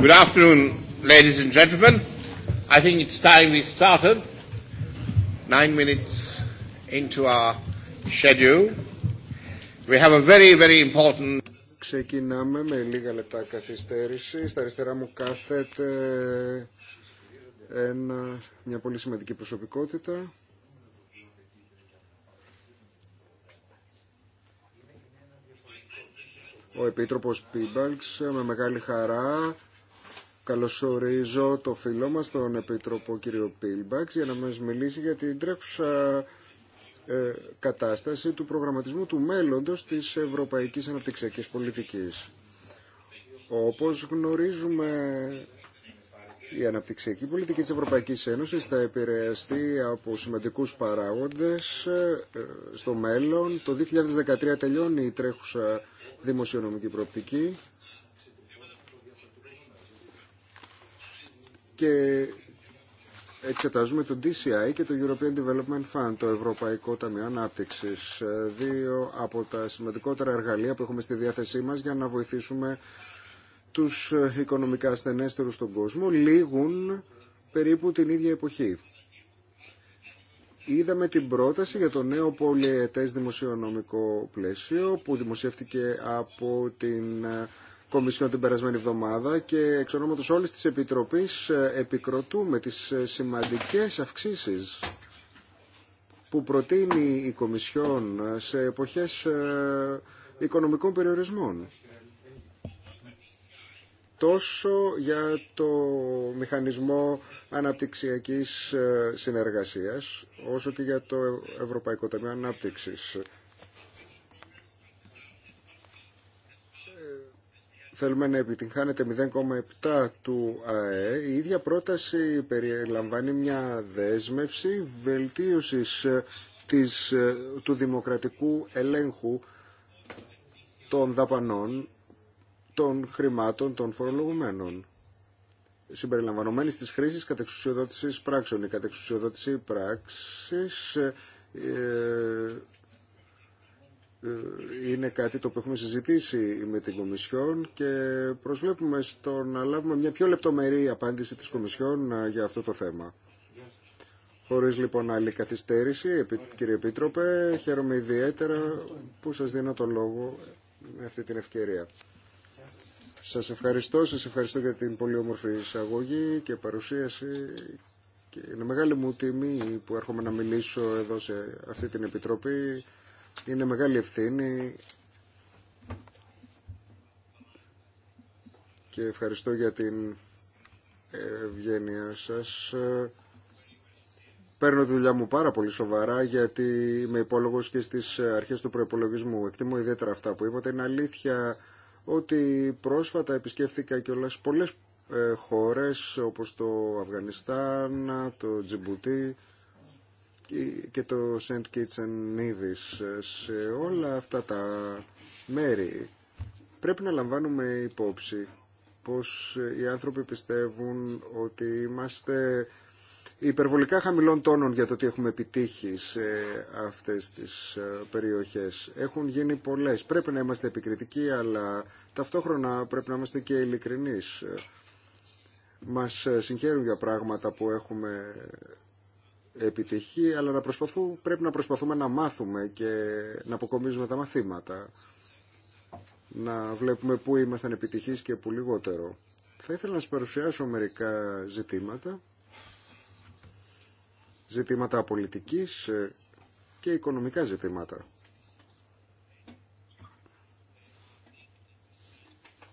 Good afternoon, ladies and gentlemen. I think it's time we started. Nine minutes into our schedule. We have a very, very important... Ξεκινάμε με λίγα λεπτά καθυστέρηση. Στα αριστερά μου κάθεται ένα, μια πολύ σημαντική προσωπικότητα. Ο Επίτροπος Πίμπαλξ με μεγάλη χαρά Καλωσορίζω το φίλο μας, τον Επίτροπο κύριο Πίλμπαξ, για να μας μιλήσει για την τρέχουσα ε, κατάσταση του προγραμματισμού του μέλλοντος της Ευρωπαϊκής Αναπτυξιακής Πολιτικής. Όπως γνωρίζουμε, η αναπτυξιακή πολιτική της Ευρωπαϊκής Ένωσης θα επηρεαστεί από σημαντικούς παράγοντες ε, στο μέλλον. Το 2013 τελειώνει η τρέχουσα δημοσιονομική προοπτική και εξετάζουμε το DCI και το European Development Fund, το Ευρωπαϊκό Ταμείο Ανάπτυξης. Δύο από τα σημαντικότερα εργαλεία που έχουμε στη διάθεσή μας για να βοηθήσουμε τους οικονομικά ασθενέστερους στον κόσμο, λήγουν περίπου την ίδια εποχή. Είδαμε την πρόταση για το νέο πολυετές δημοσιονομικό πλαίσιο που δημοσιεύτηκε από την Κομισιόν την περασμένη εβδομάδα και εξ ονόματος όλης της Επιτροπής ε, επικροτούμε τις ε, σημαντικές αυξήσεις που προτείνει η Κομισιόν ε, σε εποχές οικονομικών περιορισμών. Τόσο για το μηχανισμό αναπτυξιακής συνεργασίας, όσο και για το Ευρωπαϊκό Ταμείο Ανάπτυξης. θέλουμε να επιτυγχάνεται 0,7 του ΑΕ. Η ίδια πρόταση περιλαμβάνει μια δέσμευση βελτίωσης ε, της, ε, του δημοκρατικού ελέγχου των δαπανών, των χρημάτων των φορολογουμένων συμπεριλαμβανομένης της χρήσης κατεξουσιοδότησης πράξεων. Η κατεξουσιοδότηση πράξης ε, ε, είναι κάτι το που έχουμε συζητήσει με την Κομισιόν και προσβλέπουμε στο να λάβουμε μια πιο λεπτομερή απάντηση της Κομισιόν ε, για αυτό το θέμα. Χωρίς λοιπόν άλλη καθυστέρηση, κύριε Επίτροπε, χαίρομαι ιδιαίτερα που σας δίνω το λόγο με αυτή την ευκαιρία. Σας ευχαριστώ, σας ευχαριστώ για την πολύ όμορφη εισαγωγή και παρουσίαση και είναι μεγάλη μου τιμή που έρχομαι να μιλήσω εδώ σε αυτή την Επιτροπή είναι μεγάλη ευθύνη και ευχαριστώ για την ευγένεια σας. Παίρνω τη δουλειά μου πάρα πολύ σοβαρά γιατί είμαι υπόλογος και στις αρχές του προϋπολογισμού. Εκτιμώ ιδιαίτερα αυτά που είπατε. Είναι αλήθεια ότι πρόσφατα επισκέφθηκα και όλες πολλές ε, χώρες όπως το Αφγανιστάν, το Τζιμπουτί και το Σεντ Κίτσεν Nevis, ε, σε όλα αυτά τα μέρη πρέπει να λαμβάνουμε υπόψη πως ε, οι άνθρωποι πιστεύουν ότι είμαστε υπερβολικά χαμηλών τόνων για το τι έχουμε επιτύχει σε αυτές τις ε, περιοχές. Έχουν γίνει πολλές. Πρέπει να είμαστε επικριτικοί, αλλά ταυτόχρονα πρέπει να είμαστε και ειλικρινείς. Μας συγχαίρουν για πράγματα που έχουμε Επιτυχεί, αλλά να προσπαθούμε, πρέπει να προσπαθούμε να μάθουμε και να αποκομίζουμε τα μαθήματα. Να βλέπουμε πού ήμασταν επιτυχείς και πού λιγότερο. Θα ήθελα να σας παρουσιάσω μερικά ζητήματα. Ζητήματα πολιτικής ε, και οικονομικά ζητήματα.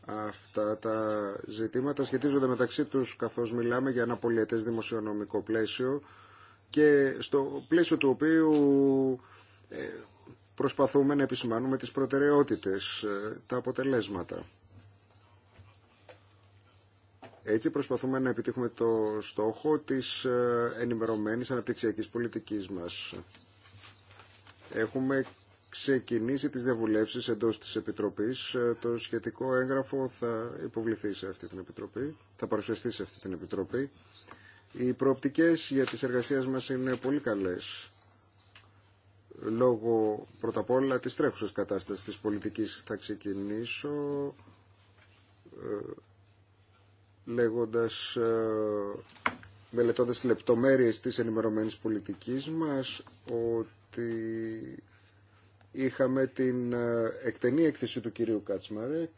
Αυτά τα ζητήματα σχετίζονται μεταξύ τους καθώς μιλάμε για ένα πολιετές δημοσιονομικό πλαίσιο και στο πλαίσιο του οποίου ε, προσπαθούμε να επισημάνουμε τις προτεραιότητες, ε, τα αποτελέσματα. Έτσι προσπαθούμε να επιτύχουμε το στόχο της ε, ενημερωμένης αναπτυξιακής πολιτικής μας. Έχουμε ξεκινήσει τις διαβουλεύσεις εντός της Επιτροπής. Το σχετικό έγγραφο θα υποβληθεί σε αυτή την Επιτροπή, θα παρουσιαστεί σε αυτή την Επιτροπή. Οι προοπτικές για τις εργασίες μας είναι πολύ καλές λόγω πρώτα απ' όλα της τρέχουσας κατάστασης της πολιτικής θα ξεκινήσω ε, λέγοντας ε, μελετώντας λεπτομέρειες της ενημερωμένης πολιτικής μας ότι Είχαμε την ε, εκτενή έκθεση του κυρίου Κάτσμαρεκ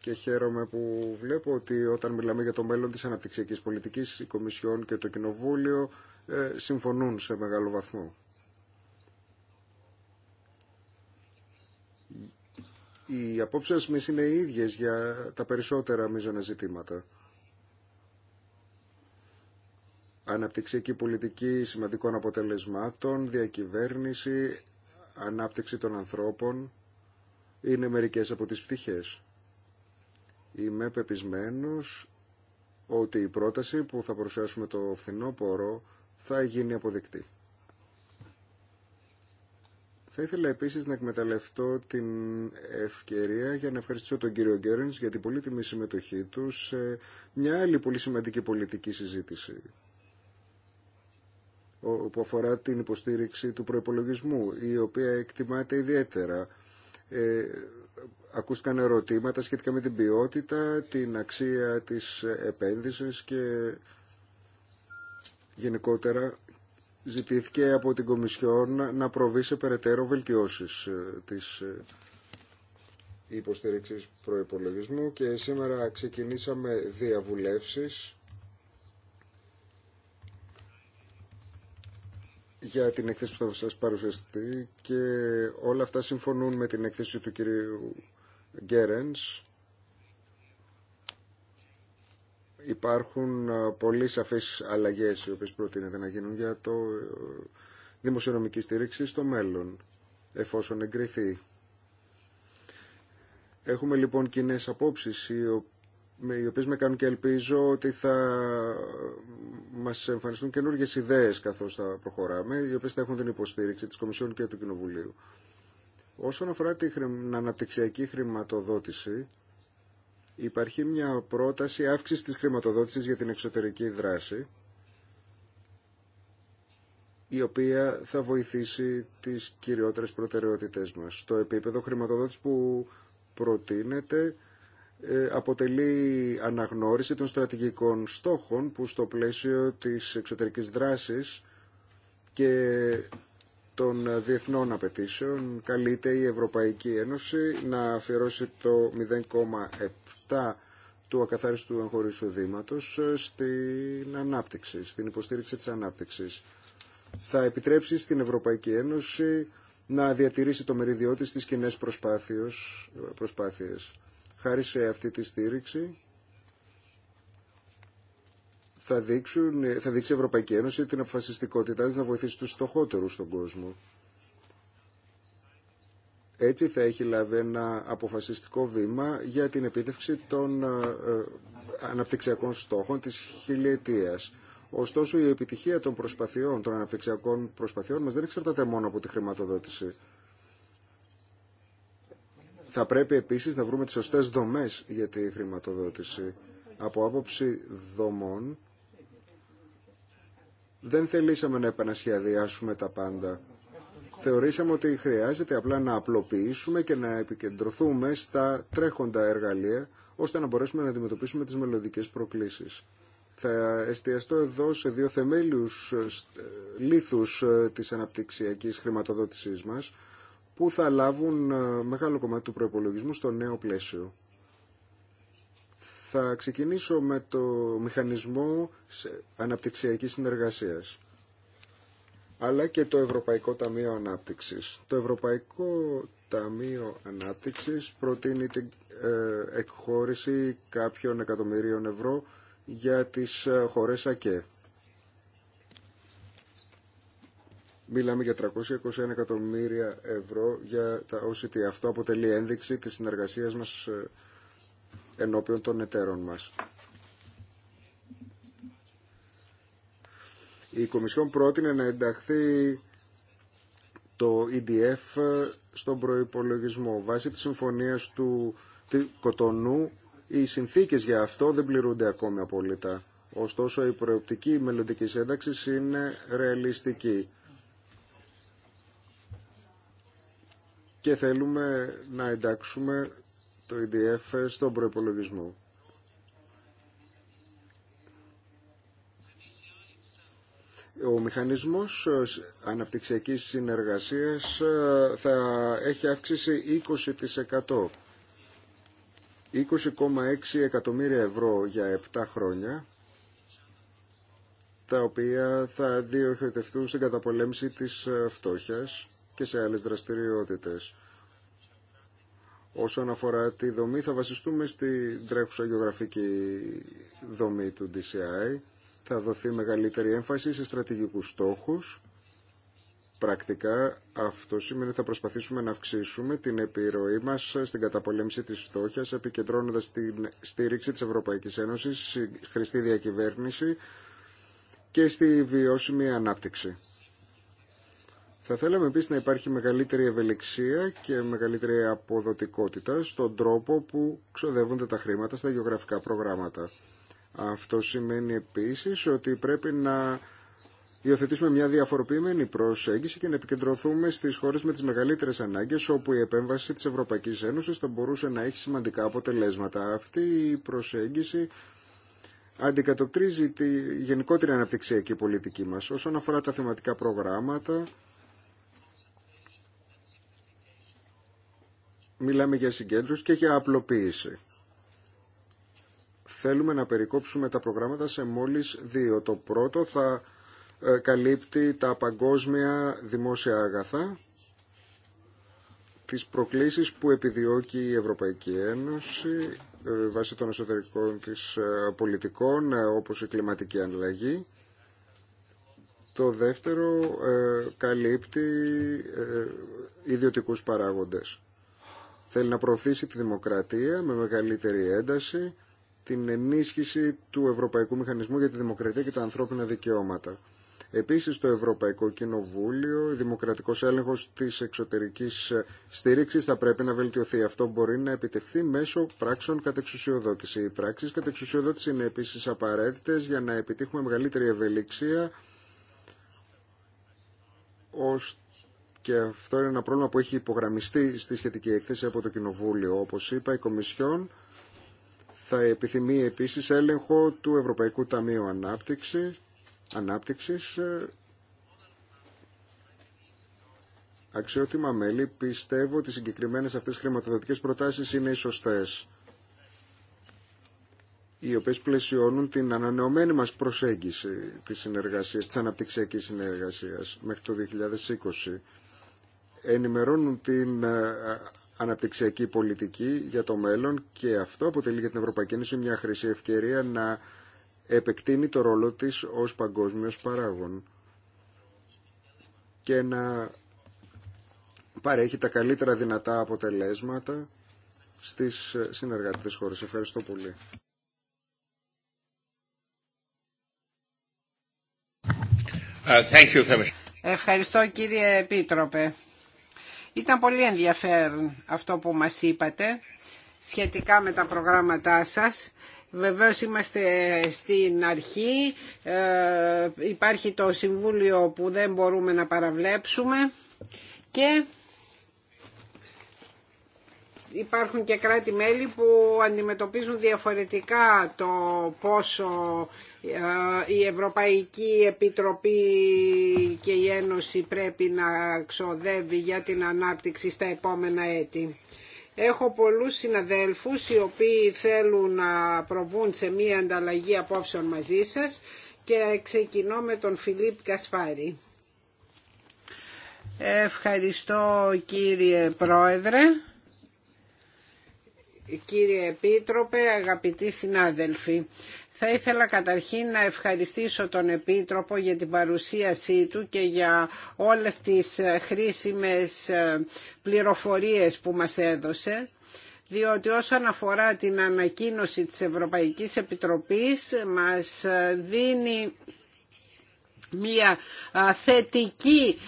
και χαίρομαι που βλέπω ότι όταν μιλάμε για το μέλλον της αναπτυξιακής πολιτικής, η Κομισιόν και το Κοινοβούλιο ε, συμφωνούν σε μεγάλο βαθμό. Οι απόψεις μας είναι οι ίδιες για τα περισσότερα μείζωνα ζητήματα. Αναπτυξιακή πολιτική σημαντικών αποτελεσμάτων, διακυβέρνηση, ανάπτυξη των ανθρώπων είναι μερικές από τις πτυχές. Είμαι πεπισμένος ότι η πρόταση που θα προσφέρουμε το πορό θα γίνει αποδεκτή. Θα ήθελα επίσης να εκμεταλλευτώ την ευκαιρία για να ευχαριστήσω τον κύριο Γκέρνς για την πολύτιμη συμμετοχή του σε μια άλλη πολύ σημαντική πολιτική συζήτηση που αφορά την υποστήριξη του προϋπολογισμού, η οποία εκτιμάται ιδιαίτερα. Ε, ακούστηκαν ερωτήματα σχετικά με την ποιότητα, την αξία της επένδυσης και γενικότερα ζητήθηκε από την Κομισιόν να προβεί σε περαιτέρω βελτιώσεις ε, της ε, υποστήριξης προϋπολογισμού και σήμερα ξεκινήσαμε διαβουλεύσεις για την εκθέση που θα σας παρουσιαστεί και όλα αυτά συμφωνούν με την εκθέση του κυρίου Γκέρενς. Υπάρχουν πολύ σαφείς αλλαγές οι οποίες προτείνεται να γίνουν για το ε, δημοσιονομική στήριξη στο μέλλον, εφόσον εγκριθεί. Έχουμε λοιπόν κοινέ απόψεις οι με οι οποίες με κάνουν και ελπίζω ότι θα μας εμφανιστούν καινούργιες ιδέες καθώς θα προχωράμε, οι οποίες θα έχουν την υποστήριξη της Κομισιόν και του Κοινοβουλίου. Όσον αφορά την αναπτυξιακή χρηματοδότηση, υπάρχει μια πρόταση αύξηση της χρηματοδότησης για την εξωτερική δράση, η οποία θα βοηθήσει τις κυριότερες προτεραιότητές μας. Στο επίπεδο χρηματοδότηση που προτείνεται, ε, αποτελεί αναγνώριση των στρατηγικών στόχων που στο πλαίσιο της εξωτερικής δράσης και των διεθνών απαιτήσεων καλείται η Ευρωπαϊκή Ένωση να αφιερώσει το 0,7 του ακαθάριστου εγχωρίου εισοδήματος ε, στην ανάπτυξη, στην υποστήριξη της ανάπτυξης. Θα επιτρέψει στην Ευρωπαϊκή Ένωση να διατηρήσει το μεριδιό της στις κοινέ προσπάθειες ε, χάρη σε αυτή τη στήριξη θα, δείξουν, θα δείξει η Ευρωπαϊκή Ένωση την αποφασιστικότητά της να βοηθήσει τους στοχότερους στον κόσμο. Έτσι θα έχει λάβει ένα αποφασιστικό βήμα για την επίτευξη των ε, ε, αναπτυξιακών στόχων της χιλιετίας. Ωστόσο, η επιτυχία των προσπαθειών, των αναπτυξιακών προσπαθειών μας δεν εξαρτάται μόνο από τη χρηματοδότηση. Θα πρέπει επίσης να βρούμε τις σωστές δομές για τη χρηματοδότηση. Από άποψη δομών δεν θελήσαμε να επανασχεδιάσουμε τα πάντα. Θεωρήσαμε ότι χρειάζεται απλά να απλοποιήσουμε και να επικεντρωθούμε στα τρέχοντα εργαλεία ώστε να μπορέσουμε να αντιμετωπίσουμε τις μελλοντικέ προκλήσεις. Θα εστιαστώ εδώ σε δύο θεμέλιους ε, λίθους ε, της αναπτυξιακής χρηματοδότησής μας που θα λάβουν ε, μεγάλο κομμάτι του προϋπολογισμού στο νέο πλαίσιο. Θα ξεκινήσω με το μηχανισμό αναπτυξιακής συνεργασίας αλλά και το Ευρωπαϊκό Ταμείο Ανάπτυξης. Το Ευρωπαϊκό Ταμείο Ανάπτυξης προτείνει την ε, εκχώρηση κάποιων εκατομμυρίων ευρώ για τις ε, χώρες ΑΚΕ. Μιλάμε για 321 εκατομμύρια ευρώ για τα OCT. Αυτό αποτελεί ένδειξη της συνεργασίας μας ε, ενώπιον των εταίρων μας. Η Κομισιόν πρότεινε να ενταχθεί το EDF ε, στον προϋπολογισμό. Βάσει της συμφωνίας του Κοτονού, οι συνθήκες για αυτό δεν πληρούνται ακόμη απόλυτα. Ωστόσο, η προοπτική μελλοντική ένταξη είναι ρεαλιστική. και θέλουμε να εντάξουμε το EDF στον προϋπολογισμό. Ο μηχανισμός αναπτυξιακής συνεργασίας ε, θα έχει αύξηση 20%. 20,6 εκατομμύρια ευρώ για 7 χρόνια, τα οποία θα διοχετευτούν στην καταπολέμηση της ε, φτώχειας και σε άλλες δραστηριότητες. Όσον αφορά τη δομή θα βασιστούμε στη τρέχουσα γεωγραφική δομή του DCI. Θα δοθεί μεγαλύτερη έμφαση σε στρατηγικούς στόχους. Πρακτικά αυτό σημαίνει ότι θα προσπαθήσουμε να αυξήσουμε την επιρροή μας στην καταπολέμηση της φτώχειας επικεντρώνοντας την στήριξη της Ευρωπαϊκής Ένωσης, στη χρηστή διακυβέρνηση και στη βιώσιμη ανάπτυξη. Θα θέλαμε επίσης να υπάρχει μεγαλύτερη ευελιξία και μεγαλύτερη αποδοτικότητα στον τρόπο που ξοδεύονται τα χρήματα στα γεωγραφικά προγράμματα. Αυτό σημαίνει επίσης ότι πρέπει να υιοθετήσουμε μια διαφοροποιημένη προσέγγιση και να επικεντρωθούμε στις χώρες με τις μεγαλύτερες ανάγκες όπου η επέμβαση της Ευρωπαϊκής Ένωσης θα μπορούσε να έχει σημαντικά αποτελέσματα. Αυτή η προσέγγιση αντικατοπτρίζει τη γενικότερη αναπτυξιακή πολιτική μας όσον αφορά τα θεματικά προγράμματα μιλάμε για συγκέντρωση και για απλοποίηση. Θέλουμε να περικόψουμε τα προγράμματα σε μόλις δύο. Το πρώτο θα ε, καλύπτει τα παγκόσμια δημόσια αγαθά, τις προκλήσεις που επιδιώκει η Ευρωπαϊκή Ένωση ε, βάσει των εσωτερικών της ε, πολιτικών, όπως η κλιματική αλλαγή. Το δεύτερο καλύπτει ιδιωτικούς παράγοντες. Θέλει να προωθήσει τη δημοκρατία με μεγαλύτερη ένταση, την ενίσχυση του Ευρωπαϊκού Μηχανισμού για τη Δημοκρατία και τα ανθρώπινα δικαιώματα. Επίσης, το Ευρωπαϊκό Κοινοβούλιο, ο δημοκρατικός έλεγχος της εξωτερικής στήριξης θα πρέπει να βελτιωθεί. Αυτό μπορεί να επιτευχθεί μέσω πράξεων κατεξουσιοδότηση. Οι πράξεις κατεξουσιοδότηση είναι επίσης απαραίτητες για να επιτύχουμε μεγαλύτερη ευελιξία, ώστε και αυτό είναι ένα πρόβλημα που έχει υπογραμμιστεί στη σχετική έκθεση από το Κοινοβούλιο. όπω είπα, η Κομισιόν θα επιθυμεί επίση έλεγχο του Ευρωπαϊκού Ταμείου Ανάπτυξη, Ανάπτυξης. Αξιότιμα μέλη, πιστεύω ότι οι συγκεκριμένες αυτές χρηματοδοτικές προτάσεις είναι οι σωστές, οι οποίες πλαισιώνουν την ανανεωμένη μας προσέγγιση της συνεργασίας, της αναπτυξιακής συνεργασίας μέχρι το 2020 ενημερώνουν την ε, αναπτυξιακή πολιτική για το μέλλον και αυτό αποτελεί για την Ευρωπαϊκή Ένωση μια χρυσή ευκαιρία να επεκτείνει το ρόλο της ως παγκόσμιος παράγων και να παρέχει τα καλύτερα δυνατά αποτελέσματα στις ε, συνεργατικές χώρες. Ευχαριστώ πολύ. Uh, thank you. Ευχαριστώ κύριε Επίτροπε. Ήταν πολύ ενδιαφέρον αυτό που μας είπατε σχετικά με τα προγράμματά σας. Βεβαίως είμαστε στην αρχή, ε, υπάρχει το Συμβούλιο που δεν μπορούμε να παραβλέψουμε και υπάρχουν και κράτη-μέλη που αντιμετωπίζουν διαφορετικά το πόσο ε, η Ευρωπαϊκή Επιτροπή και η Ένωση πρέπει να ξοδεύει για την ανάπτυξη στα επόμενα έτη. Έχω πολλούς συναδέλφους οι οποίοι θέλουν να προβούν σε μία ανταλλαγή απόψεων μαζί σας και ξεκινώ με τον Φιλίπ Κασπάρη. Ευχαριστώ κύριε Πρόεδρε, κύριε Επίτροπε, αγαπητοί συνάδελφοι. Θα ήθελα καταρχήν να ευχαριστήσω τον Επίτροπο για την παρουσίασή του και για όλες τις χρήσιμες ε, πληροφορίες που μας έδωσε διότι όσον αφορά την ανακοίνωση της Ευρωπαϊκής Επιτροπής μας ε, δίνει μια θετική,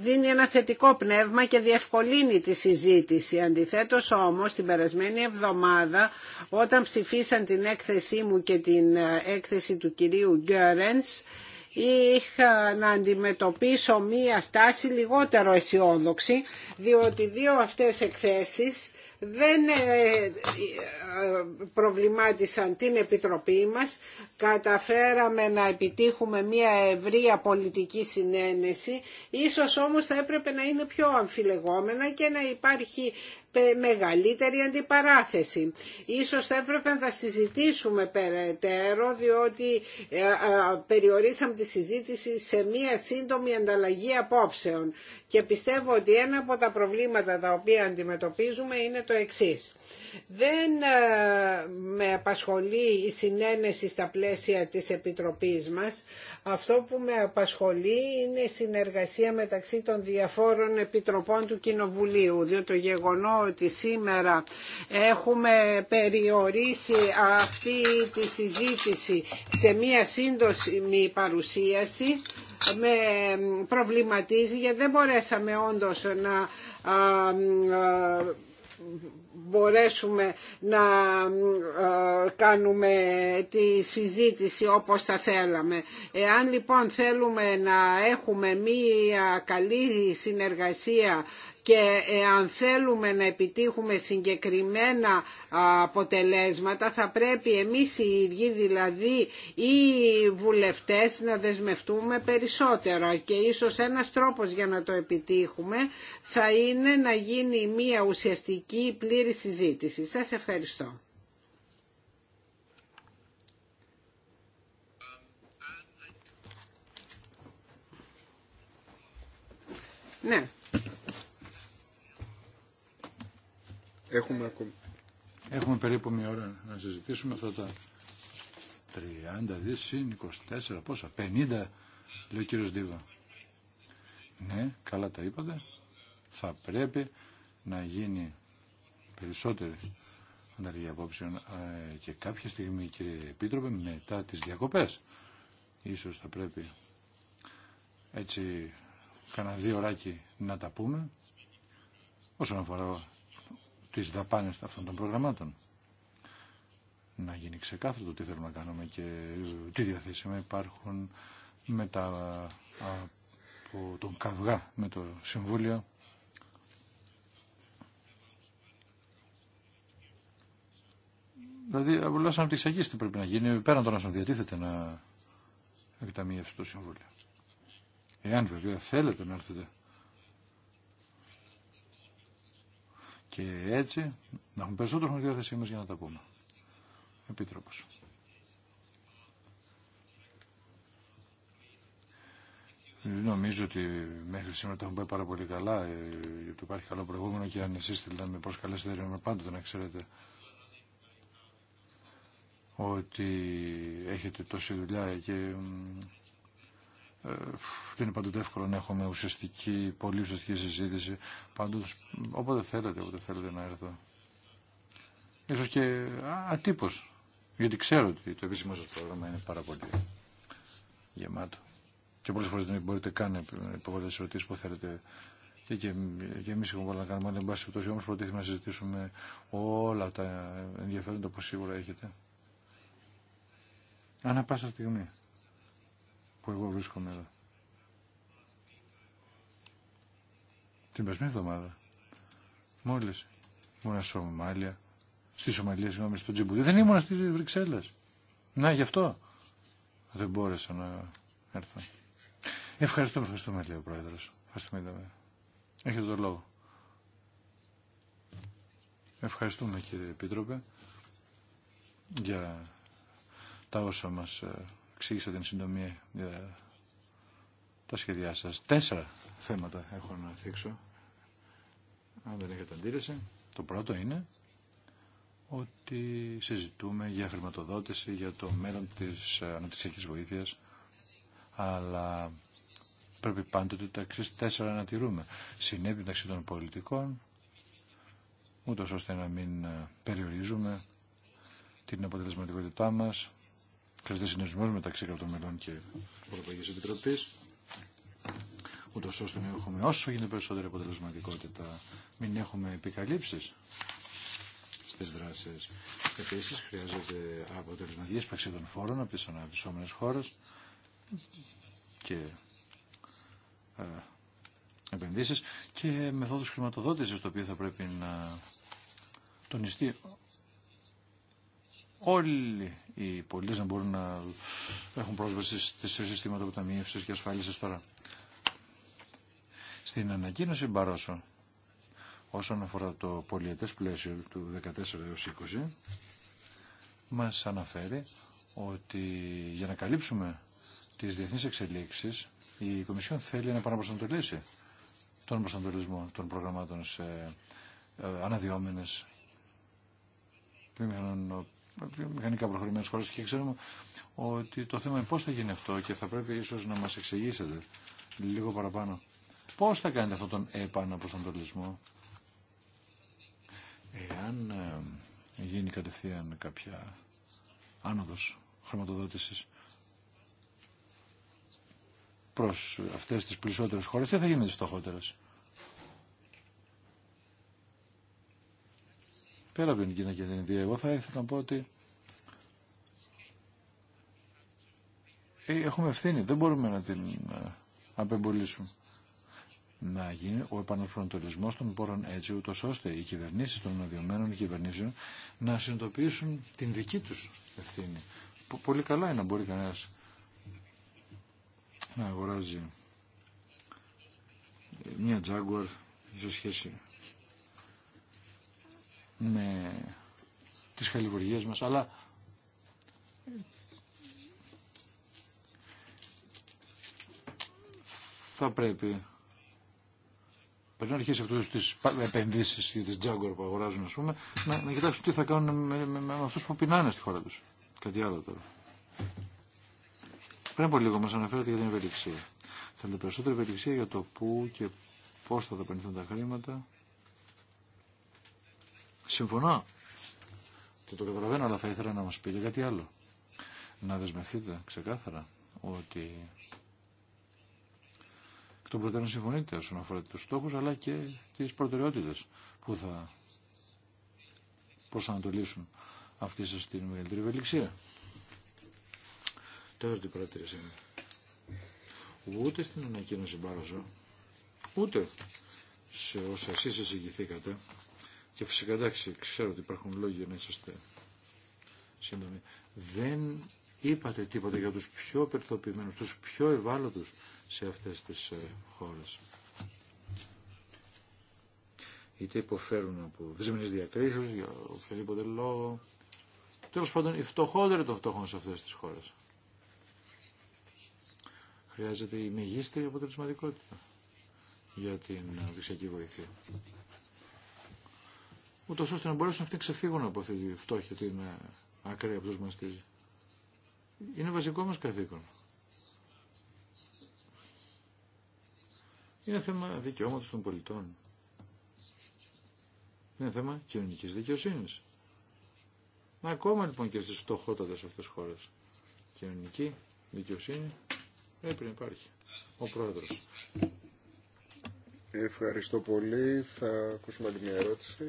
δίνει ένα θετικό πνεύμα και διευκολύνει τη συζήτηση. Αντιθέτως όμως την περασμένη εβδομάδα όταν ψηφίσαν την έκθεσή μου και την έκθεση του κυρίου Γκέρενς είχα να αντιμετωπίσω μία στάση λιγότερο αισιόδοξη διότι δύο αυτές εκθέσεις δεν ε, ε, προβλημάτισαν την Επιτροπή μας. Καταφέραμε να επιτύχουμε μια ευρεία πολιτική συνένεση. Ίσως όμως θα έπρεπε να είναι πιο αμφιλεγόμενα και να υπάρχει μεγαλύτερη αντιπαράθεση. Ίσως θα έπρεπε να συζητήσουμε περαιτέρω διότι ε, ε, περιορίσαμε τη συζήτηση σε μία σύντομη ανταλλαγή απόψεων και πιστεύω ότι ένα από τα προβλήματα τα οποία αντιμετωπίζουμε είναι το εξής. Δεν ε, με απασχολεί η συνένεση στα πλαίσια της Επιτροπής μας. Αυτό που με απασχολεί είναι η συνεργασία μεταξύ των διαφόρων επιτροπών του Κοινοβουλίου, διότι το γεγονό ότι σήμερα έχουμε περιορίσει αυτή τη συζήτηση σε μία σύντομη παρουσίαση με προβληματίζει γιατί δεν μπορέσαμε όντως να μπορέσουμε να ε, κάνουμε τη συζήτηση όπως θα θέλαμε. Εάν λοιπόν θέλουμε να έχουμε μία καλή συνεργασία και ε, αν θέλουμε να επιτύχουμε συγκεκριμένα αποτελέσματα θα πρέπει εμείς οι ίδιοι δηλαδή οι βουλευτές να δεσμευτούμε περισσότερο και ίσως ένας τρόπος για να το επιτύχουμε θα είναι να γίνει μια ουσιαστική πλήρη συζήτηση. Σας ευχαριστώ. Ναι. Έχουμε ακόμη. Έχουμε περίπου μια ώρα να συζητήσουμε αυτά τα 30 δις συν 24, πόσα, 50, λέει ο κύριος Δίβα. Ναι, καλά τα είπατε. Θα πρέπει να γίνει περισσότερη ανταλλαγή απόψεων ε, και κάποια στιγμή, κύριε Επίτροπε, μετά τις διακοπές. Ίσως θα πρέπει έτσι κανένα δύο ωράκι να τα πούμε όσον αφορά τις δαπάνες αυτών των προγραμμάτων. Να γίνει ξεκάθαρο το τι θέλουμε να κάνουμε και ε, τι διαθέσιμα υπάρχουν μετά από τον καυγά με το Συμβούλιο. Δηλαδή, απλώ τις τι πρέπει να γίνει, πέραν να όσων διατίθεται να εκταμιεύσει το Συμβούλιο. Εάν βέβαια θέλετε να έρθετε Και έτσι να έχουμε περισσότερο χρόνο διάθεσή μας για να τα πούμε. Επίτροπος. Νομίζω ότι μέχρι σήμερα τα έχουμε πάει πάρα πολύ καλά. Ε, γιατί υπάρχει καλό προηγούμενο και αν εσεί θέλετε να με προσκαλέσετε, δεν πάντοτε να ξέρετε ότι έχετε τόση δουλειά και ε, δεν είναι πάντοτε εύκολο να έχουμε ουσιαστική, πολύ ουσιαστική συζήτηση. Πάντως, όποτε θέλετε, όποτε θέλετε να έρθω. Ίσως και ατύπως, γιατί ξέρω ότι το επίσημό σας πρόγραμμα είναι πάρα πολύ γεμάτο. Και πολλές φορές δεν μπορείτε καν να υποβάλλετε τις ερωτήσεις που θέλετε και, και, και εμεί έχουμε πολλά να κάνουμε. Αλλά, εν πάση όμω προτίθεμαι να συζητήσουμε όλα τα ενδιαφέροντα που σίγουρα έχετε. Ανά πάσα στιγμή που εγώ βρίσκομαι εδώ. Την περσμένη εβδομάδα, μόλις ήμουν στη Σομάλια, στη Σομαλία, συγγνώμη, στο Τζιμπουδί, δεν ήμουν στη Βρυξέλλας. Να, γι' αυτό δεν μπόρεσα να έρθω. Ευχαριστούμε, ευχαριστούμε, λέει ο Πρόεδρος. Ευχαριστούμε. Έχετε τον λόγο. Ευχαριστούμε, κύριε Επίτροπε, για τα όσα μας ε, εξήγησα την συντομία για τα σχέδιά σας. Τέσσερα θέματα έχω να θίξω, αν δεν έχετε αντίρρηση. Το πρώτο είναι ότι συζητούμε για χρηματοδότηση, για το μέλλον της ε, ανατησιακής βοήθειας, αλλά πρέπει πάντοτε τα εξή τέσσερα να τηρούμε. Συνέπεια μεταξύ των πολιτικών, ούτω ώστε να μην ε, περιορίζουμε την αποτελεσματικότητά μας, Χρειάζεται συνεργασμό μεταξύ κρατομελών και Ευρωπαϊκή Επιτροπή, ούτω ώστε να έχουμε όσο γίνεται περισσότερη αποτελεσματικότητα, μην έχουμε επικαλύψει στι δράσει. Επίση, χρειάζεται αποτελεσματική έσπαξη των φόρων από τι αναπτυσσόμενε χώρε και ε, επενδύσει και μεθόδου χρηματοδότηση, το οποίο θα πρέπει να τονιστεί όλοι οι πολίτες να μπορούν να έχουν πρόσβαση σε συστήματα αποταμίευσης και ασφάλισης τώρα. Στην ανακοίνωση Μπαρόσο, όσον αφορά το πολιετές πλαίσιο του 14 20, μας αναφέρει ότι για να καλύψουμε τις διεθνείς εξελίξεις, η Κομισιόν θέλει να επαναπροσανατολίσει τον προσανατολισμό των προγραμμάτων σε ε, αναδυόμενες μηχανικά προχωρημένες χώρες και ξέρουμε ότι το θέμα είναι πώς θα γίνει αυτό και θα πρέπει ίσως να μας εξηγήσετε λίγο παραπάνω. Πώς θα κάνετε αυτόν τον επαναπροσανατολισμό εάν ε, γίνει κατευθείαν κάποια άνοδος χρηματοδότησης προς αυτές τις περισσότερε χώρες, τι θα γίνει τις πέρα από την Κίνα και την Ινδία. Εγώ θα ήθελα να πω ότι ε, έχουμε ευθύνη, δεν μπορούμε να την ε, απεμπολίσουμε. Να γίνει ο επαναφροντισμός των πόρων έτσι, ούτω ώστε οι κυβερνήσει των αδειωμένων κυβερνήσεων να συνειδητοποιήσουν την δική του ευθύνη. Πολύ καλά είναι να μπορεί κανένα να αγοράζει μια τζάγκουαρ σε σχέση με τις χαλιβουργίες μας, αλλά θα πρέπει πριν αρχίσει αυτές τις επενδύσεις ή τις τζάγκορ που αγοράζουν, ας πούμε, να, να κοιτάξουν τι θα κάνουν με, με, αυτού που πεινάνε στη χώρα τους. Κάτι άλλο τώρα. Πριν από λίγο μα αναφέρατε για την ευελιξία. Θέλετε περισσότερη ευελιξία για το πού και πώς θα δαπανηθούν τα χρήματα. Συμφωνώ και το καταλαβαίνω, αλλά θα ήθελα να μας πείτε κάτι άλλο. Να δεσμευτείτε ξεκάθαρα ότι εκ των προτέρων συμφωνείτε όσον αφορά τους στόχους, αλλά και τις προτεραιότητες που θα προσανατολίσουν αυτή σας την μεγαλύτερη ευελιξία. Τέταρτη παρατήρηση είναι. Ούτε στην ανακοίνωση Μπάραζο, ούτε σε όσα εσείς εισηγηθήκατε, και φυσικά εντάξει, ξέρω ότι υπάρχουν λόγοι για να είσαστε σύντομοι. Δεν είπατε τίποτα για τους πιο περιθωριοποιημένους, τους πιο ευάλωτους σε αυτές τις ε, χώρες. Είτε υποφέρουν από δυσμενείς διακρίσεις, για οποιοδήποτε λόγο. Τέλο πάντων, οι φτωχότεροι των φτωχών σε αυτές τις χώρες. Χρειάζεται η μεγίστερη αποτελεσματικότητα για την δυσιακή βοήθεια ούτω ώστε να μπορέσουν αυτοί να ξεφύγουν από αυτή τη φτώχεια την ε, ακραία που του μαστίζει. Είναι βασικό μα καθήκον. Είναι θέμα δικαιώματο των πολιτών. Είναι θέμα κοινωνική δικαιοσύνη. Μα ακόμα λοιπόν και στις φτωχότατες αυτές χώρε. Κοινωνική δικαιοσύνη πρέπει να υπάρχει. Ο πρόεδρο. Ευχαριστώ πολύ. Θα ακούσουμε άλλη μια ερώτηση.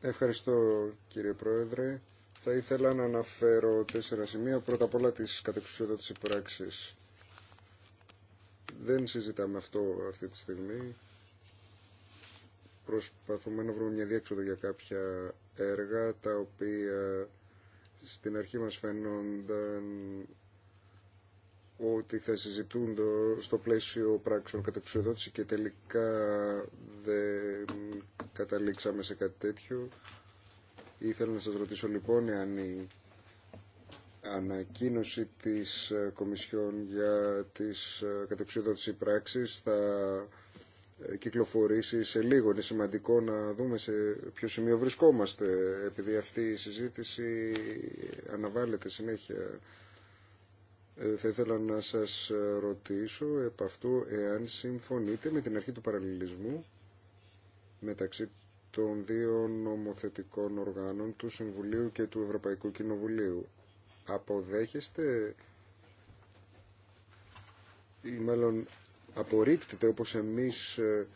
Ευχαριστώ κύριε Πρόεδρε. Θα ήθελα να αναφέρω τέσσερα σημεία. Πρώτα απ' όλα τις κατεξουσιοδότηση πράξης. Δεν συζητάμε αυτό αυτή τη στιγμή. Προσπαθούμε να βρούμε μια διέξοδο για κάποια έργα τα οποία στην αρχή μας φαίνονταν ότι θα συζητούν στο πλαίσιο πράξεων κατεξουδότηση και τελικά δεν καταλήξαμε σε κάτι τέτοιο. Ήθελα να σας ρωτήσω λοιπόν αν η ανακοίνωση της ε, Κομισιόν για τις ε, κατεξουδότηση πράξεις θα ε, κυκλοφορήσει σε λίγο. Είναι σημαντικό να δούμε σε ποιο σημείο βρισκόμαστε επειδή αυτή η συζήτηση αναβάλλεται συνέχεια ε, θα ήθελα να σας ε, ρωτήσω επ' αυτού εάν συμφωνείτε με την αρχή του παραλληλισμού μεταξύ των δύο νομοθετικών οργάνων του Συμβουλίου και του Ευρωπαϊκού Κοινοβουλίου. Αποδέχεστε ή μάλλον απορρίπτετε όπως εμείς ε,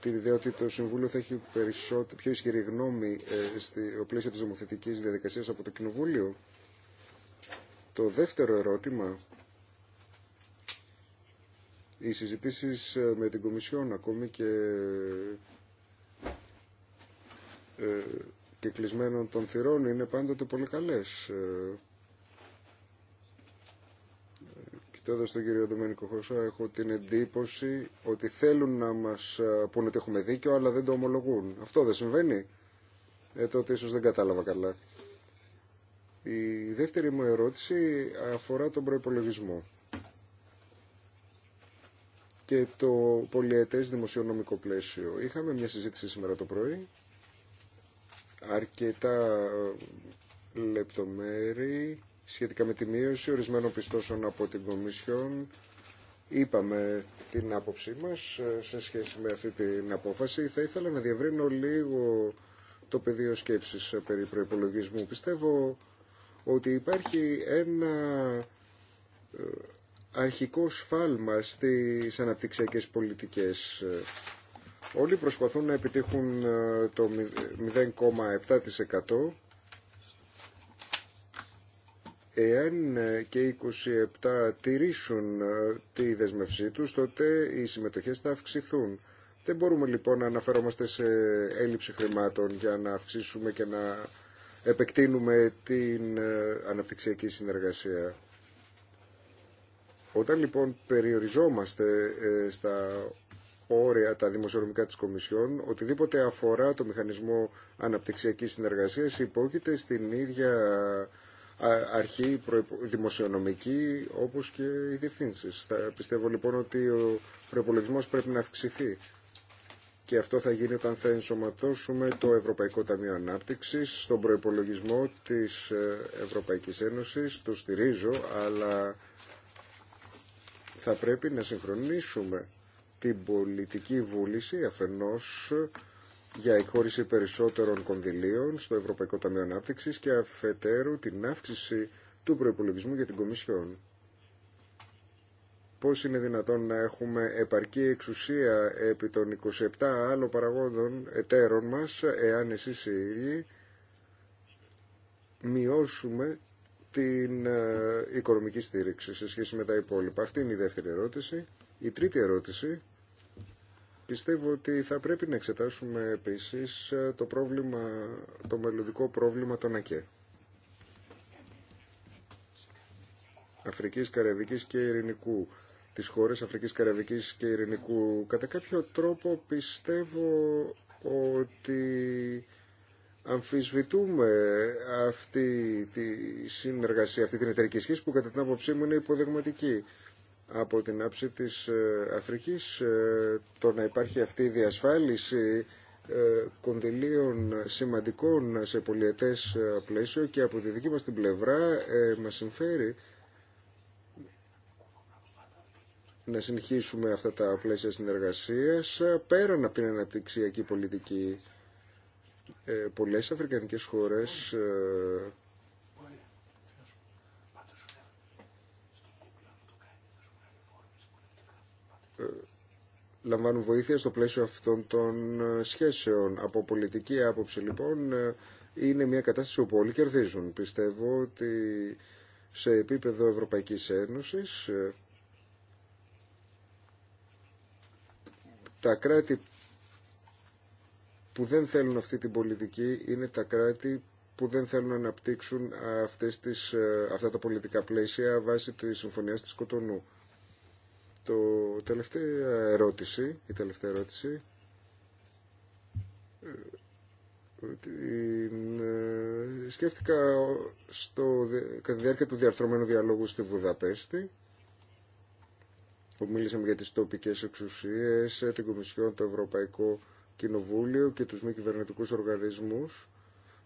την ιδέα ότι το Συμβούλιο θα έχει περισσότερο, πιο ισχυρή γνώμη στο πλαίσιο της νομοθετικής διαδικασίας από το Κοινοβούλιο. Το δεύτερο ερώτημα, οι συζητήσεις ε, με την Κομισιόν ακόμη και, ε, και κλεισμένων των θυρών είναι πάντοτε πολύ καλές. Ε, κοιτώντας τον κύριο Δομένικο Χωσό έχω την εντύπωση ότι θέλουν να μας πούνε ότι έχουμε δίκιο αλλά δεν το ομολογούν. Αυτό δεν συμβαίνει. Ε, τότε ίσως δεν κατάλαβα καλά. Η δεύτερη μου ερώτηση αφορά τον προϋπολογισμό και το πολιετές δημοσιονομικό πλαίσιο. Είχαμε μια συζήτηση σήμερα το πρωί, αρκετά ε, λεπτομέρη σχετικά με τη μείωση ορισμένων πιστώσεων από την Κομισιόν. Είπαμε την άποψή μας ε, σε σχέση με αυτή την απόφαση. Θα ήθελα να διευρύνω λίγο το πεδίο σκέψης ε, περί προϋπολογισμού. Πιστεύω ότι υπάρχει ένα ε, αρχικό σφάλμα στις αναπτυξιακές πολιτικές. Όλοι προσπαθούν να επιτύχουν ε, το 0,7% Εάν ε, και οι 27 τηρήσουν τη δεσμευσή τους, τότε οι συμμετοχές θα αυξηθούν. Δεν μπορούμε λοιπόν να αναφερόμαστε σε έλλειψη χρημάτων για να αυξήσουμε και να επεκτείνουμε την ε, αναπτυξιακή συνεργασία. Όταν λοιπόν περιοριζόμαστε ε, στα όρια τα δημοσιονομικά της Κομισιόν, οτιδήποτε αφορά το μηχανισμό αναπτυξιακής συνεργασίας υπόκειται στην ίδια αρχή δημοσιονομική όπως και οι διευθύνσει. Πιστεύω λοιπόν ότι ο προπολογισμό πρέπει να αυξηθεί και αυτό θα γίνει όταν θα ενσωματώσουμε το Ευρωπαϊκό Ταμείο Ανάπτυξης στον προϋπολογισμό της ε, Ευρωπαϊκής Ένωσης. Το στηρίζω, αλλά θα πρέπει να συγχρονίσουμε την πολιτική βούληση αφενός για εκχώρηση περισσότερων κονδυλίων στο Ευρωπαϊκό Ταμείο Ανάπτυξης και αφετέρου την αύξηση του προϋπολογισμού για την Κομισιόν πώς είναι δυνατόν να έχουμε επαρκή εξουσία επί των 27 άλλων παραγόντων εταίρων μας, εάν εσείς οι ίδιοι μειώσουμε την ε, οικονομική στήριξη σε σχέση με τα υπόλοιπα. Αυτή είναι η δεύτερη ερώτηση. Η τρίτη ερώτηση πιστεύω ότι θα πρέπει να εξετάσουμε επίσης ε, το, πρόβλημα, το μελλοντικό πρόβλημα των ΑΚΕ. Αφρικής, Καραβικής και Ειρηνικού τις χώρες Αφρικής, Καραβικής και Ειρηνικού. Κατά κάποιο τρόπο πιστεύω ότι αμφισβητούμε αυτή τη συνεργασία, αυτή την εταιρική σχέση που κατά την άποψή μου είναι υποδεγματική. Από την άψη της ε, Αφρικής ε, το να υπάρχει αυτή η διασφάλιση ε, κονδυλίων σημαντικών σε πολιετές πλαίσιο και από τη δική μας την πλευρά μας συμφέρει να συνεχίσουμε αυτά τα πλαίσια συνεργασίας ε, πέραν από την αναπτυξιακή πολιτική. Ε, πολλές αφρικανικές χώρες ε, ε, λαμβάνουν βοήθεια στο πλαίσιο αυτών των σχέσεων. Από πολιτική άποψη λοιπόν είναι μια κατάσταση όπου όλοι κερδίζουν. Πιστεύω ότι σε επίπεδο Ευρωπαϊκής Ένωσης Τα κράτη που δεν θέλουν αυτή την πολιτική είναι τα κράτη που δεν θέλουν να αναπτύξουν αυτές τις, ε, αυτά τα πολιτικά πλαίσια βάσει τη Συμφωνίας της Κοτονού. Το τελευταία ερώτηση, η τελευταία ερώτηση ε, ε, σκέφτηκα στο, κατά τη διάρκεια του διαρθρωμένου διαλόγου στη Βουδαπέστη που μίλησαμε για τις τοπικές εξουσίες, την Κομισιόν, το Ευρωπαϊκό Κοινοβούλιο και τους μη κυβερνητικούς οργανισμούς.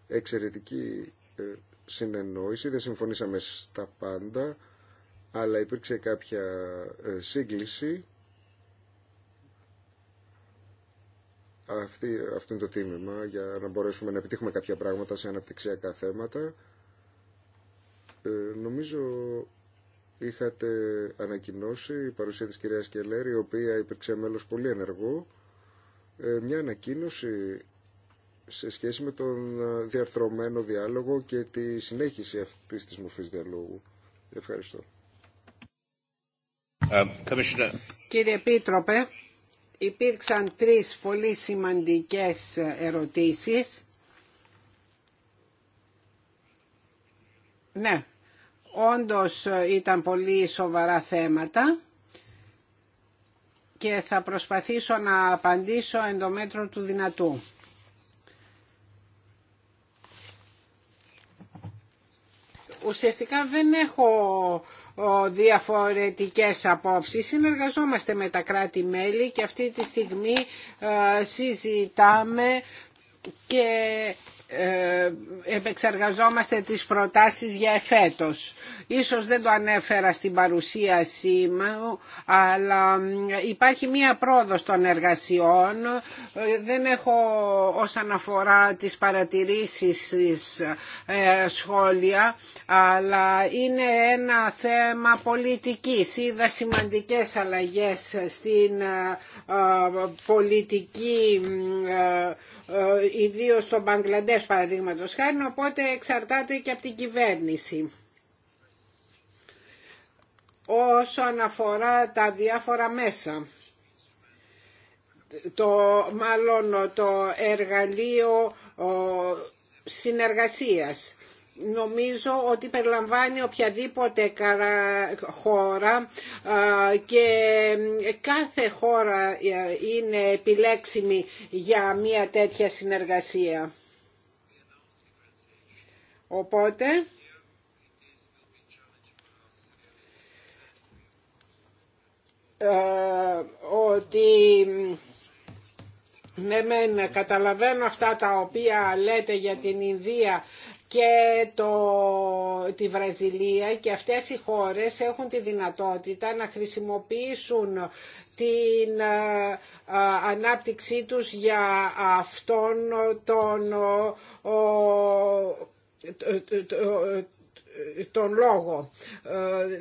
Εξαιρετική ε, συνεννόηση, δεν συμφωνήσαμε στα πάντα, αλλά υπήρξε κάποια ε, σύγκληση. Αυτή, αυτό είναι το τίμημα για να μπορέσουμε να επιτύχουμε κάποια πράγματα σε αναπτυξιακά θέματα. Ε, νομίζω είχατε ανακοινώσει η παρουσία της κυρίας Κελέρη, η οποία υπήρξε μέλος πολύ ενεργό, ε, μια ανακοίνωση σε σχέση με τον ε, διαρθρωμένο διάλογο και τη συνέχιση αυτής της μορφής διαλόγου. Ευχαριστώ. Ε, Κύριε Επίτροπε, υπήρξαν τρεις πολύ σημαντικές ερωτήσεις. Ναι, Όντως ήταν πολύ σοβαρά θέματα και θα προσπαθήσω να απαντήσω εν το μέτρο του δυνατού. Ουσιαστικά δεν έχω διαφορετικές απόψεις. Συνεργαζόμαστε με τα κράτη-μέλη και αυτή τη στιγμή ε, συζητάμε και ε, επεξεργαζόμαστε τις προτάσεις για εφέτος. Ίσως δεν το ανέφερα στην παρουσίασή μου, αλλά υπάρχει μία πρόοδος των εργασιών. Ε, δεν έχω όσον αφορά τις παρατηρήσεις ε, σχόλια, αλλά είναι ένα θέμα πολιτικής. Είδα σημαντικές αλλαγές στην πολιτική ε, Ιδίω στο Μπαγκλαντές παραδείγματο χάρη, οπότε εξαρτάται και από την κυβέρνηση όσον αφορά τα διάφορα μέσα. Το, μάλλον το εργαλείο ο, συνεργασίας νομίζω ότι περιλαμβάνει οποιαδήποτε χώρα και κάθε χώρα ε, είναι επιλέξιμη για μια τέτοια συνεργασία. Οπότε... Ε, ότι ναι, μεν καταλαβαίνω αυτά τα οποία λέτε για την Ινδία και το, τη Βραζιλία και αυτές οι χώρες έχουν τη δυνατότητα να χρησιμοποιήσουν την ε, ε, ανάπτυξή τους για αυτόν τον ε, τον λόγο ε,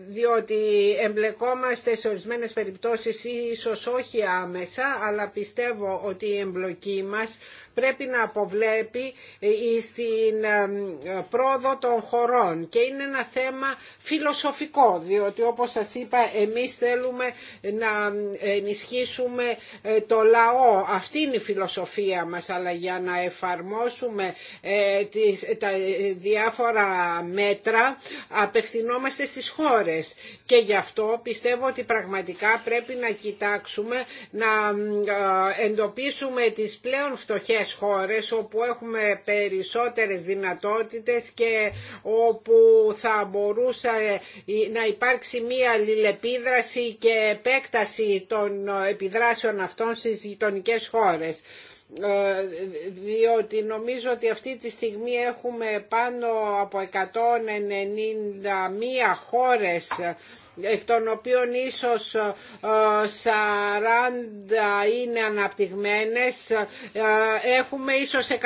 διότι εμπλεκόμαστε σε ορισμένες περιπτώσεις ίσως όχι άμεσα αλλά πιστεύω ότι η εμπλοκή μας πρέπει να αποβλέπει ε, στην πρόοδο των χωρών και είναι ένα θέμα φιλοσοφικό διότι όπως σας είπα εμείς θέλουμε να ενισχύσουμε το λαό αυτή είναι η φιλοσοφία μας αλλά για να εφαρμόσουμε τα διάφορα μέτρα απευθυνόμαστε στις χώρες και γι' αυτό πιστεύω ότι πραγματικά πρέπει να κοιτάξουμε να εντοπίσουμε τις πλέον φτωχές χώρες όπου έχουμε περισσότερες δυνατότητες και όπου θα μπορούσε να υπάρξει μία αλληλεπίδραση και επέκταση των επιδράσεων αυτών στις γειτονικές χώρες. Ε, διότι νομίζω ότι αυτή τη στιγμή έχουμε πάνω από 191 χώρες εκ των οποίων ίσως 40 ε, είναι αναπτυγμένες, ε, έχουμε ίσως 150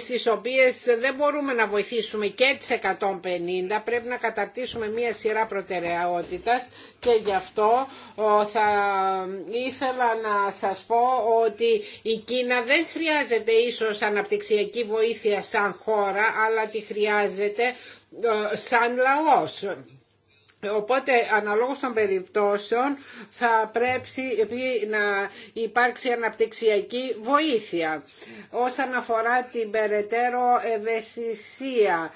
στις οποίες δεν μπορούμε να βοηθήσουμε και τις 150, πρέπει να καταρτήσουμε μία σειρά προτεραιότητας και γι' αυτό ε, θα ήθελα να σας πω ότι η Κίνα δεν χρειάζεται ίσως αναπτυξιακή βοήθεια σαν χώρα, αλλά τη χρειάζεται σαν λαός. Οπότε αναλόγως των περιπτώσεων θα πρέπει να υπάρξει αναπτυξιακή βοήθεια. Όσον αφορά την περαιτέρω ευαισθησία,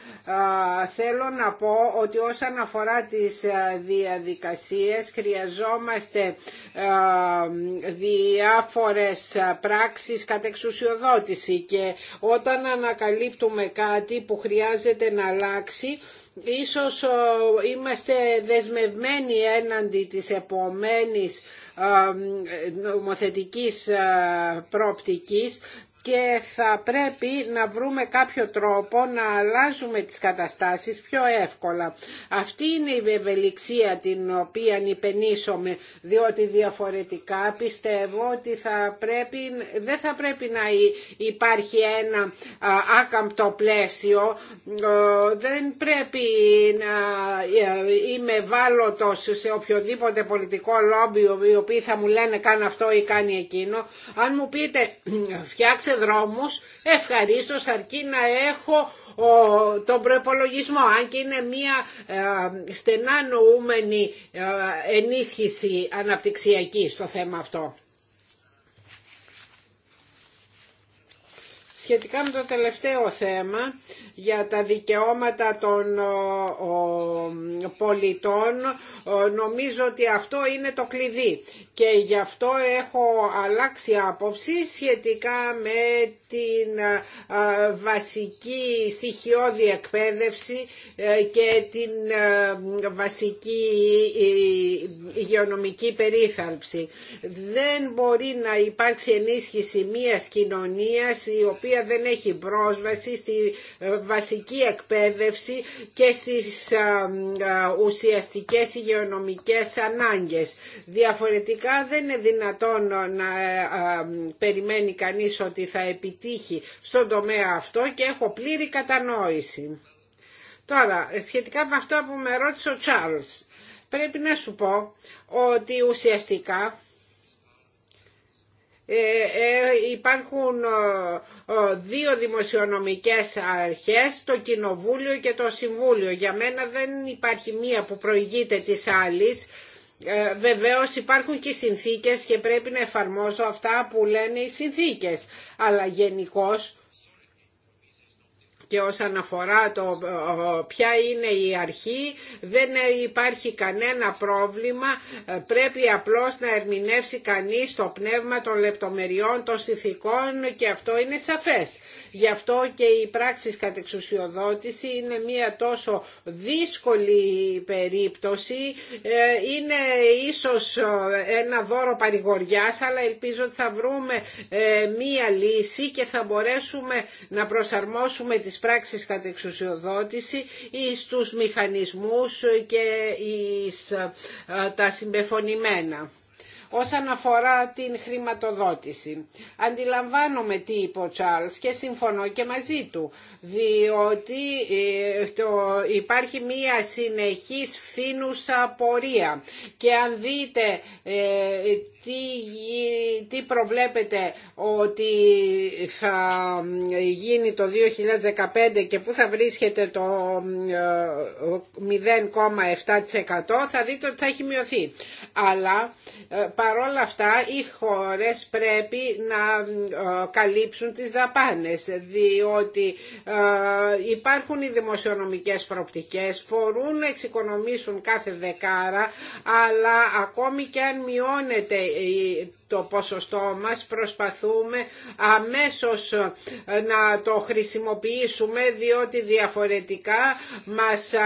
θέλω να πω ότι όσον αφορά τις διαδικασίες χρειαζόμαστε διάφορες πράξεις κατ' εξουσιοδότηση και όταν ανακαλύπτουμε κάτι που χρειάζεται να αλλάξει Ίσως είμαστε δεσμευμένοι έναντι της επομένης νομοθετικής πρόπτικης και θα πρέπει να βρούμε κάποιο τρόπο να αλλάζουμε τις καταστάσεις πιο εύκολα. Αυτή είναι η ευελιξία την οποία υπενήσωμε, διότι διαφορετικά πιστεύω ότι θα πρέπει, δεν θα πρέπει να υπάρχει ένα άκαμπτο πλαίσιο, δεν πρέπει να ε, είμαι βάλωτος σε οποιοδήποτε πολιτικό λόμπι οι οποίοι θα μου λένε κάνε αυτό ή κάνει εκείνο. Αν μου πείτε φτιάξε δρόμους ευχαρίστως αρκεί να έχω τον προπολογισμό. Αν και είναι μια ε, στενά νοούμενη ε, ενίσχυση αναπτυξιακή στο θέμα αυτό. σχετικά με το τελευταίο θέμα για τα δικαιώματα των πολιτών νομίζω ότι αυτό είναι το κλειδί και γι' αυτό έχω αλλάξει άποψη σχετικά με την βασική στοιχειώδη εκπαίδευση ε, και την βασική υγειονομική περίθαλψη. Δεν μπορεί να υπάρξει ενίσχυση μιας κοινωνίας η οποία δεν έχει πρόσβαση στη ε, βασική εκπαίδευση και στις ουσιαστικές υγειονομικές ανάγκες. Διαφορετικά δεν είναι δυνατόν να ε, περιμένει κανείς ότι θα επιτύχει στον τομέα αυτό και έχω πλήρη κατανόηση. Τώρα, σχετικά με αυτό που με ρώτησε ο Τσάρλς, πρέπει να σου πω ότι ουσιαστικά ε, ε υπάρχουν ε, ε, δύο δημοσιονομικές αρχές, το Κοινοβούλιο και το Συμβούλιο. Για μένα δεν υπάρχει μία που προηγείται της άλλης. Ε, βεβαίως υπάρχουν και συνθήκες και πρέπει να εφαρμόζω αυτά που λένε οι συνθήκες. Αλλά γενικώς και όσον αφορά το ποια είναι η αρχή δεν υπάρχει κανένα πρόβλημα ε, πρέπει απλώς να ερμηνεύσει κανείς το πνεύμα των λεπτομεριών των συνθηκών και αυτό είναι σαφές γι' αυτό και η πράξη κατεξουσιοδότηση είναι μια τόσο δύσκολη περίπτωση ε, είναι ίσως ε, ένα δώρο παρηγοριάς αλλά ελπίζω ότι θα βρούμε μια λύση και θα μπορέσουμε να προσαρμόσουμε τις πράξεις κατεξουσιοδότηση ή στους μηχανισμούς και εις, ε, τα συμπεφωνημένα όσον αφορά την χρηματοδότηση. Αντιλαμβάνομαι τι είπε ο Τσάρλς και συμφωνώ και μαζί του, διότι ε, υπάρχει μία συνεχής φύνουσα πορεία και αν δείτε ε, τι, τι προβλέπετε ότι θα γίνει το 2015 και πού θα βρίσκεται το 0,7% ε, θα δείτε ότι θα έχει μειωθεί. Αλλά παρόλα αυτά οι χώρες πρέπει να ε, καλύψουν τις δαπάνες διότι ε, υπάρχουν οι δημοσιονομικές προοπτικές, φορούν να εξοικονομήσουν κάθε δεκάρα αλλά ακόμη και αν μειώνεται το ποσοστό μας, προσπαθούμε αμέσως ε, να το χρησιμοποιήσουμε διότι διαφορετικά μας ε,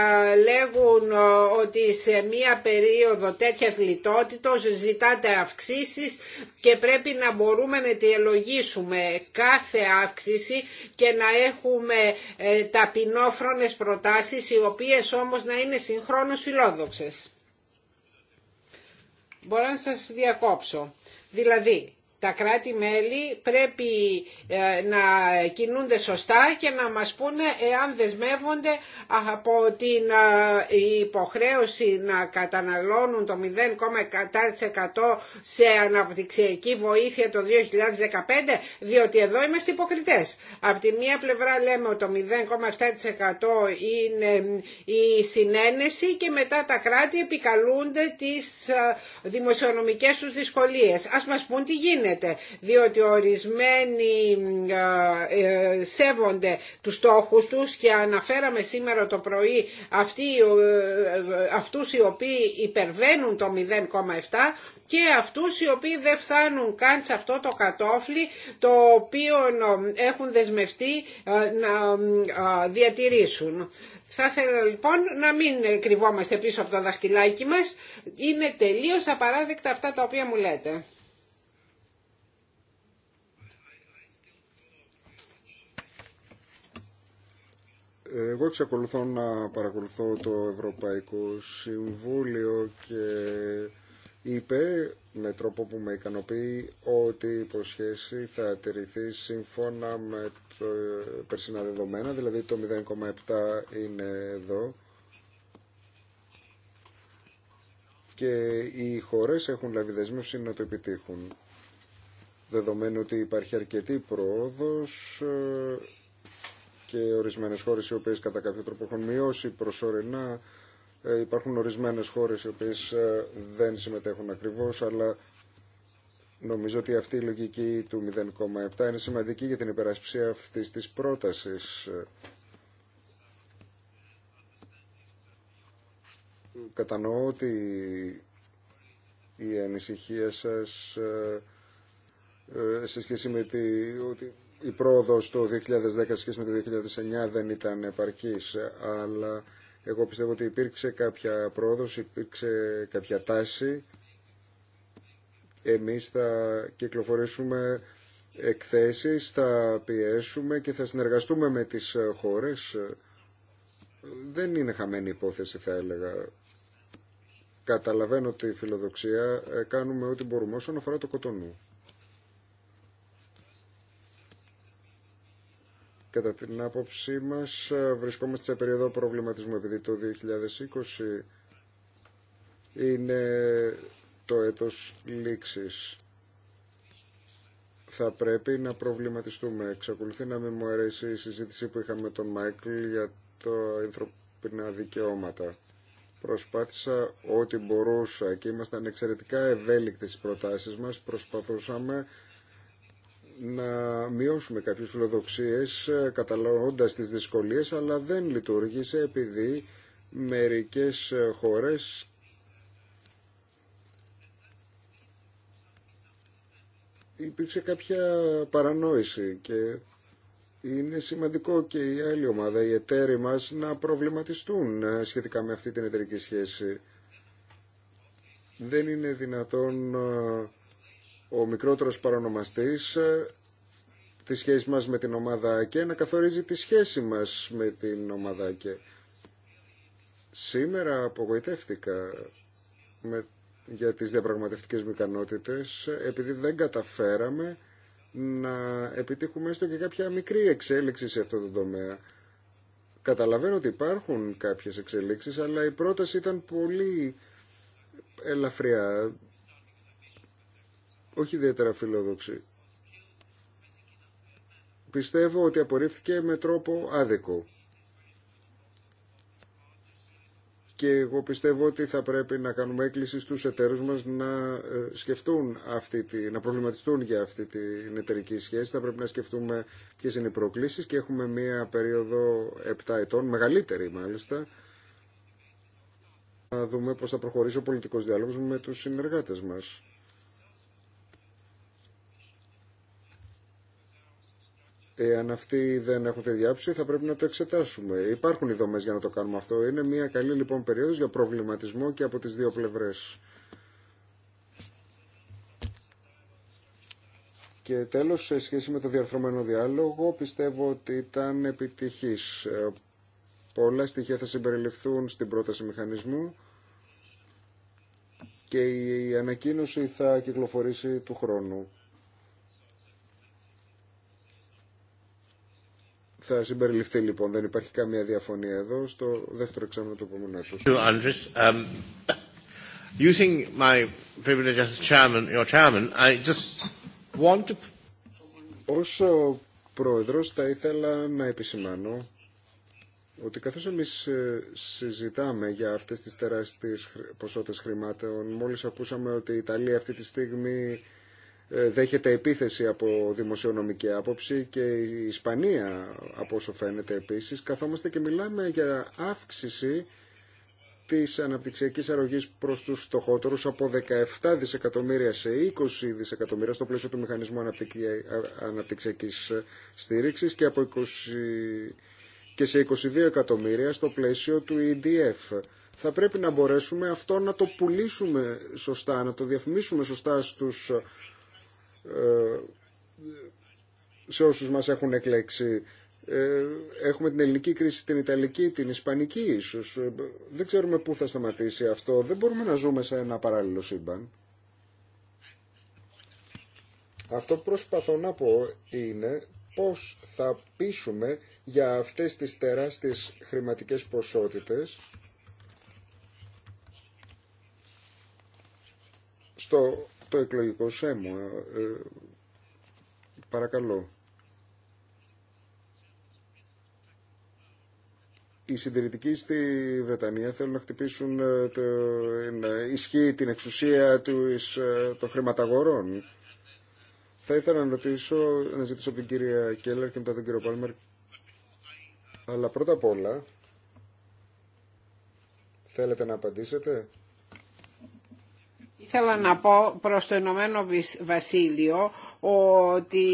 λέγουν ε, ότι σε μία περίοδο τέτοιας λιτότητος ζητάτε αυξήσεις και πρέπει να μπορούμε να αιτιολογήσουμε κάθε αύξηση και να έχουμε ταπεινόφρονες προτάσεις οι οποίες όμως να είναι συγχρόνως φιλόδοξες. Μπορώ να σας διακόψω. Δηλαδή, τα κράτη-μέλη πρέπει ε, να κινούνται σωστά και να μας πούνε εάν δεσμεύονται από την ε, υποχρέωση να καταναλώνουν το 0,7% σε αναπτυξιακή βοήθεια το 2015, διότι εδώ είμαστε υποκριτές. Από τη μία πλευρά λέμε ότι το 0,7% είναι η συνένεση και μετά τα κράτη επικαλούνται τις ε, δημοσιονομικές τους δυσκολίες. Ας μας πούν τι γίνεται διότι ορισμένοι ε, σέβονται τους στόχους τους και αναφέραμε σήμερα το πρωί αυτοί, ε, ε, αυτούς οι οποίοι υπερβαίνουν το 0,7 και αυτούς οι οποίοι δεν φτάνουν καν σε αυτό το κατόφλι το οποίο έχουν δεσμευτεί να διατηρήσουν. Θα ήθελα λοιπόν να μην κρυβόμαστε πίσω από το δαχτυλάκι μας. Είναι τελείως απαράδεκτα αυτά τα οποία μου λέτε. Εγώ εξακολουθώ να παρακολουθώ το Ευρωπαϊκό Συμβούλιο και είπε με τρόπο που με ικανοποιεί ότι η υποσχέση θα τηρηθεί σύμφωνα με το περσινά δεδομένα, δηλαδή το 0,7 είναι εδώ. Και οι χώρες έχουν λάβει δεσμεύση να το επιτύχουν. Δεδομένου ότι υπάρχει αρκετή πρόοδος, και ορισμένες χώρες οι οποίες κατά κάποιο τρόπο έχουν μειώσει προσωρινά. Ε, υπάρχουν ορισμένες χώρες οι οποίες ε, δεν συμμετέχουν ακριβώς, αλλά νομίζω ότι αυτή η λογική του 0,7 είναι σημαντική για την υπερασπισία αυτής της πρότασης. Κατανοώ ότι η ανησυχία σας ε, σε σχέση με τη, ότι η πρόοδος το 2010 σχέση με το 2009 δεν ήταν επαρκής, αλλά εγώ πιστεύω ότι υπήρξε κάποια πρόοδος, υπήρξε κάποια τάση. Εμείς θα κυκλοφορήσουμε εκθέσεις, θα πιέσουμε και θα συνεργαστούμε με τις χώρες. Δεν είναι χαμένη υπόθεση θα έλεγα. Καταλαβαίνω τη φιλοδοξία, ε, κάνουμε ό,τι μπορούμε όσον αφορά το κοτονού. Κατά την άποψή μας ε, βρισκόμαστε σε περίοδο προβληματισμού επειδή το 2020 είναι το έτος λήξης. Θα πρέπει να προβληματιστούμε. Εξακολουθεί να μην μου αρέσει η συζήτηση που είχαμε με τον Μάικλ για τα ανθρωπινά δικαιώματα. Προσπάθησα ό,τι μπορούσα και ήμασταν εξαιρετικά ευέλικτες στις προτάσεις μας. Προσπαθούσαμε να μειώσουμε κάποιες φιλοδοξίες ε, καταλαβαίνοντας τις δυσκολίες αλλά δεν λειτουργήσε επειδή μερικές ε, χώρες υπήρξε κάποια παρανόηση και είναι σημαντικό και η άλλη ομάδα, οι εταίροι μας να προβληματιστούν ε, σχετικά με αυτή την εταιρική σχέση. Δεν είναι δυνατόν ο μικρότερος παρονομαστής ε, τη σχέση μας με την ομάδα και να καθορίζει τη σχέση μας με την ομάδα και Σήμερα απογοητεύτηκα με, για τις διαπραγματευτικές μου ικανότητες, επειδή δεν καταφέραμε να επιτύχουμε έστω και κάποια μικρή εξέλιξη σε αυτό το τομέα. Καταλαβαίνω ότι υπάρχουν κάποιες εξελίξεις, αλλά η πρόταση ήταν πολύ ελαφριά όχι ιδιαίτερα φιλόδοξη. Πιστεύω ότι απορρίφθηκε με τρόπο άδικο. Και εγώ πιστεύω ότι θα πρέπει να κάνουμε έκκληση στους εταίρους μας να ε, σκεφτούν αυτή τη, να προβληματιστούν για αυτή την εταιρική σχέση. Θα πρέπει να σκεφτούμε ποιες είναι οι προκλήσεις και έχουμε μία περίοδο 7 ετών, μεγαλύτερη μάλιστα, να δούμε πώς θα προχωρήσει ο πολιτικός διάλογος με τους συνεργάτες μας. Εάν αυτοί δεν έχουν τη διάψη θα πρέπει να το εξετάσουμε. Υπάρχουν οι δομέ για να το κάνουμε αυτό. Είναι μια καλή λοιπόν περίοδος για προβληματισμό και από τις δύο πλευρές. Και τέλος, σε σχέση με το διαρθρωμένο διάλογο, πιστεύω ότι ήταν επιτυχής. Πολλά στοιχεία θα συμπεριληφθούν στην πρόταση μηχανισμού και η ανακοίνωση θα κυκλοφορήσει του χρόνου. Θα συμπεριληφθεί λοιπόν, δεν υπάρχει καμία διαφωνία εδώ στο δεύτερο εξάμεινο του επόμενου έτους. Um, using my privilege as chairman, I just want to... πρόεδρος θα ήθελα να επισημάνω ότι καθώς εμείς ε, συζητάμε για αυτές τις τεράστιες ποσότητες χρημάτων, μόλις ακούσαμε ότι η Ιταλία αυτή τη στιγμή ε, δέχεται επίθεση από δημοσιονομική άποψη και η Ισπανία από όσο φαίνεται επίσης καθόμαστε και μιλάμε για αύξηση της αναπτυξιακής αρρωγής προς τους στοχότερους από 17 δισεκατομμύρια σε 20 δισεκατομμύρια στο πλαίσιο του Μηχανισμού Αναπτυξιακής Στήριξης και, από 20... και σε 22 εκατομμύρια στο πλαίσιο του EDF. Θα πρέπει να μπορέσουμε αυτό να το πουλήσουμε σωστά, να το διαφημίσουμε σωστά στους ε, σε όσους μας έχουν εκλέξει. Ε, έχουμε την ελληνική κρίση, την ιταλική, την ισπανική ίσως. Ε, δεν ξέρουμε πού θα σταματήσει αυτό. Δεν μπορούμε να ζούμε σε ένα παράλληλο σύμπαν. Αυτό που προσπαθώ να πω είναι πώς θα πείσουμε για αυτές τις τεράστιες χρηματικές ποσότητες στο το εκλογικό σέμου. Ε, παρακαλώ. Οι συντηρητικοί στη Βρετανία θέλουν να χτυπήσουν, ε, το, να ισχύει την εξουσία του ε, των χρηματαγορών. Θα ήθελα να ρωτήσω, να ζητήσω την κυρία Κέλλερ και μετά τον κύριο Πάλμερ. Αλλά πρώτα απ' όλα, θέλετε να απαντήσετε ήθελα να πω προς το Ηνωμένο Βασίλειο ότι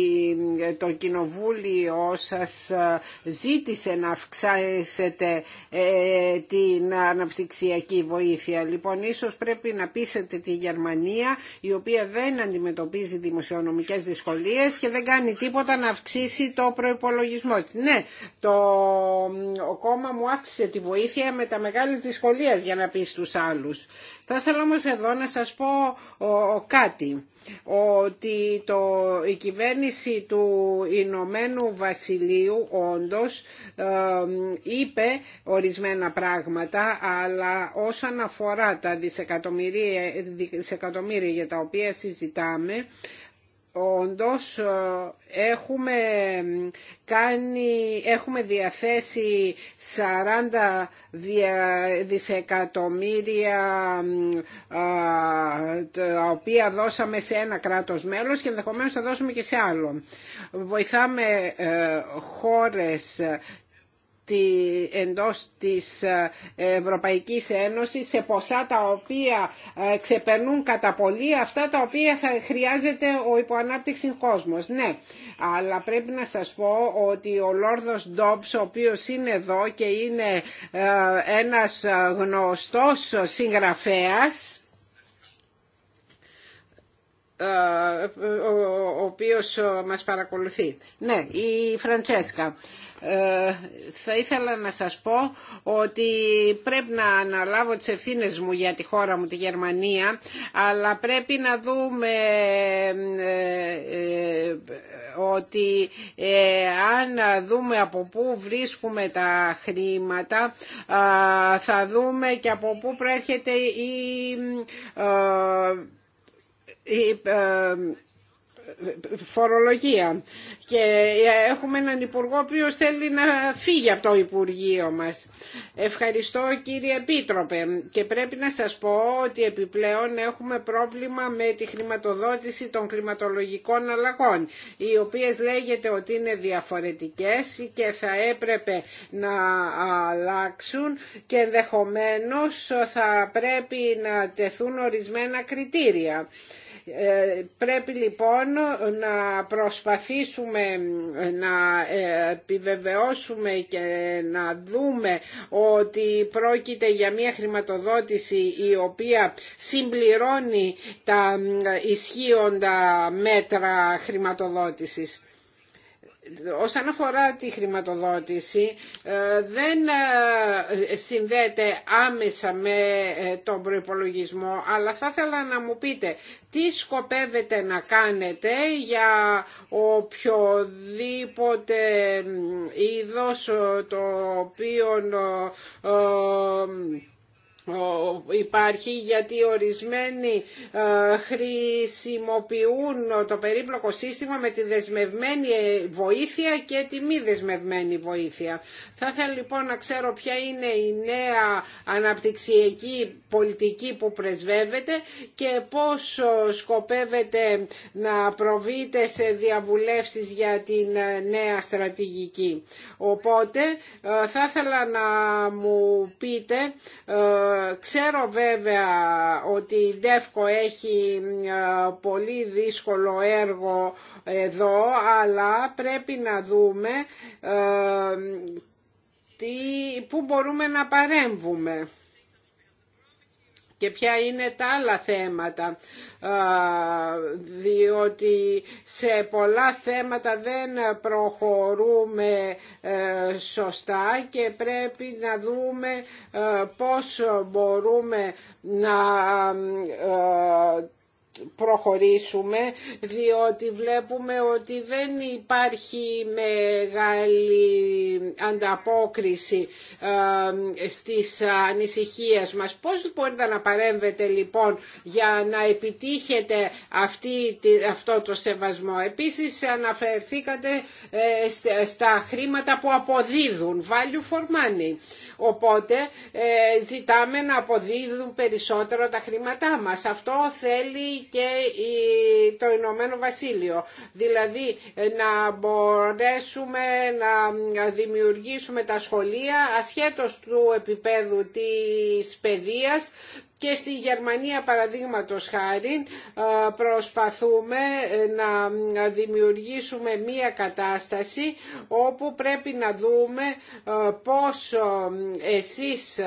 το κοινοβούλιο σας ε, ζήτησε να αυξάσετε ε, την αναπτυξιακή βοήθεια. Λοιπόν, ίσως πρέπει να πείσετε τη Γερμανία, η οποία δεν αντιμετωπίζει δημοσιονομικές δυσκολίες και δεν κάνει τίποτα να αυξήσει το προϋπολογισμό της. Ναι, το ο κόμμα μου αύξησε τη βοήθεια με τα μεγάλες δυσκολίες για να πει στους άλλους. Θα ήθελα όμως εδώ να σας πω κάτι ότι το, η κυβέρνηση του Ηνωμένου Βασιλείου όντως ε, είπε ορισμένα πράγματα αλλά όσον αφορά τα δισεκατομμύρια, δισεκατομμύρια για τα οποία συζητάμε όντως ε, έχουμε, κάνει, έχουμε διαθέσει 40 δισεκατομμύρια ε, τα οποία δώσαμε σε ένα κράτος μέλος και ενδεχομένως θα δώσουμε και σε άλλο. Βοηθάμε ε, χώρες εντός της ε, Ευρωπαϊκής Ένωσης σε ποσά τα οποία ε, ξεπερνούν κατά πολύ αυτά τα οποία θα χρειάζεται ο υποανάπτυξη κόσμος. Ναι, αλλά πρέπει να σας πω ότι ο Λόρδος Ντόμπς ο οποίος είναι εδώ και είναι ε, ένας γνωστός συγγραφέας ε, ο οποίος ε, μας παρακολουθεί. Ναι, η Φραντσέσκα. Ε, θα ήθελα να σας πω ότι πρέπει να αναλάβω τις ευθύνε μου για τη χώρα μου, τη Γερμανία, αλλά πρέπει να δούμε ότι αν δούμε από πού βρίσκουμε τα χρήματα, θα δούμε και από πού προέρχεται η η ε, φορολογία και έχουμε έναν υπουργό ο θέλει να φύγει από το Υπουργείο μας. Ευχαριστώ κύριε Επίτροπε και πρέπει να σας πω ότι επιπλέον έχουμε πρόβλημα με τη χρηματοδότηση των κλιματολογικών αλλαγών οι οποίες λέγεται ότι είναι διαφορετικές και θα έπρεπε να αλλάξουν και ενδεχομένως θα πρέπει να τεθούν ορισμένα κριτήρια. Ε, πρέπει λοιπόν να προσπαθήσουμε να ε, επιβεβαιώσουμε και να δούμε ότι πρόκειται για μια χρηματοδότηση η οποία συμπληρώνει τα ε, ισχύοντα μέτρα χρηματοδότησης όσον αφορά τη χρηματοδότηση ε, δεν ε, συνδέεται άμεσα με ε, τον προϋπολογισμό αλλά θα ήθελα να μου πείτε τι σκοπεύετε να κάνετε για οποιοδήποτε είδος το οποίο υπάρχει γιατί ορισμένοι ε, χρησιμοποιούν το περίπλοκο σύστημα με τη δεσμευμένη βοήθεια και τη μη δεσμευμένη βοήθεια. Θα ήθελα λοιπόν να ξέρω ποια είναι η νέα αναπτυξιακή πολιτική που πρεσβεύεται και πώς ε, σκοπεύετε να προβείτε σε διαβουλεύσεις για την ε, νέα στρατηγική. Οπότε θα ήθελα να μου πείτε Ξέρω βέβαια ότι η Ντεύκο έχει ε, πολύ δύσκολο έργο εδώ, αλλά πρέπει να δούμε ε, τι, πού μπορούμε να παρέμβουμε και ποια είναι τα άλλα θέματα διότι σε πολλά θέματα δεν προχωρούμε ε, σωστά και πρέπει να δούμε ε, πώς μπορούμε να ε, προχωρήσουμε διότι βλέπουμε ότι δεν υπάρχει μεγάλη ανταπόκριση στις ανησυχίες μας. Πώς μπορείτε να παρέμβετε λοιπόν για να επιτύχετε αυτή, αυτό το σεβασμό. Επίσης αναφερθήκατε ε, στα χρήματα που αποδίδουν, value for money. Οπότε ε, ζητάμε να αποδίδουν περισσότερο τα χρήματά μας. Αυτό θέλει και το Ηνωμένο Βασίλειο. Δηλαδή να μπορέσουμε να δημιουργήσουμε τα σχολεία ασχέτως του επίπεδου της παιδείας και στη Γερμανία παραδείγματος χάρη προσπαθούμε ε, να δημιουργήσουμε μία κατάσταση όπου πρέπει να δούμε ε, πώς ε, εσείς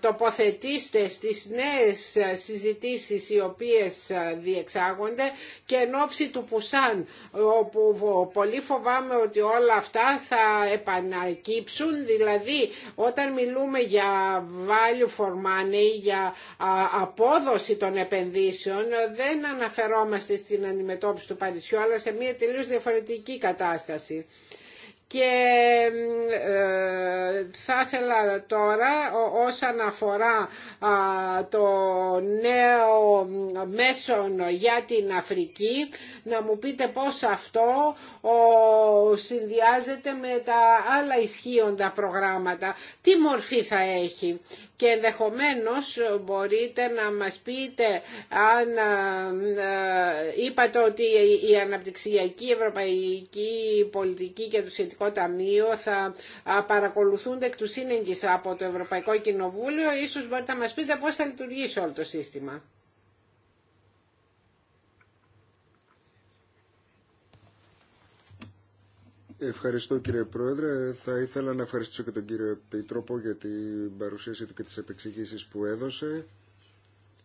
τοποθετήστε στις νέες συζητήσεις οι οποίες διεξάγονται και εν ώψη του Πουσάν όπου πολύ φοβάμαι ότι όλα αυτά θα επανακύψουν δηλαδή όταν μιλούμε για value for money για απόδοση των επενδύσεων δεν αναφερόμαστε στην αντιμετώπιση του Παρισιού αλλά σε μία τελείως διαφορετική κατάσταση. Και ε, θα ήθελα τώρα όσον αφορά το νέο μέσο για την Αφρική να μου πείτε πώς αυτό συνδυάζεται με τα άλλα ισχύοντα προγράμματα. Τι μορφή θα έχει και ενδεχομένως μπορείτε να μας πείτε αν ε, ε, είπατε ότι η αναπτυξιακή ευρωπαϊκή πολιτική και το σχετικό ταμείο θα ε, παρακολουθούνται εκ του σύνεγγυς από το Ευρωπαϊκό Κοινοβούλιο. Ίσως μπορείτε να μας πείτε πώς θα λειτουργήσει όλο το σύστημα. Ευχαριστώ κύριε Πρόεδρε. Θα ήθελα να ευχαριστήσω και τον κύριο Επίτροπο για την παρουσίαση του και τις επεξηγήσεις που έδωσε.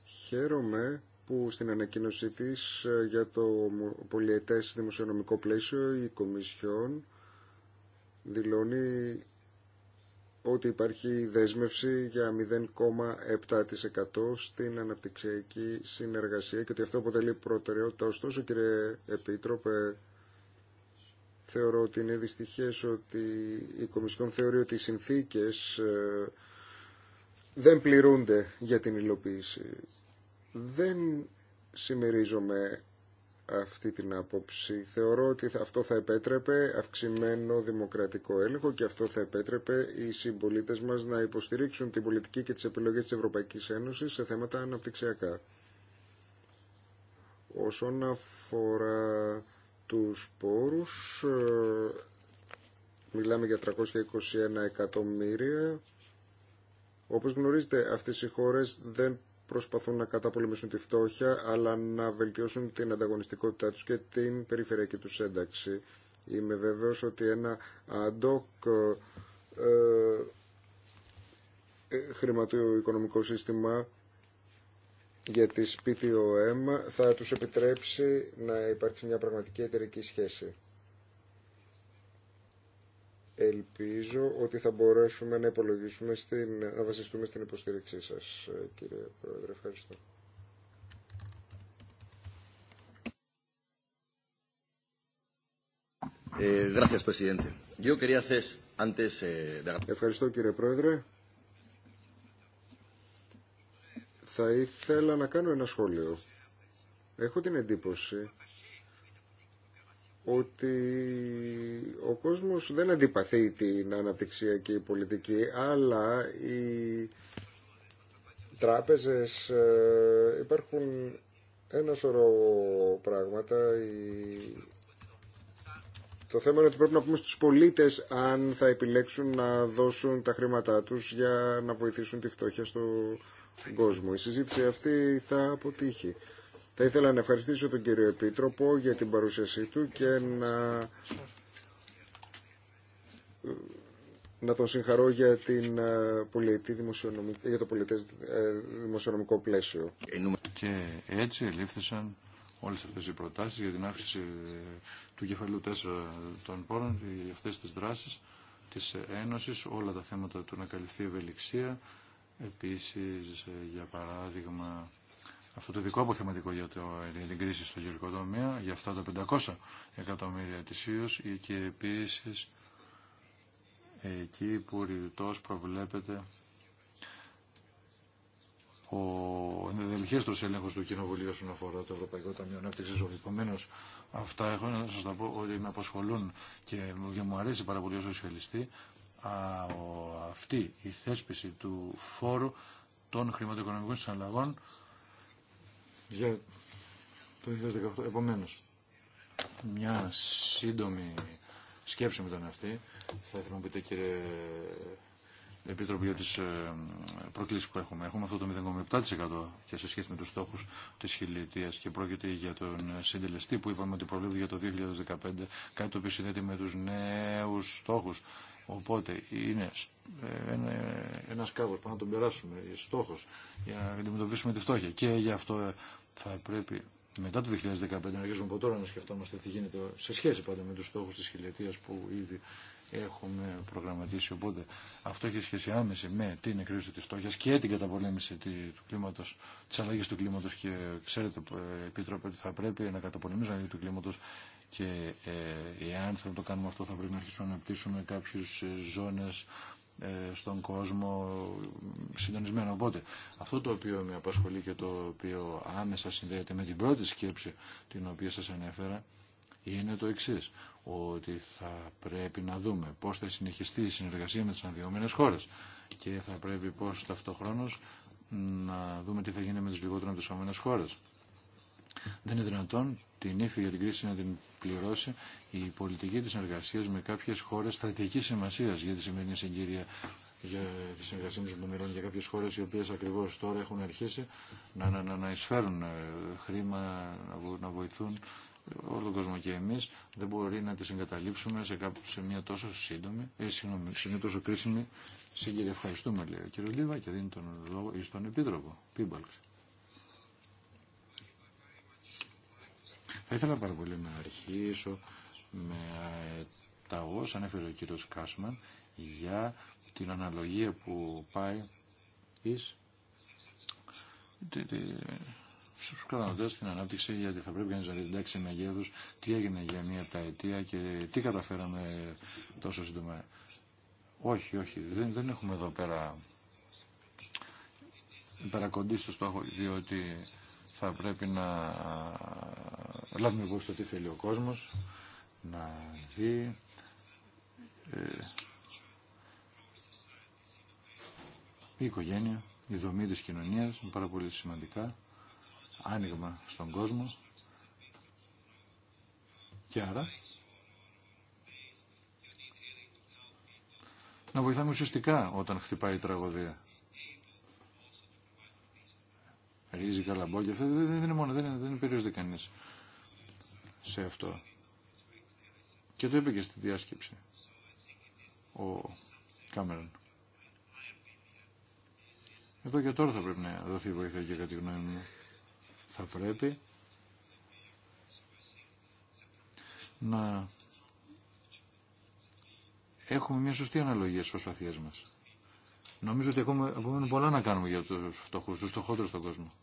Χαίρομαι που στην ανακοίνωσή της ε, για το πολιετές δημοσιονομικό πλαίσιο η Κομισιόν δηλώνει ότι υπάρχει δέσμευση για 0,7% στην αναπτυξιακή συνεργασία και ότι αυτό αποτελεί προτεραιότητα. Ωστόσο, κύριε Επίτροπε, Θεωρώ ότι είναι δυστυχές ότι η Κομισιόν θεωρεί ότι οι συνθήκες ε, δεν πληρούνται για την υλοποίηση. Δεν συμμερίζομαι αυτή την άποψη. Θεωρώ ότι αυτό θα επέτρεπε αυξημένο δημοκρατικό έλεγχο και αυτό θα επέτρεπε οι συμπολίτε μα να υποστηρίξουν την πολιτική και τι επιλογέ τη Ευρωπαϊκή Ένωση σε θέματα αναπτυξιακά. Όσον αφορά τους πόρους ε, μιλάμε για 321 εκατομμύρια όπως γνωρίζετε αυτές οι χώρες δεν προσπαθούν να καταπολεμήσουν τη φτώχεια αλλά να βελτιώσουν την ανταγωνιστικότητά τους και την περιφερειακή τους ένταξη είμαι βέβαιος ότι ένα αντόκ ε, ε, χρηματοοικονομικό σύστημα για σπίτι ΟΕΜ θα τους επιτρέψει να υπάρξει μια πραγματική εταιρική σχέση. Ελπίζω ότι θα μπορέσουμε να υπολογίσουμε, στην, να βασιστούμε στην υποστήριξή σας, κύριε Πρόεδρε. Ευχαριστώ. Ε, eh, Ευχαριστώ κύριε Πρόεδρε. Θα ήθελα να κάνω ένα σχόλιο. Έχω την εντύπωση ότι ο κόσμος δεν αντιπαθεί την αναπτυξιακή πολιτική, αλλά οι τράπεζες ε, υπάρχουν ένα σωρό πράγματα. Το θέμα είναι ότι πρέπει να πούμε στους πολίτες αν θα επιλέξουν να δώσουν τα χρήματά τους για να βοηθήσουν τη φτώχεια στο τον κόσμο. Η συζήτηση αυτή θα αποτύχει. Θα ήθελα να ευχαριστήσω τον κύριο Επίτροπο για την παρουσίασή του και να, να τον συγχαρώ για, την ε, για το πολιτές ε, δημοσιονομικό πλαίσιο. Και έτσι ελήφθησαν όλες αυτές οι προτάσεις για την αύξηση ε, του κεφαλού 4 των πόρων, για αυτές τις δράσεις της Ένωσης, όλα τα θέματα του να καλυφθεί ευελιξία, Επίσης, για παράδειγμα, αυτό το δικό αποθεματικό για, το, την κρίση στο γεωργικό τομέα, για αυτά τα 500 εκατομμύρια ή και επίσης εκεί που ρητός προβλέπεται ο ενδεδελχέστος έλεγχος του Κοινοβουλίου όσον αφορά το Ευρωπαϊκό Ταμείο Ανάπτυξης. Επομένως, αυτά έχω να σας τα πω ότι με απασχολούν και μου αρέσει πάρα πολύ ο αυτή η θέσπιση του φόρου των χρηματοοικονομικών συναλλαγών για το 2018. Επομένως, μια σύντομη σκέψη με τον αυτή. Θα ήθελα να πείτε κύριε Επίτροπη για τις ε, προκλήσεις που έχουμε. Έχουμε αυτό το 0,7% και σε σχέση με τους στόχους της χιλιετίας και πρόκειται για τον συντελεστή που είπαμε ότι προβλέπεται για το 2015, κάτι το οποίο συνδέεται με τους νέους στόχους Οπότε είναι ε, ένα κάβος που να τον περάσουμε, ε, στόχος για να αντιμετωπίσουμε τη φτώχεια. Και γι' αυτό ε, θα πρέπει μετά το 2015 να αρχίσουμε από τώρα να σκεφτόμαστε τι γίνεται σε σχέση πάντα με τους στόχους της χιλιετίας που ήδη έχουμε προγραμματίσει. Οπότε αυτό έχει σχέση άμεση με την εκρίζωση της φτώχειας και την καταπολέμηση του κλίματος, της αλλαγής του κλίματος και ξέρετε Επίτροπε ότι θα πρέπει να καταπολεμήσουμε την αλλαγή του κλίματος και ε, εάν θέλουμε να το κάνουμε αυτό θα πρέπει να αρχίσουμε να αναπτύσσουμε κάποιες ε, ζώνες ε, στον κόσμο συντονισμένο. Οπότε αυτό το οποίο με απασχολεί και το οποίο άμεσα συνδέεται με την πρώτη σκέψη την οποία σας ανέφερα είναι το εξή. ότι θα πρέπει να δούμε πώς θα συνεχιστεί η συνεργασία με τις αναδυόμενες χώρες και θα πρέπει πώς ταυτόχρονος να δούμε τι θα γίνει με τις λιγότερο αναπτυσσόμενες χώρες. Δεν είναι δυνατόν την ύφη για την κρίση να την πληρώσει η πολιτική της συνεργασίας με κάποιες χώρες στρατηγικής σημασίας για τη σημερινή συγκυρία για τη συνεργασία των μερών για κάποιες χώρες οι οποίες ακριβώς τώρα έχουν αρχίσει να, να, να, να εισφέρουν ε, χρήμα, να βοηθούν ε, όλο τον κόσμο και εμείς δεν μπορεί να τις εγκαταλείψουμε σε, κάπου, σε μια τόσο σύντομη, ε, συγγνώμη, σε μια τόσο κρίσιμη συγκυρία. Ευχαριστούμε λέει ο κ. Λίβα και δίνει τον λόγο στον Επίτροπο. Πίμπαλξη. Θα ήθελα πάρα πολύ να αρχίσω με τα όσα ανέφερε ο κύριος Κάσμαν για την αναλογία που πάει εις στους καταναλωτές στην ανάπτυξη γιατί θα πρέπει κανείς να διδάξει μεγέθους τι έγινε για μια τα αιτία και τι καταφέραμε τόσο σύντομα. Όχι, όχι, δεν, δεν έχουμε εδώ πέρα υπερακοντήσει στο στόχο διότι θα πρέπει να λάβουμε υπόψη το τι θέλει ο κόσμος, να δει ε, η οικογένεια, η δομή της κοινωνίας είναι πάρα πολύ σημαντικά, άνοιγμα στον κόσμο και άρα να βοηθάμε ουσιαστικά όταν χτυπάει η τραγωδία. ρύζι, καλαμπόκι. Αυτό δεν είναι μόνο, δεν, είναι, δεν κανεί σε αυτό. Και το είπε και στη διάσκεψη ο Κάμερον. Εδώ και τώρα θα πρέπει να δοθεί βοήθεια και κατά τη γνώμη μου. Θα πρέπει να έχουμε μια σωστή αναλογία στις προσπαθίες μας. Νομίζω ότι ακόμα απομένουν πολλά να κάνουμε για τους φτωχούς, τους φτωχότερους στον κόσμο.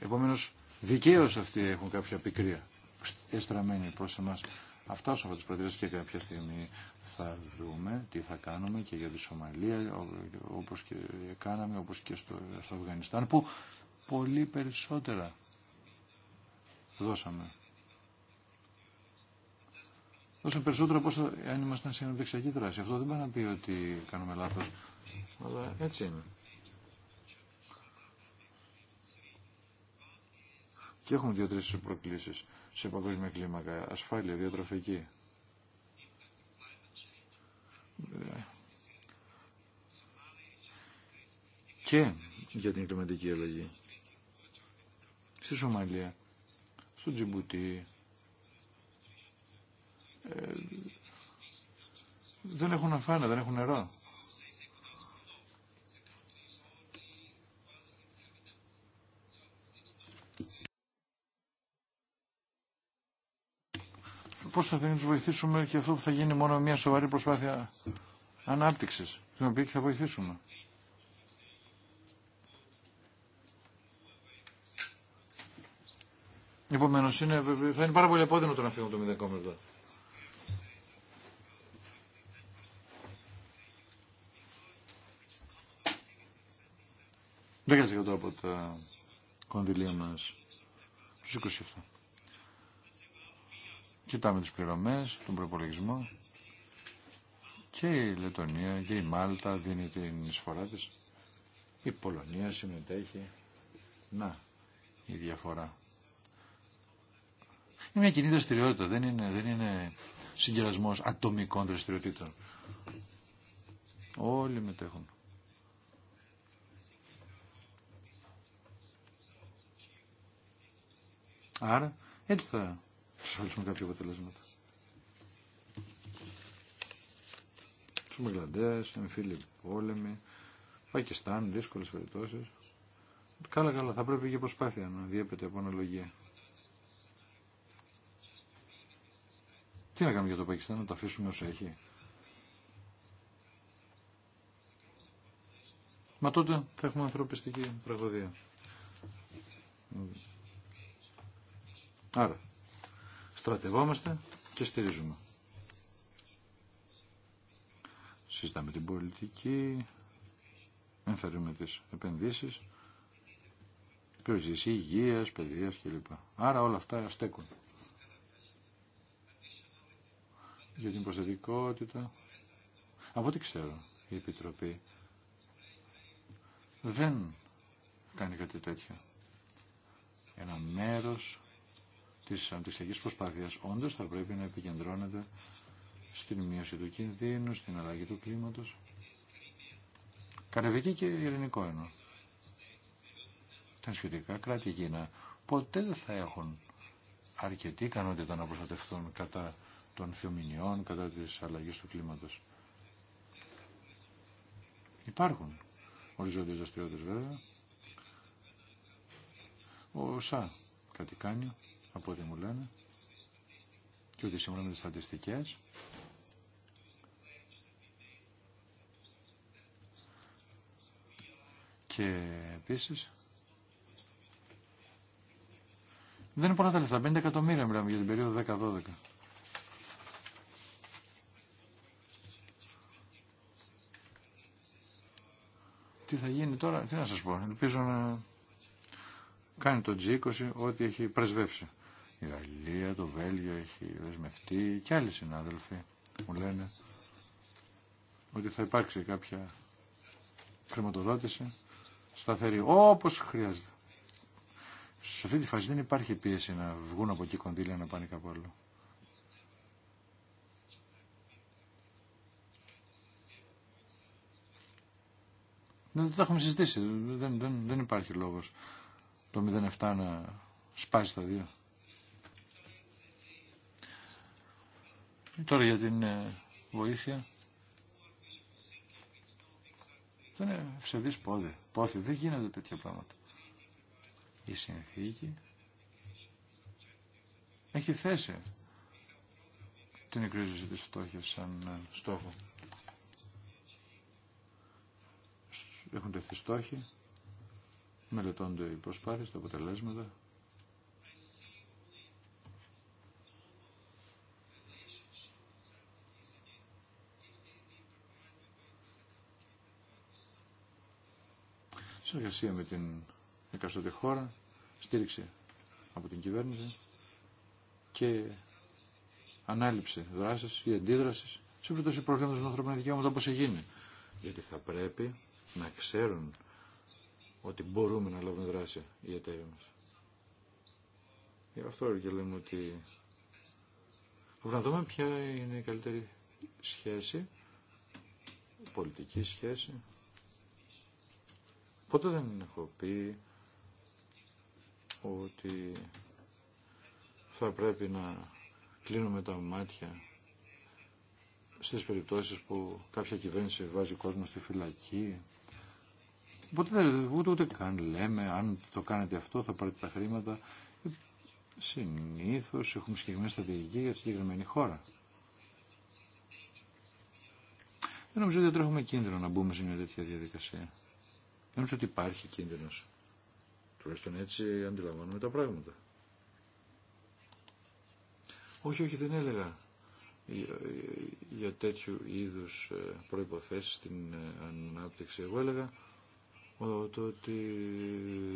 Επομένω, δικαίω αυτοί έχουν κάποια πικρία εστραμμένη προς εμά Αυτά όσον τι τις και κάποια στιγμή θα δούμε τι θα κάνουμε και για τη Σομαλία όπως και κάναμε, όπως και στο, στο Αφγανιστάν που πολύ περισσότερα δώσαμε. Δώσαμε περισσότερα από όσα αν ήμασταν σε αναπτυξιακή δράση. Αυτό δεν πάει να πει ότι κάνουμε λάθος. Αλλά έτσι είναι. Και εχουν δυο δύο-τρει προκλήσει σε παγκόσμια κλίμακα. Ασφάλεια, διατροφική. Και για την κλιματική αλλαγή. Στη Σομαλία, στο Τζιμπουτί. Ε, δεν έχουν αφάνα, δεν έχουν νερό. πώς θα τους βοηθήσουμε και αυτό που θα γίνει μόνο μια σοβαρή προσπάθεια ανάπτυξης, την οποία και θα βοηθήσουμε. Επομένω, θα είναι πάρα πολύ απόδεινο το να φύγουμε το 0,7. Δεν από τα κονδυλία μας στους 27. Κοιτάμε τις πληρωμές, τον προπολογισμό και η Λετωνία και η Μάλτα δίνει την εισφορά της. Η Πολωνία συμμετέχει. Να, η διαφορά. Είναι μια κοινή δραστηριότητα, δεν είναι, δεν είναι συγκερασμός ατομικών δραστηριοτήτων. Όλοι μετέχουν. Άρα, έτσι θα εξασφαλίσουμε κάποια αποτελέσματα. Στου Μαγκλαντέ, εμφύλοι πόλεμοι, Πακιστάν, δύσκολε περιπτώσει. Καλά, καλά, θα πρέπει και προσπάθεια να διέπεται από αναλογία. Τι να κάνουμε για το Πακιστάν, να το αφήσουμε όσο έχει. Μα τότε θα έχουμε ανθρωπιστική τραγωδία. Άρα, στρατευόμαστε και στηρίζουμε. Συζητάμε την πολιτική, ενθαρρύνουμε τις επενδύσεις, περιορισμό υγείας, παιδείας κλπ. Άρα όλα αυτά στέκουν. Για την προσθετικότητα, από ό,τι ξέρω, η Επιτροπή δεν κάνει κάτι τέτοιο. Ένα μέρος της αντιστοιχικής προσπάθειας όντως θα πρέπει να επικεντρώνεται στην μείωση του κινδύνου, στην αλλαγή του κλίματος. Καρεβική και ειρηνικό εννοώ. Τα σχετικά κράτη εκείνα ποτέ δεν θα έχουν αρκετή ικανότητα να προστατευτούν κατά των θεομηνιών, κατά της αλλαγής του κλίματος. Υπάρχουν οριζόντιες δραστηριότητες βέβαια. Ο ΣΑ κάτι κάνει από ό,τι μου λένε και ότι σύμφωνα με τις στατιστικές και επίσης δεν είναι πολλά τα λεφτά, 50 εκατομμύρια μιλάμε για την περίοδο 10-12. Τι θα γίνει τώρα, τι να σας πω. Ελπίζω να κάνει το G20 ό,τι έχει πρεσβεύσει η Γαλλία, το Βέλγιο έχει δεσμευτεί και άλλοι συνάδελφοι μου λένε ότι θα υπάρξει κάποια χρηματοδότηση σταθερή όπως χρειάζεται. Σε αυτή τη φάση δεν υπάρχει πίεση να βγουν από εκεί κονδύλια να πάνε κάπου άλλο. Δεν το έχουμε συζητήσει. Δεν, δεν, δεν υπάρχει λόγος το 07 να σπάσει τα δύο. Τώρα για την ε, βοήθεια. Δεν είναι ψευδής πόδι. Πόθη. Δεν γίνονται τέτοια πράγματα. Η συνθήκη έχει θέσει την εκρίζωση της φτώχειας σαν ε, στόχο. Έχουν τεθεί στόχοι, μελετώνται οι προσπάθειες, τα αποτελέσματα. συνεργασία με την εκαστοτε χώρα, στήριξη από την κυβέρνηση και ανάληψη δράσης ή αντίδρασης σε περίπτωση προβλήματος των ανθρώπινων δικαιώματων όπως γίνει Γιατί θα πρέπει να ξέρουν ότι μπορούμε να λάβουμε δράση οι εταίροι μας. Γι' αυτό και λέμε ότι πρέπει να δούμε ποια είναι η καλύτερη σχέση, πολιτική σχέση, Πότε δεν έχω πει ότι θα πρέπει να κλείνουμε τα μάτια στις περιπτώσεις που κάποια κυβέρνηση βάζει κόσμο στη φυλακή. Οπότε δεν ούτε, ούτε καν λέμε αν το κάνετε αυτό θα πάρετε τα χρήματα. Συνήθως έχουμε συγκεκριμένη στρατηγική για τη συγκεκριμένη χώρα. Δεν νομίζω ότι δεν τρέχουμε κίνδυνο να μπούμε σε μια τέτοια διαδικασία. Νομίζω ότι υπάρχει κίνδυνος. Τουλάχιστον έτσι αντιλαμβάνομαι τα πράγματα. Όχι, όχι, δεν έλεγα για τέτοιου είδους ε, προϋποθέσεις στην ε, ανάπτυξη. Εγώ έλεγα το ότι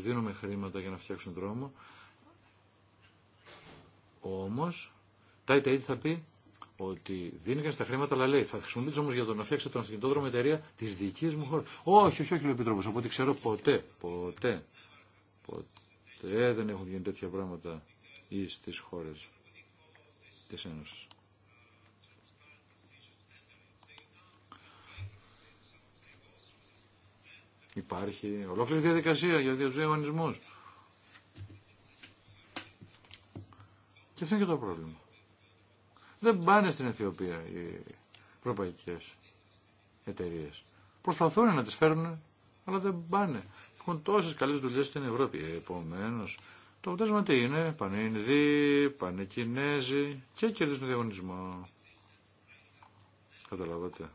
δίνουμε χρήματα για να φτιάξουν δρόμο, όμως, τα θα πει ότι δίνει κανεί τα χρήματα, αλλά λέει θα χρησιμοποιήσω όμω για το να φτιάξω τον αυτοκινητόδρομο εταιρεία τη δική μου χώρα. Όχι, όχι, όχι, λέει ο Επιτρόπο. Από ό,τι ξέρω ποτέ, ποτέ, ποτέ δεν έχουν γίνει τέτοια πράγματα ή στι χώρε τη Ένωση. Υπάρχει ολόκληρη διαδικασία για διαζωογονισμούς. Και αυτό είναι και το πρόβλημα. Δεν πάνε στην Αιθιοπία οι ευρωπαϊκέ εταιρείε. Προσπαθούν να τις φέρουν, αλλά δεν πάνε. Έχουν τόσε καλές δουλειές στην Ευρώπη. Επομένω. το αποτέλεσμα τι είναι, πάνε Ινδοί, πάνε Κινέζοι και κερδίζουν διαγωνισμό. Καταλαβαίνετε.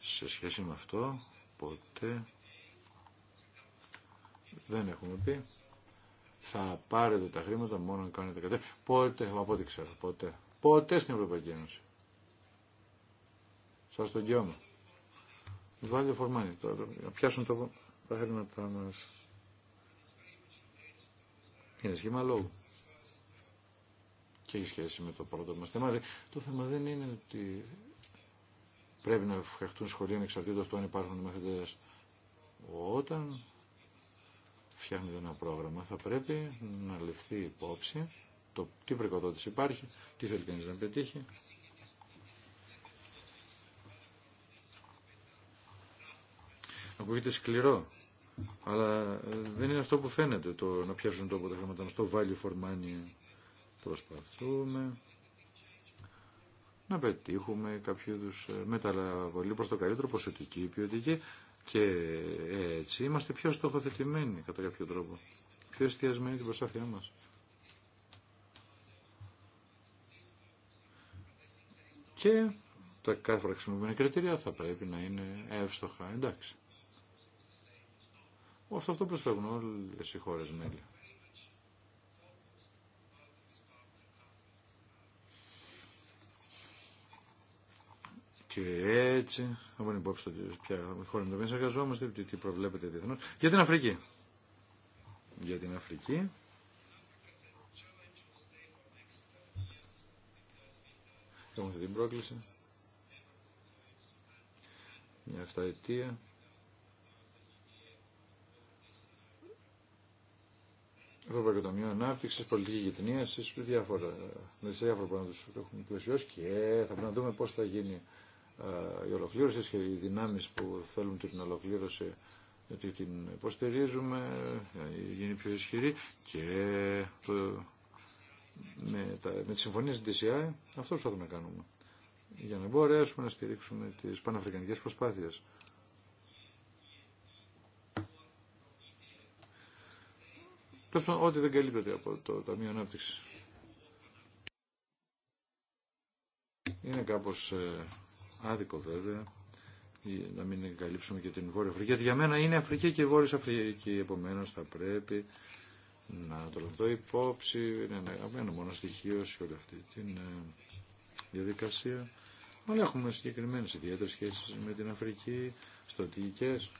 Σε σχέση με αυτό, ποτέ δεν έχουμε πει. Θα πάρετε τα χρήματα μόνο αν κάνετε κατέ. Πότε, από ό,τι ξέρω, πότε ποτέ στην Ευρωπαϊκή Ένωση. Σα τον κοιόμαι. Βάλει φορμάνι τώρα, να πιάσουν το, τα χρήματα μα. Είναι σχήμα λόγου. Και έχει σχέση με το πρώτο μα θέμα. Το θέμα δεν είναι ότι πρέπει να φτιαχτούν σχολεία ανεξαρτήτω του αν υπάρχουν μαθητές. Όταν φτιάχνετε ένα πρόγραμμα θα πρέπει να ληφθεί υπόψη το τι προκοδότηση υπάρχει, τι θέλει κανείς να πετύχει. Ακούγεται σκληρό, αλλά ε, δεν είναι αυτό που φαίνεται το να πιάσουν τόπο τα χρήματα, στο value for money προσπαθούμε να πετύχουμε κάποιο είδου ε, μεταβολή προς το καλύτερο, ποσοτική, ποιοτική και ε, έτσι είμαστε πιο στοχοθετημένοι κατά κάποιο τρόπο, πιο εστιασμένοι την προσπάθειά μας. και τα κάθε φορά κριτήρια θα πρέπει να είναι εύστοχα, εντάξει. Αυτό, αυτό προσφέρουν όλε οι χώρε μέλη. Και έτσι, να μην υπόψη ότι ποια χώρα με το οποίο συνεργαζόμαστε, τι προβλέπετε διεθνώ. Για την Αφρική. Για την Αφρική. Έχουμε αυτή την πρόκληση. Μια αυταετία. Ευρωπαϊκό Ταμείο Ανάπτυξη, πολιτική γειτονίαση, διάφορα. Με διάφορα πράγματα του έχουμε πλαισιώσει και θα πρέπει να δούμε πώ θα γίνει η ολοκλήρωση και οι δυνάμει που θέλουν την ολοκλήρωση γιατί την υποστηρίζουμε, γίνει πιο ισχυρή και το με, τα, με τις συμφωνίες της DCI, αυτό το να κάνουμε. Για να μπορέσουμε να στηρίξουμε τις πανεφρικανικές προσπάθειες. Τόσο ό,τι δεν καλύπτεται από το Ταμείο Ανάπτυξη. Είναι κάπως ε, άδικο βέβαια να μην εγκαλύψουμε και την Βόρεια Αφρική. Γιατί για μένα είναι Αφρική και η Βόρεια Αφρική. επομένως θα πρέπει να το λαμβάνω υπόψη, είναι ένα μόνο στοιχείο σε όλη αυτή τη ε, διαδικασία. Αλλά έχουμε συγκεκριμένες ιδιαίτερες σχέσεις με την Αφρική, στρατηγικές.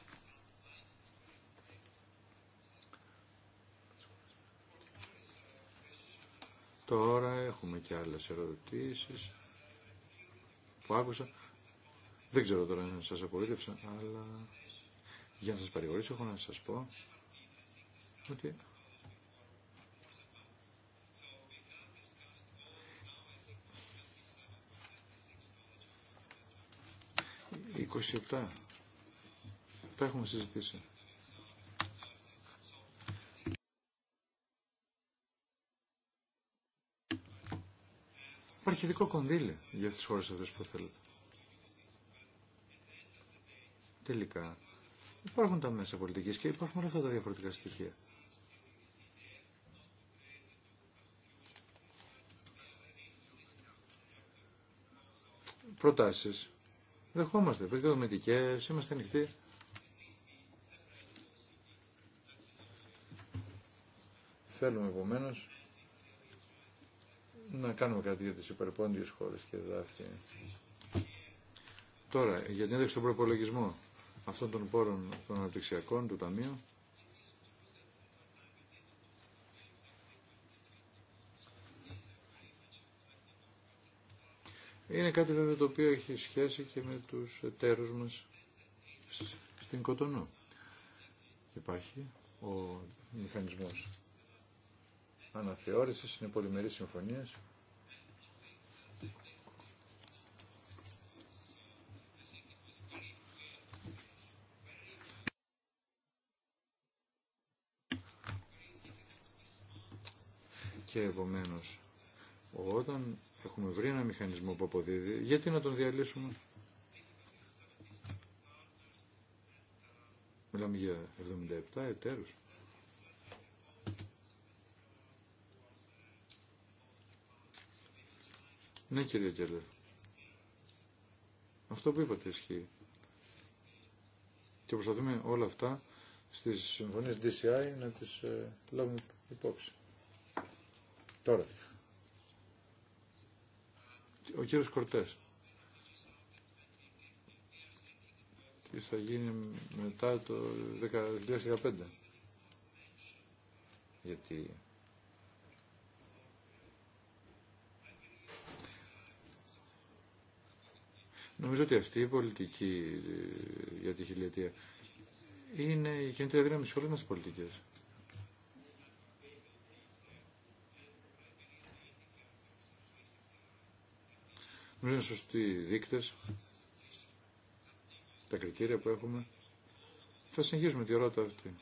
Τώρα έχουμε και άλλες ερωτήσεις που άκουσα. Δεν ξέρω τώρα αν σας απορρίτευσα, αλλά για να σας παρηγορήσω έχω να σας πω ότι 27. Τα έχουμε συζητήσει. Υπάρχει κονδύλι για τις χώρες αυτές που θέλετε. Τελικά, υπάρχουν τα μέσα πολιτικής και υπάρχουν όλα αυτά τα διαφορετικά στοιχεία. Προτάσεις δεχόμαστε επικοδομητικές, είμαστε ανοιχτοί. Θέλουμε επομένω να κάνουμε κάτι για τις υπερπόντιες χώρες και δάφη. Τώρα, για την ένταξη στον προπολογισμό αυτών των πόρων των αναπτυξιακών του Ταμείου, Είναι κάτι βέβαια το οποίο έχει σχέση και με τους εταίρους μας στην Κοτονού. Υπάρχει ο μηχανισμός αναθεώρησης, είναι πολυμερή συμφωνίες. Και επομένως όταν έχουμε βρει ένα μηχανισμό που αποδίδει, γιατί να τον διαλύσουμε. Μιλάμε για 77 εταίρους. Ναι κύριε Κέλλερ. Αυτό που είπατε ισχύει. Και προσπαθούμε όλα αυτά στις συμφωνίες DCI να τις ε, λάβουμε υπόψη. Τώρα, ο κύριος Κορτές. Τι θα γίνει μετά το 2015. Γιατί Νομίζω ότι αυτή η πολιτική ε, για τη χιλιετία είναι η κινητήρια δύναμη σε όλες μας Νομίζω είναι σωστοί οι δείκτες, τα κριτήρια που έχουμε. Θα συνεχίσουμε τη ρότα αυτή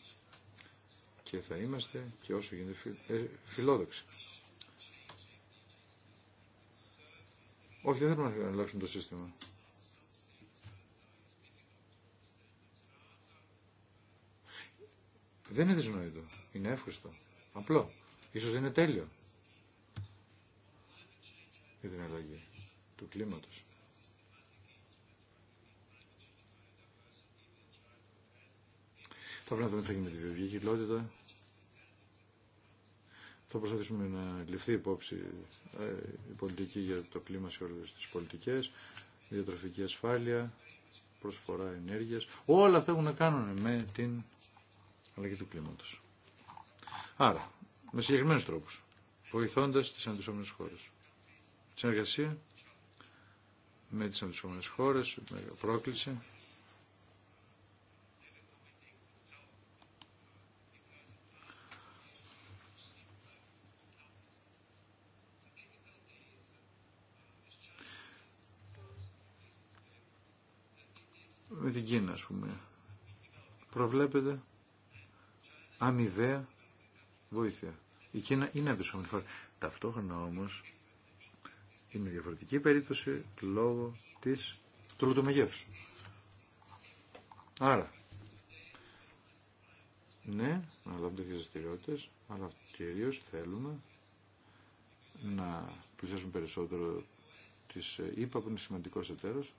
και θα είμαστε και όσο γίνεται ε, φιλόδοξοι. Όχι, δεν θέλουμε να αλλάξουμε το σύστημα. Δεν είναι δυσνόητο. Είναι εύχριστο. Απλό. Ίσως δεν είναι τέλειο. Για την αλλαγή του κλίματος. Θα πρέπει να δούμε τι θα γίνει με τη βιβλική κοινότητα. Θα προσπαθήσουμε να ληφθεί υπόψη ε, η πολιτική για το κλίμα σε όλες τις πολιτικές, διατροφική ασφάλεια, προσφορά ενέργειας. Όλα αυτά έχουν να κάνουν με την αλλαγή του κλίματος. Άρα, με συγκεκριμένους τρόπους, βοηθώντας τις αντισόμενες χώρες. Συνεργασία με τις αντιστοιχομένες χώρες, με πρόκληση. με την Κίνα, ας πούμε. Προβλέπεται αμοιβαία βοήθεια. Η Κίνα είναι από χώρα. Ταυτόχρονα όμως είναι διαφορετική περίπτωση λόγω της, του Άρα, ναι, να λάβουμε τέτοιες δραστηριότητε, αλλά κυρίω θέλουμε να πλησιάσουν περισσότερο τις ΥΠΑ που είναι σημαντικός εταίρος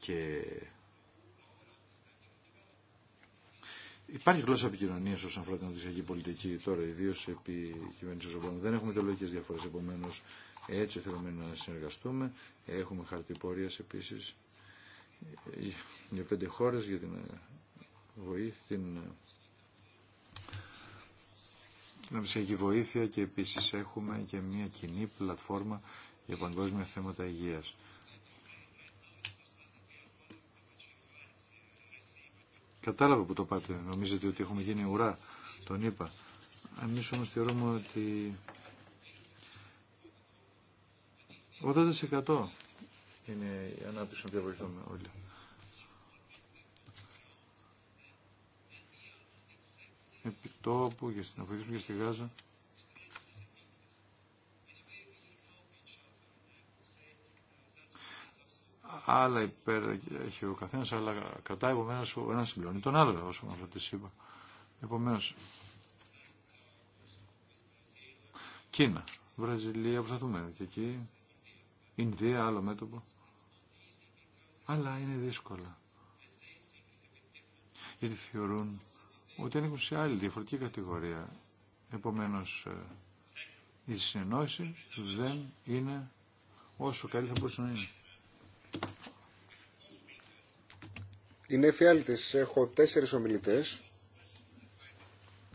και Υπάρχει γλώσσα επικοινωνία όσον αφορά την πολιτική τώρα, ιδίω επί κυβέρνηση Δεν έχουμε ιδεολογικέ διαφορέ. Επομένω, έτσι θέλουμε να συνεργαστούμε. Έχουμε χαρτιπορία επίση για πέντε χώρε για την ε, βοήθεια, την ε, βοήθεια και επίση έχουμε και μια κοινή πλατφόρμα για παγκόσμια θέματα υγεία. Κατάλαβα που το πάτε. Νομίζετε ότι έχουμε γίνει ουρά. Τον είπα. Εμείς όμως θεωρούμε ότι 80% είναι η ανάπτυξη που βοηθούμε όλοι. Επιτόπου για και στην Αφρική και στη Γάζα. άλλα υπέρ έχει ο καθένα, αλλά κατά επομένω ο ένα συμπληρώνει τον άλλο όσο με αυτό τη είπα. Επομένω. Κίνα, Βραζιλία, που θα δούμε και εκεί, Ινδία, άλλο μέτωπο. Αλλά είναι δύσκολα. Γιατί θεωρούν ότι ανήκουν σε άλλη διαφορετική κατηγορία. Επομένω, ε, η συνεννόηση δεν είναι όσο καλή θα μπορούσε να είναι. Είναι εφιάλτης. Έχω τέσσερις ομιλητές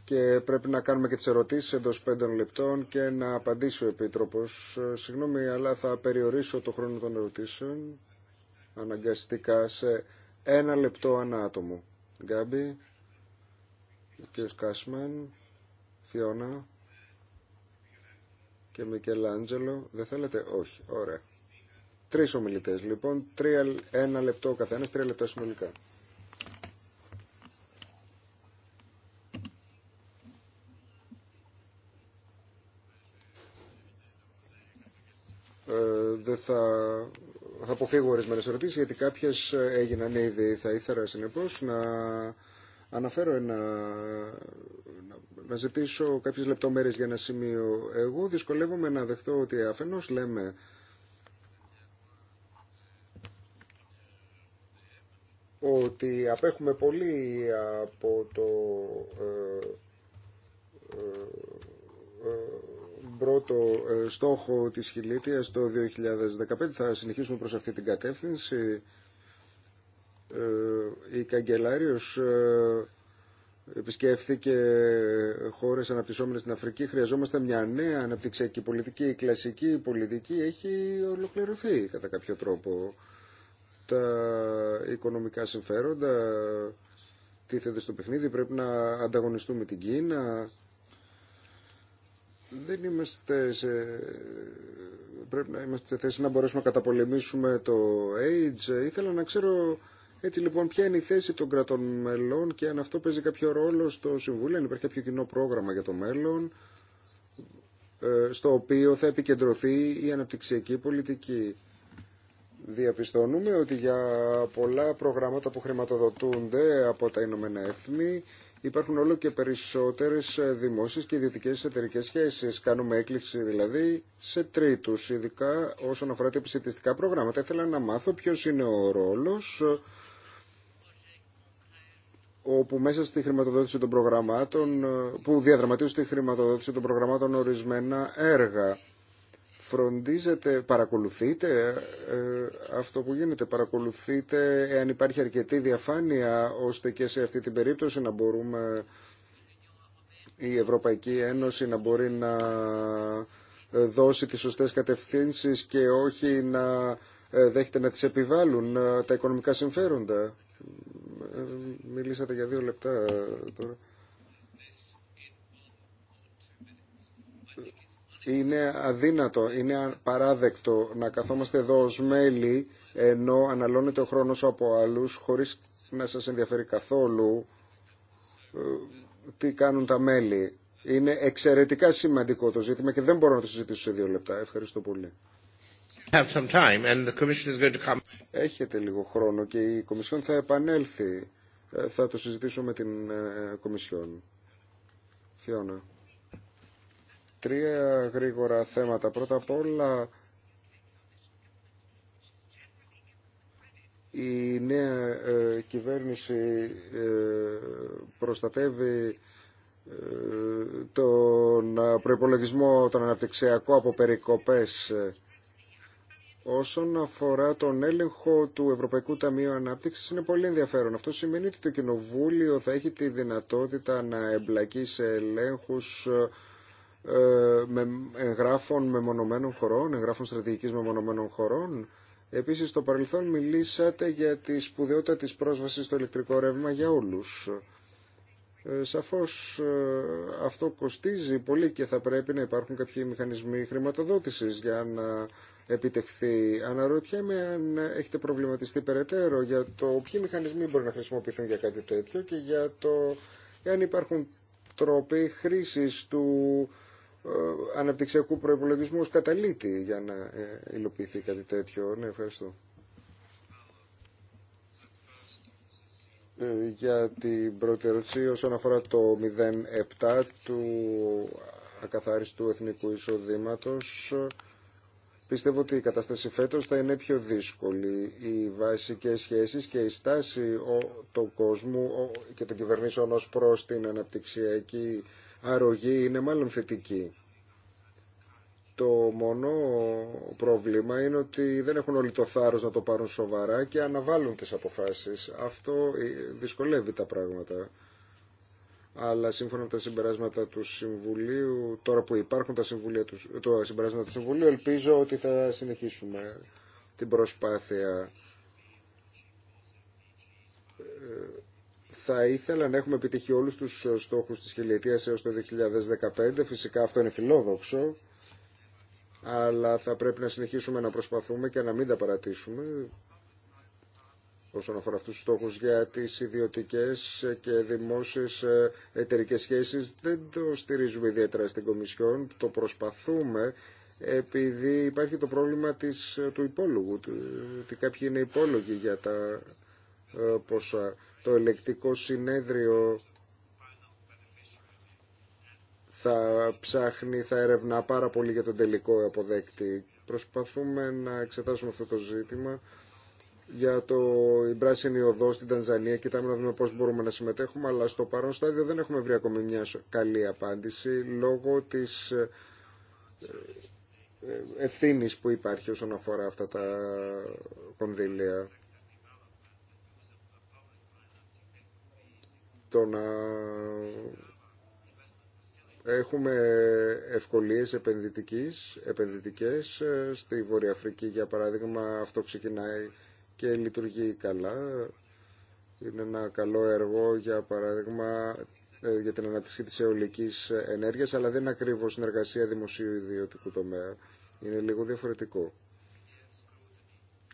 και πρέπει να κάνουμε και τις ερωτήσεις εντό πέντε λεπτών και να απαντήσει ο Επίτροπος. Ε, συγγνώμη, αλλά θα περιορίσω το χρόνο των ερωτήσεων αναγκαστικά σε ένα λεπτό ανά άτομο. Γκάμπι, ο κ. Κάσμαν, Φιώνα και Μικελάντζελο. Δεν θέλετε, όχι, ωραία. Τρεις ομιλητές, λοιπόν, ένα λεπτό ο καθένας, τρία λεπτά συνολικά. θα, θα αποφύγω ορισμένε ερωτήσει γιατί κάποιε έγιναν ήδη. Θα ήθελα συνεπώ να αναφέρω ένα. Να, ζητήσω κάποιε λεπτομέρειε για ένα σημείο. Εγώ δυσκολεύομαι να δεχτώ ότι αφενό λέμε ότι απέχουμε πολύ από το ε, ε, ε, πρώτο ε, στόχο της χιλίτιας το 2015. Θα συνεχίσουμε προς αυτή την κατεύθυνση. Ε, η καγκελάριος ε, επισκέφθηκε χώρε αναπτυσσόμενες στην Αφρική. Χρειαζόμαστε μια νέα αναπτυξιακή πολιτική. Η κλασική πολιτική έχει ολοκληρωθεί κατά κάποιο τρόπο. Τα οικονομικά συμφέροντα τίθεται στο παιχνίδι. Πρέπει να ανταγωνιστούμε την Κίνα δεν είμαστε σε... πρέπει να είμαστε σε θέση να μπορέσουμε να καταπολεμήσουμε το AIDS. Ήθελα να ξέρω έτσι λοιπόν ποια είναι η θέση των κρατών μελών και αν αυτό παίζει κάποιο ρόλο στο Συμβούλιο, αν υπάρχει κάποιο κοινό πρόγραμμα για το μέλλον ε, στο οποίο θα επικεντρωθεί η αναπτυξιακή πολιτική. Διαπιστώνουμε ότι για πολλά προγράμματα που χρηματοδοτούνται από τα Ηνωμένα Έθνη υπάρχουν όλο και περισσότερες ε, δημόσιες και ιδιωτικές εταιρικές σχέσεις. Κάνουμε έκκληση δηλαδή σε τρίτους, ειδικά όσον αφορά τα επιστημιστικά προγράμματα. Ήθελα να μάθω ποιος είναι ο ρόλος όπου μέσα στη χρηματοδότηση των προγραμμάτων, ε, που διαδραματίζουν στη χρηματοδότηση των προγραμμάτων ορισμένα έργα φροντίζετε, παρακολουθείτε ε, αυτό που γίνεται, παρακολουθείτε εάν υπάρχει αρκετή διαφάνεια ώστε και σε αυτή την περίπτωση να μπορούμε η Ευρωπαϊκή Ένωση να μπορεί να δώσει τις σωστές κατευθύνσεις και όχι να ε, δέχεται να τις επιβάλλουν ε, τα οικονομικά συμφέροντα. Μιλήσατε για δύο λεπτά τώρα. Είναι αδύνατο, είναι παράδεκτο να καθόμαστε εδώ ως μέλη ενώ αναλώνεται ο χρόνος από άλλους χωρίς να σας ενδιαφέρει καθόλου ε, τι κάνουν τα μέλη. Είναι εξαιρετικά σημαντικό το ζήτημα και δεν μπορώ να το συζητήσω σε δύο λεπτά. Ευχαριστώ πολύ. Έχετε λίγο χρόνο και η Κομισιόν θα επανέλθει. Ε, θα το συζητήσω με την ε, Κομισιόν. Φιώνα. Τρία γρήγορα θέματα. Πρώτα απ' όλα η νέα ε, κυβέρνηση ε, προστατεύει ε, τον ε, προϋπολογισμό τον αναπτυξιακό από περικοπές όσον αφορά τον έλεγχο του Ευρωπαϊκού Ταμείου Ανάπτυξης είναι πολύ ενδιαφέρον. Αυτό σημαίνει ότι το Κοινοβούλιο θα έχει τη δυνατότητα να εμπλακεί σε ελέγχους ε, με εγγράφων μεμονωμένων χωρών, εγγράφων στρατηγικής μεμονωμένων χωρών. Επίσης, στο παρελθόν μιλήσατε για τη σπουδαιότητα της πρόσβασης στο ηλεκτρικό ρεύμα για όλους. Ε, σαφώς ε, αυτό κοστίζει πολύ και θα πρέπει να υπάρχουν κάποιοι μηχανισμοί χρηματοδότησης για να επιτευχθεί. Αναρωτιέμαι αν έχετε προβληματιστεί περαιτέρω για το ποιοι μηχανισμοί μπορεί να χρησιμοποιηθούν για κάτι τέτοιο και για το αν υπάρχουν τρόποι χρήσης του ε, αναπτυξιακού προπολογισμού ως καταλήτη για να ε, υλοποιηθεί κάτι τέτοιο. Ναι, ευχαριστώ. Ε, για την πρώτη ερώτηση όσον αφορά το 07 του ακαθάριστου εθνικού εισοδήματος. Πιστεύω ότι η κατάσταση φέτος θα είναι πιο δύσκολη. Οι βασικές σχέσεις και η στάση του κόσμου και των κυβερνήσεων ως προς την αναπτυξιακή αρρωγή είναι μάλλον θετική. Το μόνο πρόβλημα είναι ότι δεν έχουν όλοι το θάρρος να το πάρουν σοβαρά και αναβάλουν τις αποφάσεις. Αυτό ε, δυσκολεύει τα πράγματα. Αλλά σύμφωνα με τα συμπεράσματα του Συμβουλίου, τώρα που υπάρχουν τα, συμβουλία του, το συμπεράσματα του Συμβουλίου, ελπίζω ότι θα συνεχίσουμε την προσπάθεια ε, θα ήθελα να έχουμε επιτύχει όλους τους ε, στόχους της χιλιετίας έως το 2015. Φυσικά αυτό είναι φιλόδοξο, αλλά θα πρέπει να συνεχίσουμε να προσπαθούμε και να μην τα παρατήσουμε όσον αφορά αυτούς τους στόχους για τις ιδιωτικές ε, και δημόσιες ε, εταιρικές σχέσεις. Δεν το στηρίζουμε ιδιαίτερα στην Κομισιόν, το προσπαθούμε επειδή υπάρχει το πρόβλημα της, του υπόλογου, ότι κάποιοι είναι υπόλογοι για τα ποσά το ελεκτικό συνέδριο θα ψάχνει, θα ερευνά πάρα πολύ για τον τελικό αποδέκτη. Προσπαθούμε να εξετάσουμε αυτό το ζήτημα για το η πράσινη οδό στην Τανζανία. Κοιτάμε να δούμε πώς μπορούμε να συμμετέχουμε, αλλά στο παρόν στάδιο δεν έχουμε βρει ακόμη μια καλή απάντηση λόγω της ε, ε, ευθύνη που υπάρχει όσον αφορά αυτά τα κονδύλια. το να έχουμε ευκολίες επενδυτικής, επενδυτικές στη Βόρεια Αφρική για παράδειγμα αυτό ξεκινάει και λειτουργεί καλά είναι ένα καλό έργο για παράδειγμα ε, για την αναπτυξή της αιωλικής ενέργειας αλλά δεν είναι ακριβώς συνεργασία δημοσίου ιδιωτικού τομέα είναι λίγο διαφορετικό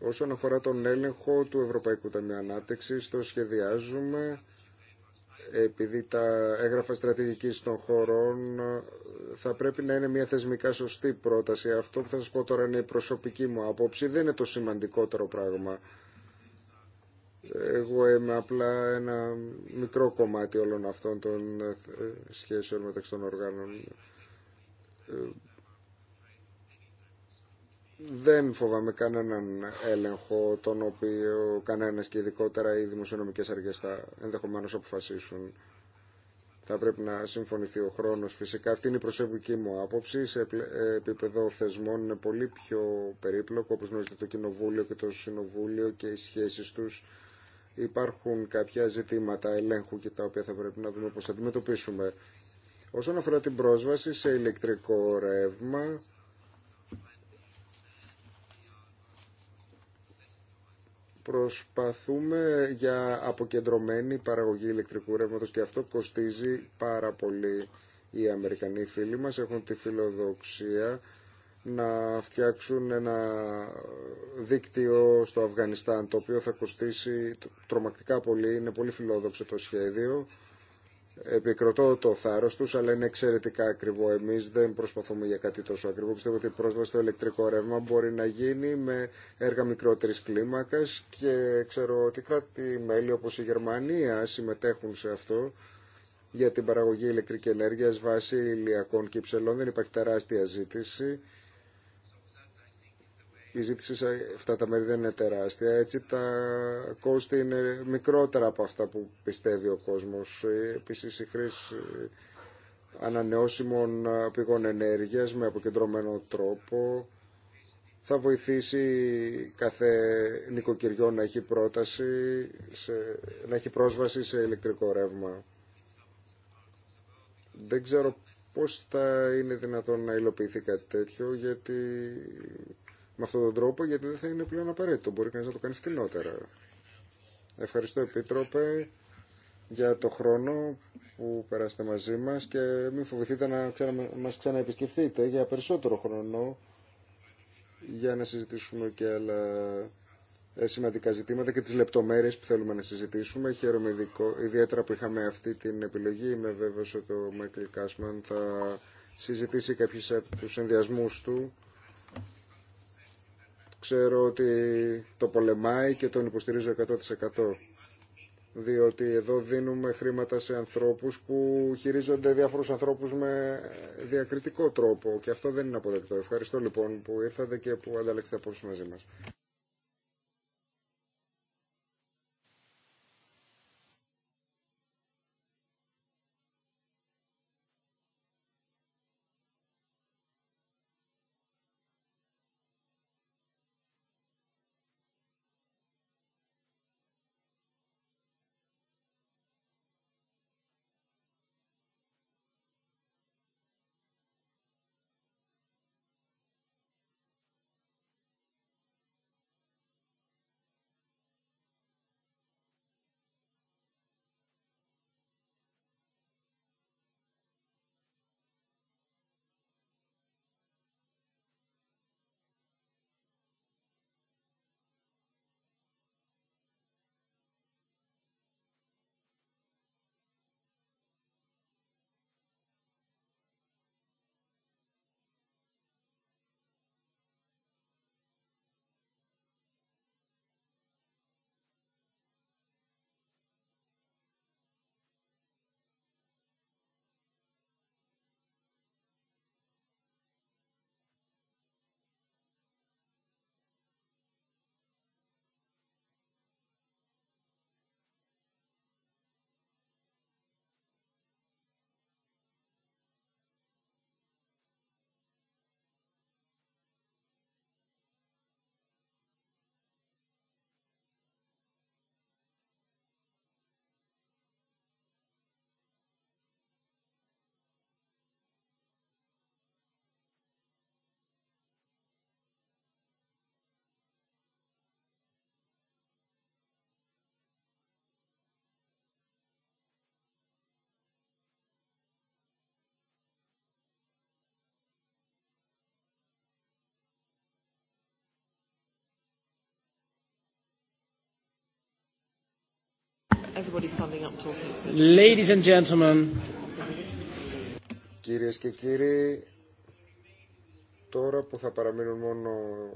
Όσον αφορά τον έλεγχο του Ευρωπαϊκού Ταμείου Ανάπτυξης, το σχεδιάζουμε επειδή τα έγραφα στρατηγικής των χωρών ε, θα πρέπει να είναι μια θεσμικά σωστή πρόταση. Αυτό που θα σας πω τώρα είναι η προσωπική μου άποψη, δεν είναι το σημαντικότερο πράγμα. Εγώ είμαι απλά ένα μικρό κομμάτι όλων αυτών των ε, σχέσεων μεταξύ των οργάνων. Ε, δεν φοβάμαι κανέναν έλεγχο τον οποίο κανένας και ειδικότερα οι δημοσιονομικές αρχές θα ενδεχομένως αποφασίσουν. Θα πρέπει να συμφωνηθεί ο χρόνος φυσικά. Αυτή είναι η προσωπική μου άποψη. Σε επίπεδο θεσμών είναι πολύ πιο περίπλοκο όπως γνωρίζετε το Κοινοβούλιο και το Συνοβούλιο και οι σχέσεις τους. Υπάρχουν κάποια ζητήματα ελέγχου και τα οποία θα πρέπει να δούμε πώς θα αντιμετωπίσουμε. Όσον αφορά την πρόσβαση σε ηλεκτρικό ρεύμα, Προσπαθούμε για αποκεντρωμένη παραγωγή ηλεκτρικού ρεύματος και αυτό κοστίζει πάρα πολύ. Οι Αμερικανοί φίλοι μας έχουν τη φιλοδοξία να φτιάξουν ένα δίκτυο στο Αφγανιστάν το οποίο θα κοστίσει τρομακτικά πολύ, είναι πολύ φιλόδοξο το σχέδιο επικροτώ το θάρρο του, αλλά είναι εξαιρετικά ακριβό. Εμεί δεν προσπαθούμε για κάτι τόσο ακριβό. Πιστεύω ότι η πρόσβαση στο ηλεκτρικό ρεύμα μπορεί να γίνει με έργα μικρότερη κλίμακα και ξέρω ότι κράτη-μέλη όπω η Γερμανία συμμετέχουν σε αυτό για την παραγωγή ηλεκτρική ενέργεια βάσει ηλιακών κυψελών. Δεν υπάρχει τεράστια ζήτηση η ζήτηση σε αυτά τα μέρη δεν είναι τεράστια. Έτσι τα κόστη είναι μικρότερα από αυτά που πιστεύει ο κόσμος. Επίσης η χρήση ανανεώσιμων πηγών ενέργειας με αποκεντρωμένο τρόπο θα βοηθήσει κάθε νοικοκυριό να έχει, πρόταση, να έχει πρόσβαση σε ηλεκτρικό ρεύμα. Δεν ξέρω πώς θα είναι δυνατόν να υλοποιηθεί κάτι τέτοιο, γιατί με αυτόν τον τρόπο γιατί δεν θα είναι πλέον απαραίτητο. Μπορεί κανείς να το κάνει φτηνότερα. Ευχαριστώ Επίτροπε για το χρόνο που περάσετε μαζί μας και μην φοβηθείτε να ξανα, μας ξαναεπισκεφθείτε για περισσότερο χρόνο για να συζητήσουμε και άλλα ε, σημαντικά ζητήματα και τις λεπτομέρειες που θέλουμε να συζητήσουμε. Χαίρομαι ιδιαίτερα που είχαμε αυτή την επιλογή. Είμαι βέβαιος ότι ο Μάικλ Κάσμαν θα συζητήσει κάποιους από τους ενδιασμούς του ξέρω ότι το πολεμάει και τον υποστηρίζω 100% διότι εδώ δίνουμε χρήματα σε ανθρώπους που χειρίζονται διάφορους ανθρώπους με διακριτικό τρόπο και αυτό δεν είναι αποδεκτό. Ευχαριστώ λοιπόν που ήρθατε και που ανταλέξετε απόψεις μαζί μας. Everybody's Ladies and gentlemen. Κυρίες και κύριοι, τώρα που θα παραμείνουν μόνο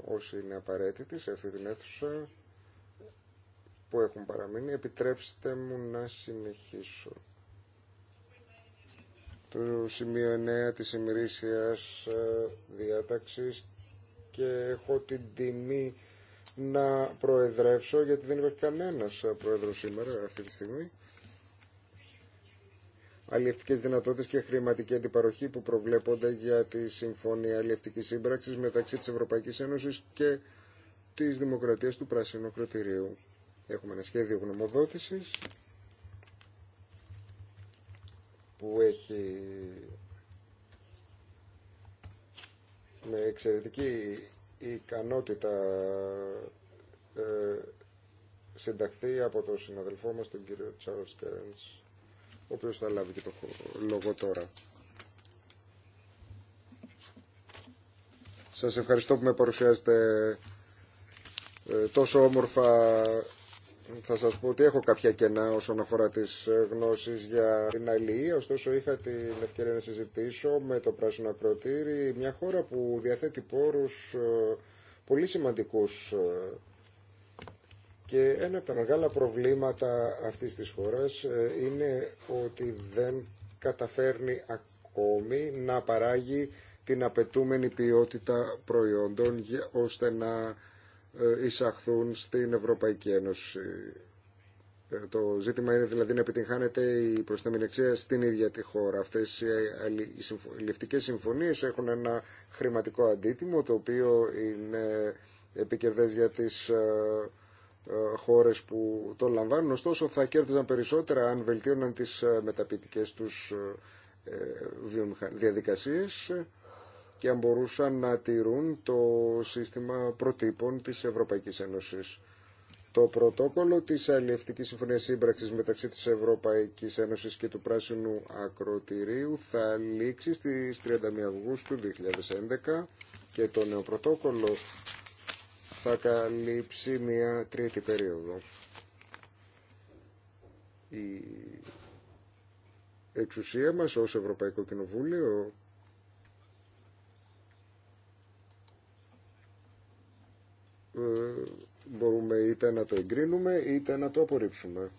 όσοι είναι απαραίτητοι σε αυτή την αίθουσα που έχουν παραμείνει, επιτρέψτε μου να συνεχίσω. Το σημείο 9 της ημερήσιας ε, διάταξης και έχω την τιμή να προεδρεύσω γιατί δεν υπάρχει κανένας πρόεδρος σήμερα αυτή τη στιγμή. αλληλευτικέ δυνατότητε και χρηματική αντιπαροχή που προβλέπονται για τη Συμφωνία αλληλευτική Σύμπραξης μεταξύ της Ευρωπαϊκής Ένωσης και της Δημοκρατίας του Πράσινου Κροτηρίου. Έχουμε ένα σχέδιο γνωμοδότησης που έχει με εξαιρετική η ικανότητα ε, συνταχθεί από τον συναδελφό μας, τον κύριο Τσάρλς Κέρενς, ο οποίος θα λάβει και το λόγο τώρα. Σας ευχαριστώ που με παρουσιάζετε ε, τόσο όμορφα θα σας πω ότι έχω κάποια κενά όσον αφορά τις ε, γνώσεις για την αλληλεία, ωστόσο είχα την ευκαιρία να συζητήσω με το Πράσινο Ακροτήρι, μια χώρα που διαθέτει πόρους ε, πολύ σημαντικούς ε, και ένα από τα μεγάλα προβλήματα αυτής της χώρας είναι ότι δεν καταφέρνει ακόμη να παράγει την απαιτούμενη ποιότητα προϊόντων ώστε να εισαχθούν στην Ευρωπαϊκή Ένωση. Ε, το ζήτημα είναι δηλαδή να επιτυγχάνεται η προσταμινεξία στην ίδια τη χώρα. Αυτές οι ληφτικές συμφωνίες έχουν ένα χρηματικό αντίτιμο το οποίο είναι επικερδές για τις ε, ε, χώρες που το λαμβάνουν. Ωστόσο θα κέρδιζαν περισσότερα αν βελτίωναν τις μεταπητικές τους διαδικασίες και αν μπορούσαν να τηρούν το σύστημα προτύπων της Ευρωπαϊκής Ένωσης. Το πρωτόκολλο της Αλληλευτικής Συμφωνίας Σύμπραξης μεταξύ της Ευρωπαϊκής Ένωσης και του Πράσινου Ακροτηρίου θα λήξει στις 31 Αυγούστου 2011 και το νέο πρωτόκολλο θα καλύψει μια τρίτη περίοδο. Η εξουσία μας ως Ευρωπαϊκό Κοινοβούλιο Ε, μπορούμε είτε να το εγκρίνουμε είτε να το απορρίψουμε.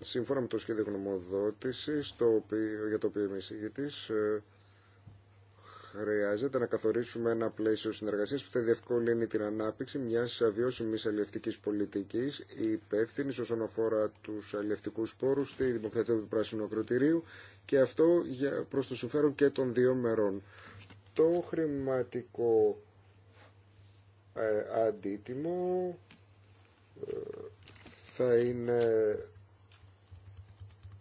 Σύμφωνα με το σχέδιο γνωμοδότησης για το οποίο είμαι εισηγητής, ε, χρειάζεται να καθορίσουμε ένα πλαίσιο συνεργασία που θα διευκολύνει την ανάπτυξη μια βιώσιμη αλληλευτική πολιτική, υπεύθυνη όσον αφορά του αλληλευτικού πόρου, στη δημοκρατία του πράσινου ακροτηρίου και αυτό προ το συμφέρον και των δύο μερών. Το χρηματικό ε, αντίτιμο ε, θα είναι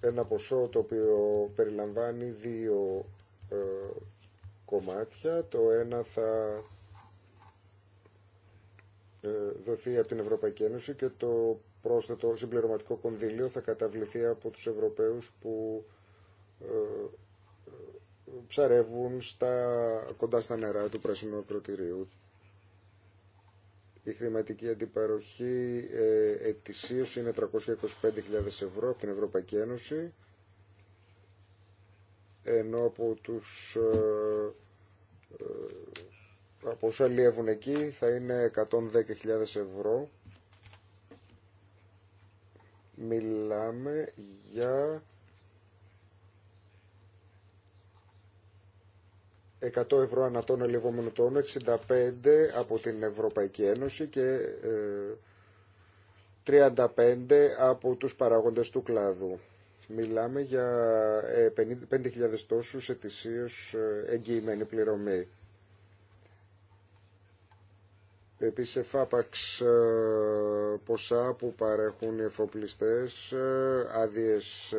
ένα ποσό το οποίο περιλαμβάνει δύο ε, κομμάτια. Το ένα θα δοθεί από την Ευρωπαϊκή Ένωση και το πρόσθετο συμπληρωματικό κονδύλιο θα καταβληθεί από τους Ευρωπαίους που ψαρεύουν στα, κοντά στα νερά του Πράσινου Ακροτηρίου. Η χρηματική αντιπαροχή ε, ετησίως είναι 325.000 ευρώ από την Ευρωπαϊκή Ένωση, ενώ από τους ε, ε εκεί θα είναι 110.000 ευρώ. Μιλάμε για 100 ευρώ ανατόν ελευόμενο τόνο, 65 από την Ευρωπαϊκή Ένωση και 35 ε, από τους παράγοντες του κλάδου. Μιλάμε για 5.000 ε, τόσους ετησίως ε, εγγυημένη πληρωμή. Επίσης εφάπαξ ποσά που παρέχουν οι εφοπλιστές, άδειες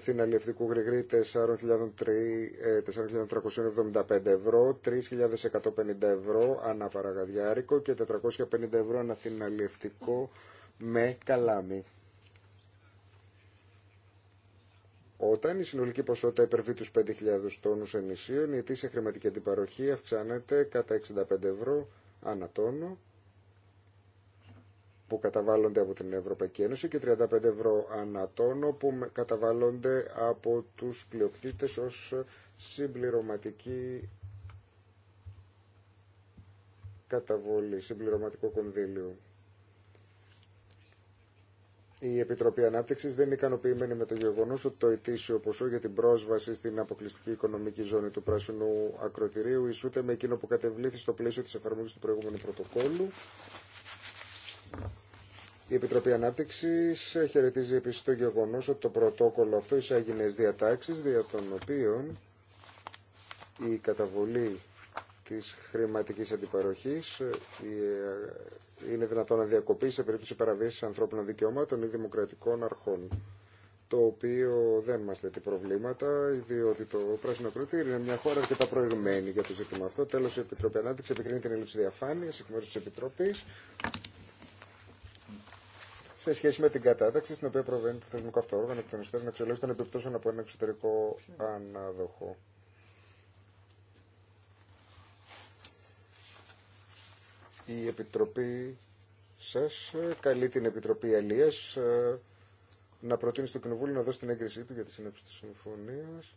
θυναλιευτικού γρηγρή 4.375 ευρώ, 3.150 ευρώ ανά παραγαδιάρικο και 450 ευρώ ανά θυναλιευτικό με καλάμι. Όταν η συνολική ποσότητα υπερβεί τους 5.000 τόνους ενισίων, η ετήσια χρηματική αντιπαροχή αυξάνεται κατά 65 ευρώ ανά τόνο που καταβάλλονται από την Ευρωπαϊκή Ένωση και 35 ευρώ ανατόνο που καταβάλλονται από τους πλειοκτήτες ως συμπληρωματική καταβολή, συμπληρωματικό κονδύλιο. Η Επιτροπή Ανάπτυξης δεν είναι ικανοποιημένη με το γεγονός ότι το ετήσιο ποσό για την πρόσβαση στην αποκλειστική οικονομική ζώνη του πράσινου ακροτηρίου ισούται με εκείνο που κατεβλήθη στο πλαίσιο της εφαρμογής του προηγούμενου πρωτοκόλλου η Επιτροπή Ανάπτυξη χαιρετίζει επίση το γεγονό ότι το πρωτόκολλο αυτό εισάγει νέε διατάξει, δια των οποίων η καταβολή τη χρηματική αντιπαροχή ε, ε, είναι δυνατόν να διακοπεί σε περίπτωση παραβίαση ανθρώπινων δικαιωμάτων ή δημοκρατικών αρχών το οποίο δεν μα θέτει προβλήματα, διότι το Πράσινο Κροτήρι είναι μια χώρα αρκετά προηγμένη για το ζήτημα αυτό. Τέλο η Επιτροπή Ανάπτυξη επικρίνει την έλλειψη διαφάνεια εκ μέρου τη Επιτροπή, σε σχέση με την κατάταξη στην οποία προβαίνει το θεσμικό αυτό όργανο εκ των υστέρων επιπτώσεων από ένα εξωτερικό ανάδοχο. Η Επιτροπή σας ε, καλεί την Επιτροπή Αλίας ε, να προτείνει στο Κοινοβούλιο να δώσει την έγκρισή του για τη συνέψη της συμφωνίας.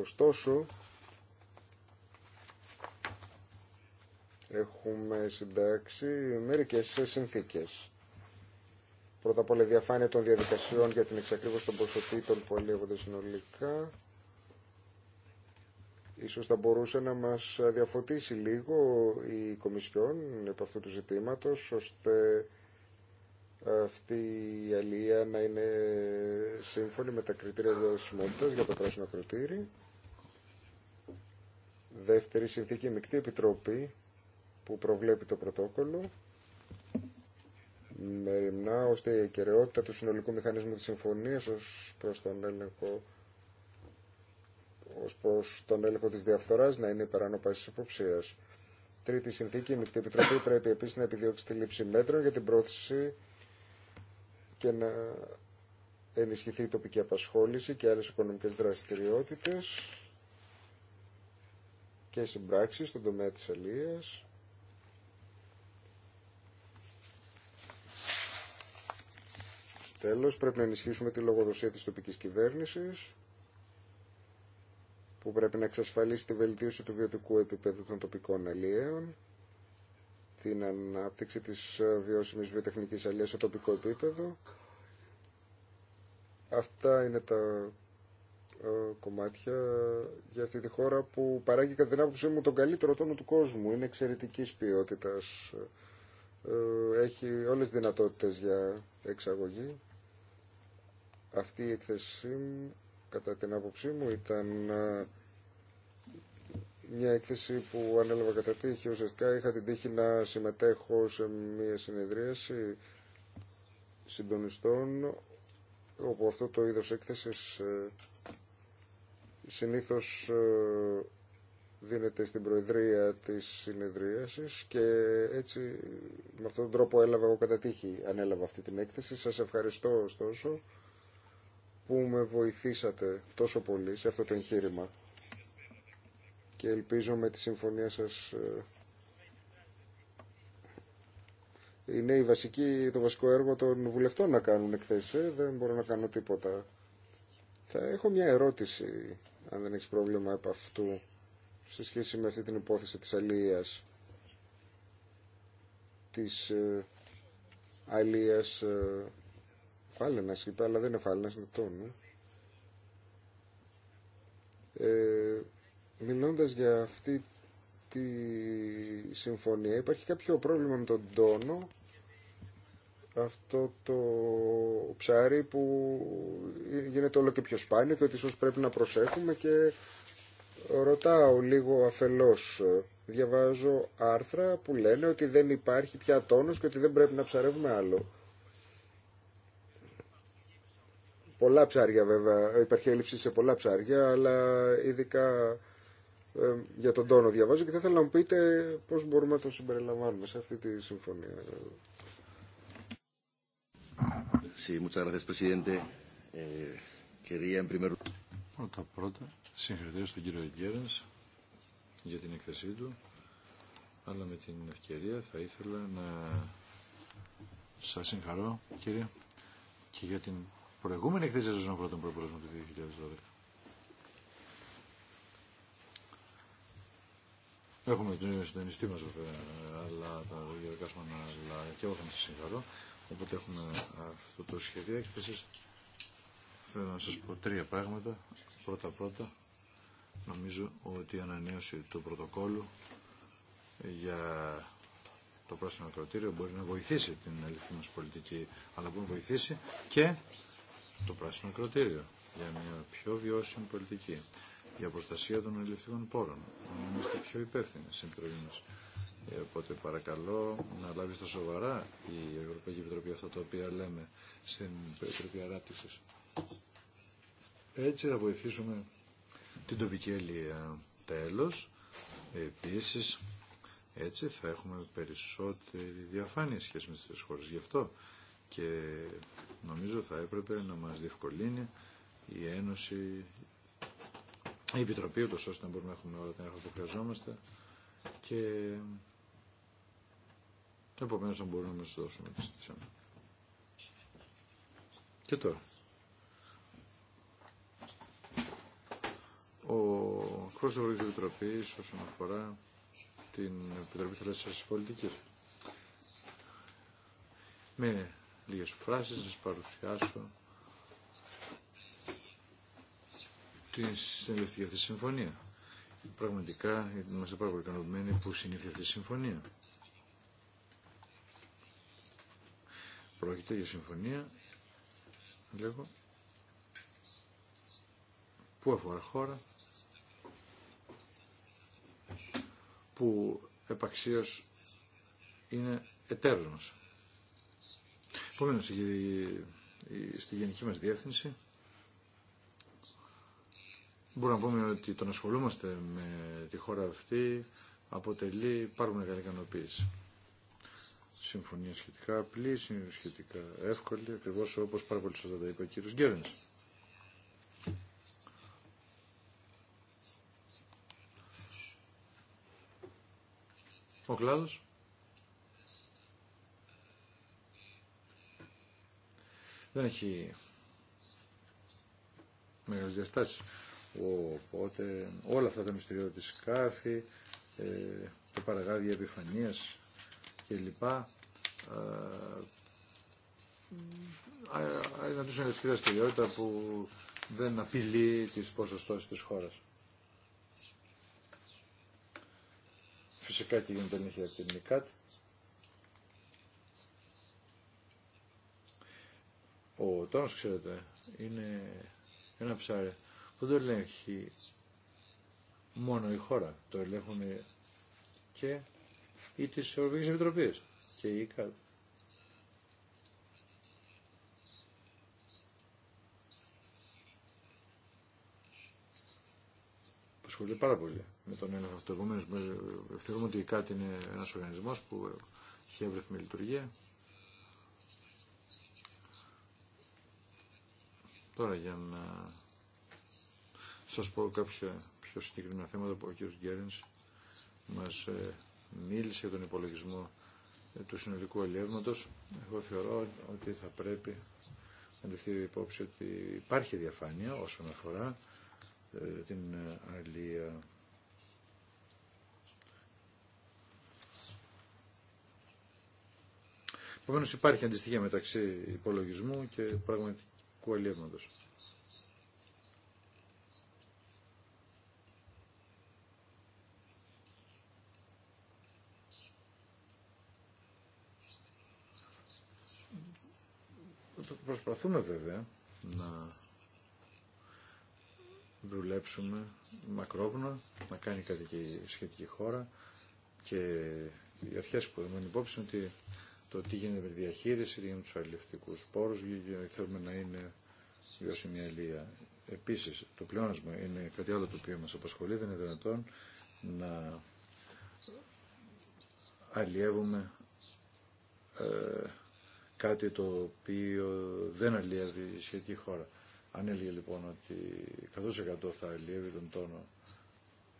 Ωστόσο, έχουμε συντάξει μερικές συνθήκες Πρώτα απ' όλα διαφάνεια των διαδικασιών για την εξακρίβωση των ποσοτήτων που αλλιεύονται συνολικά. Ίσως θα μπορούσε να μας διαφωτίσει λίγο η Κομισιόν από αυτού του ζητήματος, ώστε αυτή η αλία να είναι σύμφωνη με τα κριτήρια διαδοσιμότητας για το πράσινο κριτήρι. Δεύτερη συνθήκη, μεικτή επιτροπή που προβλέπει το πρωτόκολλο μεριμνά ώστε η αικαιρεότητα του συνολικού μηχανισμού της συμφωνίας ως προς τον έλεγχο ως προς τον έλεγχο της διαφθοράς να είναι της υποψίας. Τρίτη συνθήκη, η Μικτή Επιτροπή πρέπει επίσης να επιδιώξει τη λήψη μέτρων για την πρόθεση και να ενισχυθεί η τοπική απασχόληση και άλλες οικονομικές δραστηριότητες και συμπράξεις στον τομέα της αλίας Τέλος, πρέπει να ενισχύσουμε τη λογοδοσία της τοπικής κυβέρνησης που πρέπει να εξασφαλίσει τη βελτίωση του βιωτικού επίπεδου των τοπικών αλλιέων, την ανάπτυξη της ε, βιώσιμης βιοτεχνικής αλλιέας σε τοπικό επίπεδο. Αυτά είναι τα ε, κομμάτια για αυτή τη χώρα που παράγει κατά την άποψή μου τον καλύτερο τόνο του κόσμου. Είναι εξαιρετική ποιότητας. Ε, έχει όλες τις δυνατότητες για εξαγωγή. Αυτή η εκθεσή κατά την άποψή μου, ήταν μια έκθεση που ανέλαβα κατά τύχη. Ουσιαστικά είχα την τύχη να συμμετέχω σε μια συνεδρίαση συντονιστών όπου αυτό το είδος έκθεσης ε, συνήθως ε, δίνεται στην προεδρία της συνεδρίασης και έτσι με αυτόν τον τρόπο έλαβα εγώ κατά τύχη ανέλαβα αυτή την έκθεση. Σας ευχαριστώ ωστόσο που με βοηθήσατε τόσο πολύ σε αυτό το εγχείρημα και ελπίζω με τη συμφωνία σας ε, είναι η βασική, το βασικό έργο των βουλευτών να κάνουν εκθέσεις. Ε, δεν μπορώ να κάνω τίποτα. Θα έχω μια ερώτηση, αν δεν έχει πρόβλημα από αυτού, σε σχέση με αυτή την υπόθεση της αλίας της ε, αλίας Φάλαινα είπε, αλλά δεν είναι φάλαινα, είναι τόνο. Ε, μιλώντας για αυτή τη συμφωνία, υπάρχει κάποιο πρόβλημα με τον τόνο, αυτό το ψάρι που γίνεται όλο και πιο σπάνιο και ότι ίσως πρέπει να προσέχουμε και ρωτάω λίγο αφελώς. Διαβάζω άρθρα που λένε ότι δεν υπάρχει πια τόνος και ότι δεν πρέπει να ψαρεύουμε άλλο. πολλά ψάρια βέβαια, υπάρχει έλλειψη σε πολλά ψάρια, αλλά ειδικά ε, για τον τόνο διαβάζω και θα ήθελα να μου πείτε πώς μπορούμε να το συμπεριλαμβάνουμε σε αυτή τη συμφωνία. Eh, πρώτα πρώτα, συγχαρητήρια στον κύριο Γκέρας για την εκθεσή του, αλλά με την ευκαιρία θα ήθελα να σας συγχαρώ κύριε και για την προηγούμενη εκθέση όσον αφορά τον προπολογισμό του 2012. Έχουμε ίδιο συντονιστή μα αλλά τα αλλά και εγώ θα σας συγχαρώ. Οπότε έχουμε αυτό το σχέδιο έκθεση. Θέλω να σας πω τρία πράγματα. Πρώτα πρώτα, νομίζω ότι η ανανέωση του πρωτοκόλου για το πράσινο ακροτήριο μπορεί να βοηθήσει την αληθινή μας πολιτική, αλλά μπορεί να βοηθήσει και το πράσινο κροτήριο για μια πιο βιώσιμη πολιτική, για προστασία των ελληνικών πόρων. Είμαστε πιο υπεύθυνοι στην επιτροπή μας. Ε, οπότε παρακαλώ να λάβει στα σοβαρά η Ευρωπαϊκή Επιτροπή αυτά τα οποία λέμε στην Επιτροπή Αράπτυξη. Έτσι θα βοηθήσουμε την τοπική αιλία. Τέλος, επίσης, έτσι θα έχουμε περισσότερη διαφάνεια σχέση με τι χώρες. Γι' αυτό και Νομίζω θα έπρεπε να μας διευκολύνει η Ένωση, η Επιτροπή, ούτως ώστε να μπορούμε να έχουμε όλα τα έργα που χρειαζόμαστε και επομένως να μπορούμε να μας δώσουμε τις Και τώρα. Ο εκπρόσωπο τη Επιτροπή όσον αφορά την Επιτροπή της Πολιτικής Με λίγες φράσεις να σας παρουσιάσω την συνελευθεία αυτή συμφωνία. Πραγματικά είμαστε πάρα πολύ ικανοποιημένοι που συνήθει αυτή η συμφωνία. Πρόκειται για συμφωνία, λέγω, που αφορά χώρα, που επαξίως είναι εταίρος μας. Επόμενο στη γενική μας διεύθυνση μπορούμε να πούμε ότι το να ασχολούμαστε με τη χώρα αυτή αποτελεί πάρα πολύ μεγάλη ικανοποίηση. Συμφωνία σχετικά απλή, σχετικά εύκολη, ακριβώ όπω πάρα πολύ σωστά τα είπε ο κύριο Γκέρεν. Ο κλάδος δεν έχει μεγάλες διαστάσεις. Οπότε όλα αυτά τα μυστηριώδη τη σκάφη, ε, το παραγάδι επιφανίας κλπ. Είναι αυτή ελευθερία στερεότητα που δεν απειλεί τις ποσοστώσεις της χώρας. Φυσικά και γίνεται ελέγχη από την ΕΚΑΤ Ο τόνος, ξέρετε, είναι ένα ψάρι. Δεν το ελέγχει μόνο η χώρα. Το ελέγχουν και ή της Ευρωπαϊκής Επιτροπής και η ΚΑΤ. ασχολείται πάρα πολύ με τον έλεγχο αυτό. Επομένω, θεωρούμε ότι η ΚΑΤ είναι ένας οργανισμός που έχει εύρεθμη λειτουργία. Τώρα για να σας πω κάποια πιο συγκεκριμένα θέματα που ο κ. Γκέρινς μας ε, μίλησε για τον υπολογισμό ε, του συνολικού ελεύματος. Εγώ θεωρώ ότι θα πρέπει να ληφθεί υπόψη ότι υπάρχει διαφάνεια όσον αφορά ε, την αλληλεία. Επομένως υπάρχει αντιστοιχεία μεταξύ υπολογισμού και πραγματικού αλλιεύματος. Προσπαθούμε βέβαια να δουλέψουμε μακρόπνο, να κάνει κάτι και η σχετική χώρα και οι αρχές που έχουμε υπόψη ότι το τι γίνεται με τη διαχείριση, τι γίνεται με τους αλληλευτικούς πόρους, θέλουμε να είναι βιώσιμη αλληλεία. Επίσης, το πλεόνασμα είναι κάτι άλλο το οποίο μας απασχολεί, δεν είναι δυνατόν να αλλιεύουμε ε, κάτι το οποίο δεν αλλιεύει η σχετική χώρα. Αν έλεγε λοιπόν ότι 100% θα αλλιεύει τον τόνο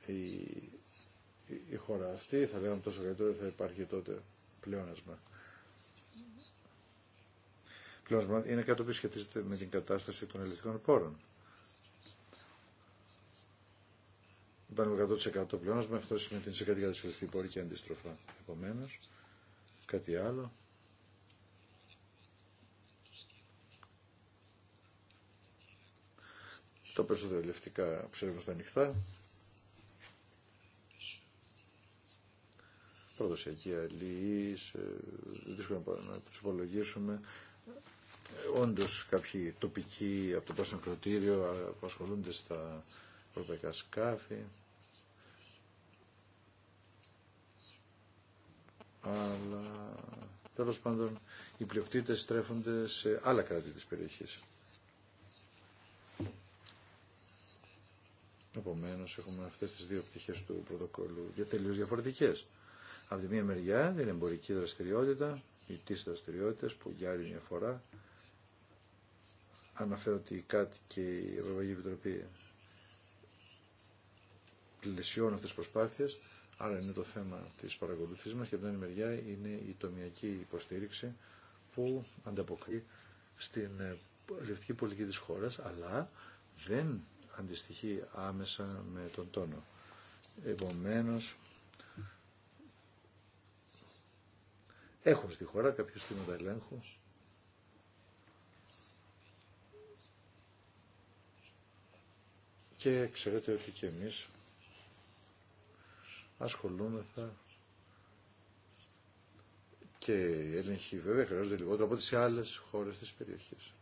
η, χώρα αυτή, θα λέγαμε τόσο καλύτερο θα υπάρχει τότε πλεόνασμα πλεόνασμα είναι κάτι που σχετίζεται με την κατάσταση των ελληνικών πόρων. Είπαμε 100% πλεόνασμα, αυτό σημαίνει ότι είναι σε κάτι κατασκευαστή πόρη και αντίστροφα. Επομένω, κάτι άλλο. Τα περισσότερα ελευτικά στα ανοιχτά. Προδοσιακή αλληλή, δύσκολο να του υπολογίσουμε. Ε, Όντω κάποιοι τοπικοί από το Πράσινο Κροτήριο απασχολούνται στα ευρωπαϊκά σκάφη. Αλλά τέλος πάντων οι πλειοκτήτε στρέφονται σε άλλα κράτη τη περιοχή. Επομένω, έχουμε αυτές τις δύο πτυχές του πρωτοκόλλου για τελείω διαφορετικές. Από τη μία μεριά την εμπορική δραστηριότητα, οι τις δραστηριότητες που για άλλη μια φορά αναφέρω ότι κάτι και η Ευρωπαϊκή Επιτροπή πλησιώνουν αυτές τις προσπάθειες, άρα είναι το θέμα της παρακολουθής μας και από την άλλη μεριά είναι η τομιακή υποστήριξη που ανταποκρίνει στην ρευτική ε, πολιτική της χώρας, αλλά δεν αντιστοιχεί άμεσα με τον τόνο. Επομένως, έχουμε στη χώρα κάποιους στήματα ελέγχου Και ξέρετε ότι και εμείς ασχολούμεθα και οι έλεγχοι βέβαια χρειάζονται λιγότερο από τις άλλες χώρες της περιοχής.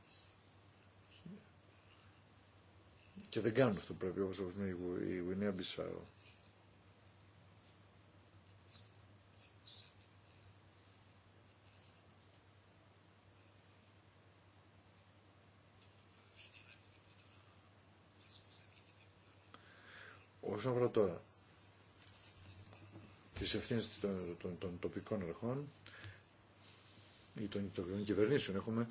Και δεν κάνουν αυτό που πρέπει όπως η Γουινέα Μπισάου. να βρω τώρα τις ευθύνες των, των, των τοπικών αρχών ή των, τοπικών κυβερνήσεων έχουμε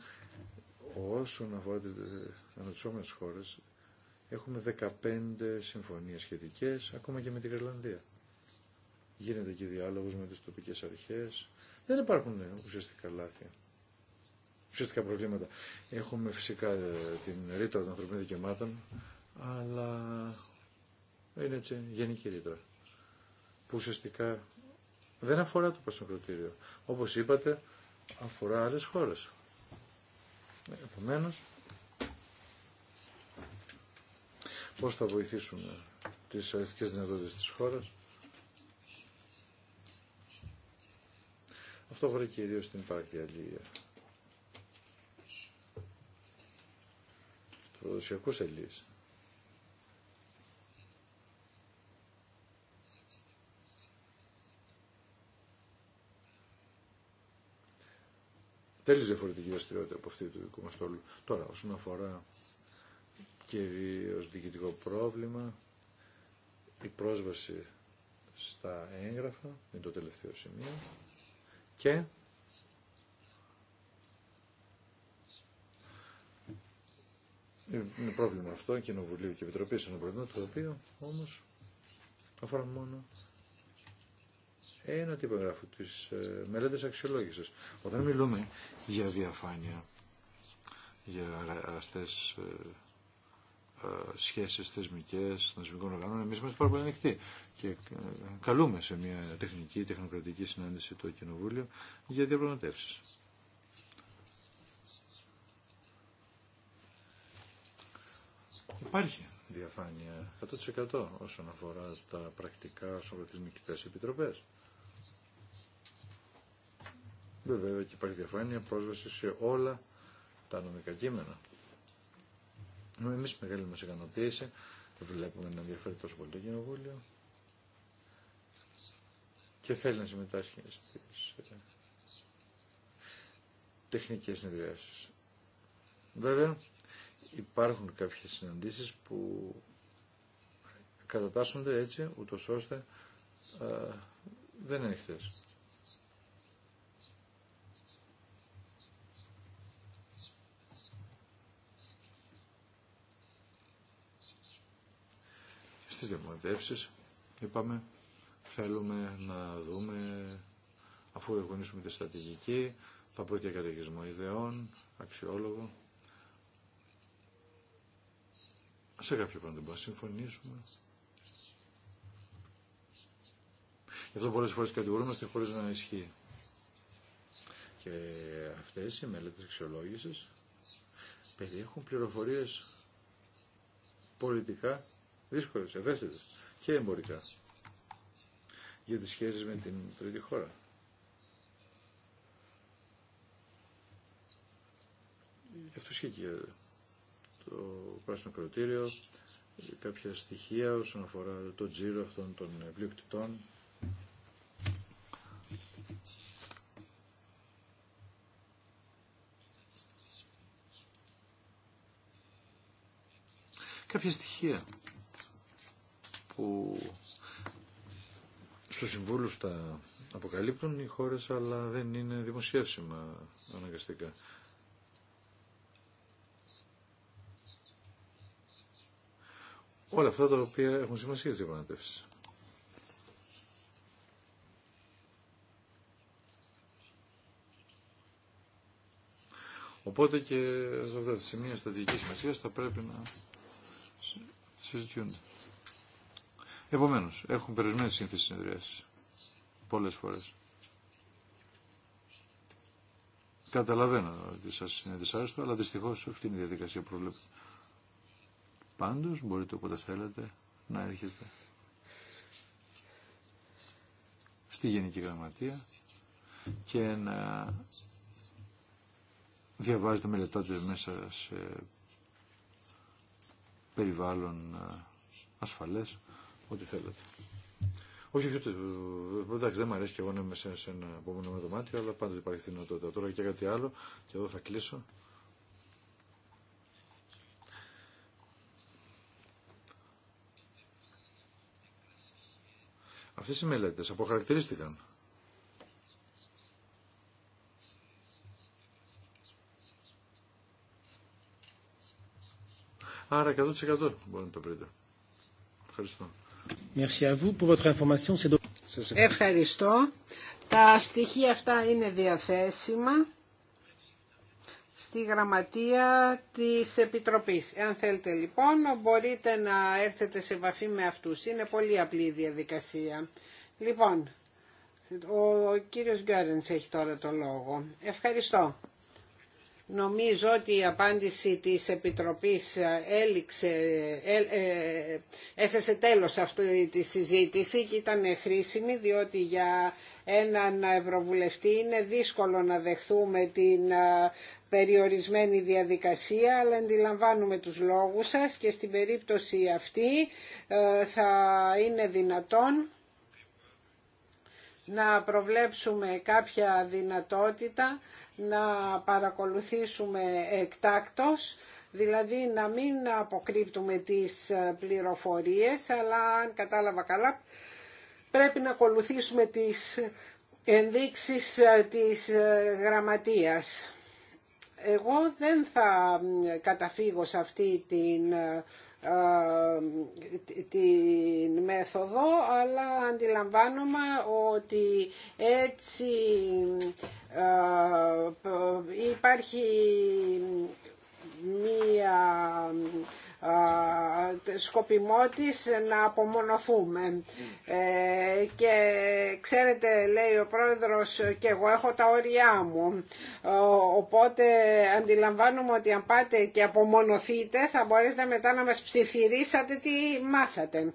όσον αφορά τις αναπτυσσόμενες χώρες έχουμε 15 συμφωνίες σχετικές ακόμα και με την Γερλανδία. Γίνεται και διάλογος με τις τοπικές αρχές. Δεν υπάρχουν ναι, ουσιαστικά λάθη. Ουσιαστικά προβλήματα. Έχουμε φυσικά ε, την ρήτρα των ανθρωπίνων δικαιωμάτων αλλά είναι έτσι γενική ρήτρα που ουσιαστικά δεν αφορά το προσωπικό Όπως είπατε, αφορά άλλες χώρες. Επομένως, πώς θα βοηθήσουμε τις αριθμικές δυνατότητες της χώρας. Αυτό αφορά κυρίως την υπάρχει αλληλεία. Του δοσιακούς αλληλείς. τέλειες διαφορετική δραστηριότητα από αυτή του δικού μας τόλου. Τώρα, όσον αφορά κυρίως διοικητικό πρόβλημα, η πρόσβαση στα έγγραφα, είναι το τελευταίο σημείο, και είναι πρόβλημα αυτό, Κοινοβουλίου και Επιτροπή πρόβλημα το οποίο όμως αφορά μόνο ένα τύπο εγγράφου της ε, μελέτης αξιολόγησης. Όταν μιλούμε για διαφάνεια, για αγαστές ε, ε, σχέσεις θεσμικές, θεσμικών οργανών, εμείς είμαστε πάρα πολύ ανοιχτοί και καλούμε σε μια τεχνική, τεχνοκρατική συνάντηση το Κοινοβούλιο για διαπραγματεύσεις. Υπάρχει διαφάνεια 100% όσον αφορά τα πρακτικά, όσον αφορά επιτροπές. Βέβαια και υπάρχει διαφάνεια πρόσβαση σε όλα τα νομικά κείμενα. Εμεί μεγάλη μα ικανοποίηση βλέπουμε να ενδιαφέρει τόσο πολύ το κοινοβούλιο και θέλει να συμμετάσχει στις ε, τεχνικέ συνδυάσει. Βέβαια, υπάρχουν κάποιε συναντήσει που κατατάσσονται έτσι, ούτω ώστε ε, δεν είναι χθε. στις είπαμε θέλουμε να δούμε αφού εγγονίσουμε τη στρατηγική θα πρόκειται για καταιγισμό ιδεών, αξιόλογο. Σε κάποιο πράγμα να συμφωνήσουμε. Γι' αυτό πολλές φορές κατηγορούμαστε χωρίς να ισχύει. Και αυτές οι μελέτες αξιολόγησης περιέχουν πληροφορίες πολιτικά δύσκολες, ευαίσθητε και εμπορικά για τις σχέσεις με την τρίτη χώρα. Γι' αυτό το πράσινο κροτήριο, κάποια στοιχεία όσον αφορά το τζίρο αυτών των πλειοκτητών. Κάποια στοιχεία που στους συμβούλους τα αποκαλύπτουν οι χώρες αλλά δεν είναι δημοσιεύσιμα αναγκαστικά. Όλα αυτά τα οποία έχουν σημασία για τις Οπότε και σε αυτά τα σημεία σημασία θα πρέπει να συζητιούνται. Επομένως, έχουν περιορισμένη σύνθεση συνεδριάσεις. Πολλές φορές. Καταλαβαίνω ότι σα είναι δυσάρεστο, αλλά δυστυχώ αυτή είναι η διαδικασία που προβλέπετε. Πάντως, μπορείτε όποτε θέλετε να έρχεστε στη Γενική Γραμματεία και να διαβάζετε, μελετάτε μέσα σε περιβάλλον ε, ασφαλές ό,τι θέλετε. Όχι, όχι, ε, εντάξει, δεν μου αρέσει και εγώ να είμαι σε, ένα επόμενο δωμάτιο, αλλά πάντα υπάρχει δυνατότητα. Τώρα και κάτι άλλο, και εδώ θα κλείσω. Αυτές οι μελέτες αποχαρακτηρίστηκαν. Άρα 100% μπορεί να το πείτε Ευχαριστώ. Ευχαριστώ. Τα στοιχεία αυτά είναι διαθέσιμα στη γραμματεία της Επιτροπής. Αν θέλετε λοιπόν μπορείτε να έρθετε σε επαφή με αυτούς. Είναι πολύ απλή η διαδικασία. Λοιπόν, ο κύριος Γκέρενς έχει τώρα το λόγο. Ευχαριστώ. Νομίζω ότι η απάντηση της Επιτροπής ε, έληξε, έ, ε, εθεσε τέλος αυτή τη συζήτηση και ήταν χρήσιμη διότι για έναν Ευρωβουλευτή είναι δύσκολο να δεχθούμε την ε, περιορισμένη διαδικασία αλλά αντιλαμβάνουμε τους λόγους σας και στην περίπτωση αυτή θα είναι δυνατόν να προβλέψουμε κάποια δυνατότητα να παρακολουθήσουμε εκτάκτως, δηλαδή να μην αποκρύπτουμε τις ε, πληροφορίες, αλλά αν κατάλαβα καλά πρέπει να ακολουθήσουμε τις ενδείξεις ε, της ε, γραμματείας. Εγώ δεν θα καταφύγω σε αυτή την την μέθοδο αλλά αντιλαμβάνομαι ότι έτσι υπάρχει μία ε, σκοπιμό τη να απομονωθούμε. Ε, και ξέρετε, λέει ο πρόεδρος, και εγώ έχω τα όρια μου. Ε, οπότε αντιλαμβάνομαι ότι αν πάτε και απομονωθείτε θα μπορέσετε μετά να μας ψιθυρίσατε τι μάθατε.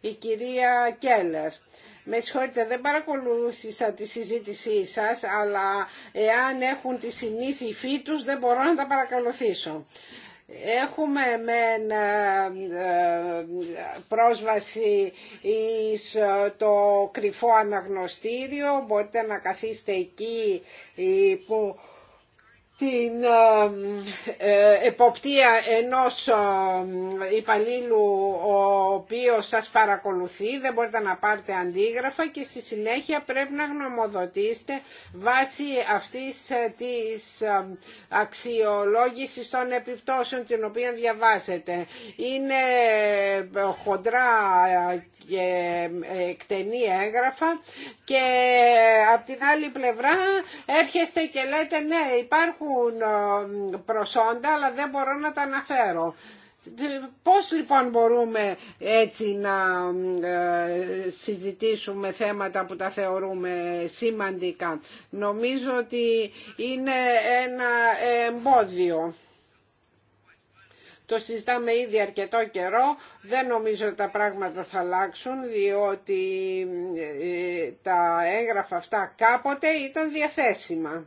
Η κυρία Κέλλερ. Με συγχωρείτε, δεν παρακολούθησα τη συζήτησή σας, αλλά εάν έχουν τη συνήθη φύτους δεν μπορώ να τα παρακολουθήσω. Έχουμε μεν ε, ε, πρόσβαση εις ε, το κρυφό αναγνωστήριο, μπορείτε να καθίσετε εκεί που την ε, ε, εποπτεία ενός ε, υπαλλήλου ο οποίος σας παρακολουθεί, δεν μπορείτε να πάρετε αντίγραφα και στη συνέχεια πρέπει να γνωμοδοτήσετε βάσει αυτής της αξιολόγησης των επιπτώσεων την οποία διαβάσετε. Είναι χοντρά και ε, ε, εκτενή έγγραφα και ε, από την άλλη πλευρά έρχεστε και λέτε ναι υπάρχουν προσόντα αλλά δεν μπορώ να τα αναφέρω. Πώς λοιπόν μπορούμε έτσι να συζητήσουμε θέματα που τα θεωρούμε σημαντικά. Νομίζω ότι είναι ένα εμπόδιο. Το συζητάμε ήδη αρκετό καιρό. Δεν νομίζω ότι τα πράγματα θα αλλάξουν διότι ε, τα έγγραφα αυτά κάποτε ήταν διαθέσιμα.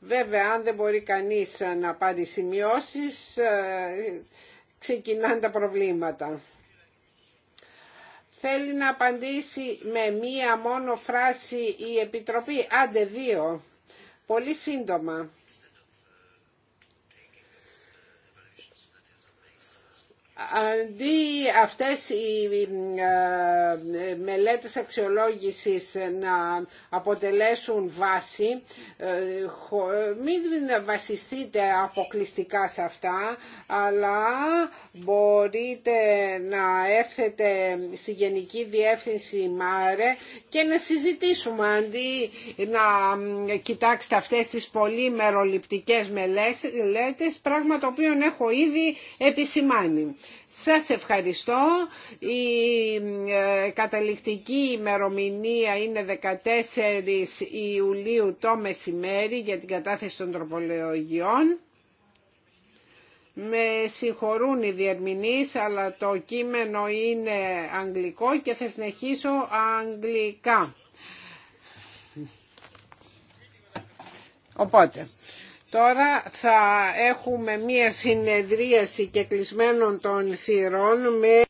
Βέβαια, αν δεν μπορεί κανείς να πάρει σημειώσεις, ε, ξεκινάνε τα προβλήματα. Θέλει να απαντήσει με μία μόνο φράση η Επιτροπή, άντε δύο, πολύ σύντομα. αντί αυτές οι ε, μελέτες αξιολόγησης να αποτελέσουν βάση, ε, μην βασιστείτε αποκλειστικά σε αυτά, αλλά μπορείτε να έρθετε στη Γενική Διεύθυνση ΜΑΡΕ και να συζητήσουμε αντί να ε, κοιτάξετε αυτές τις πολύ μεροληπτικές μελέτες, πράγμα το οποίο έχω ήδη επισημάνει. Σας ευχαριστώ. Η ε, καταληκτική ημερομηνία είναι 14 Ιουλίου το μεσημέρι για την κατάθεση των τροπολογιών. Με συγχωρούν οι διερμηνείς, αλλά το κείμενο είναι αγγλικό και θα συνεχίσω αγγλικά. Οπότε, Τώρα θα έχουμε μία συνεδρίαση και κλεισμένων των θυρών με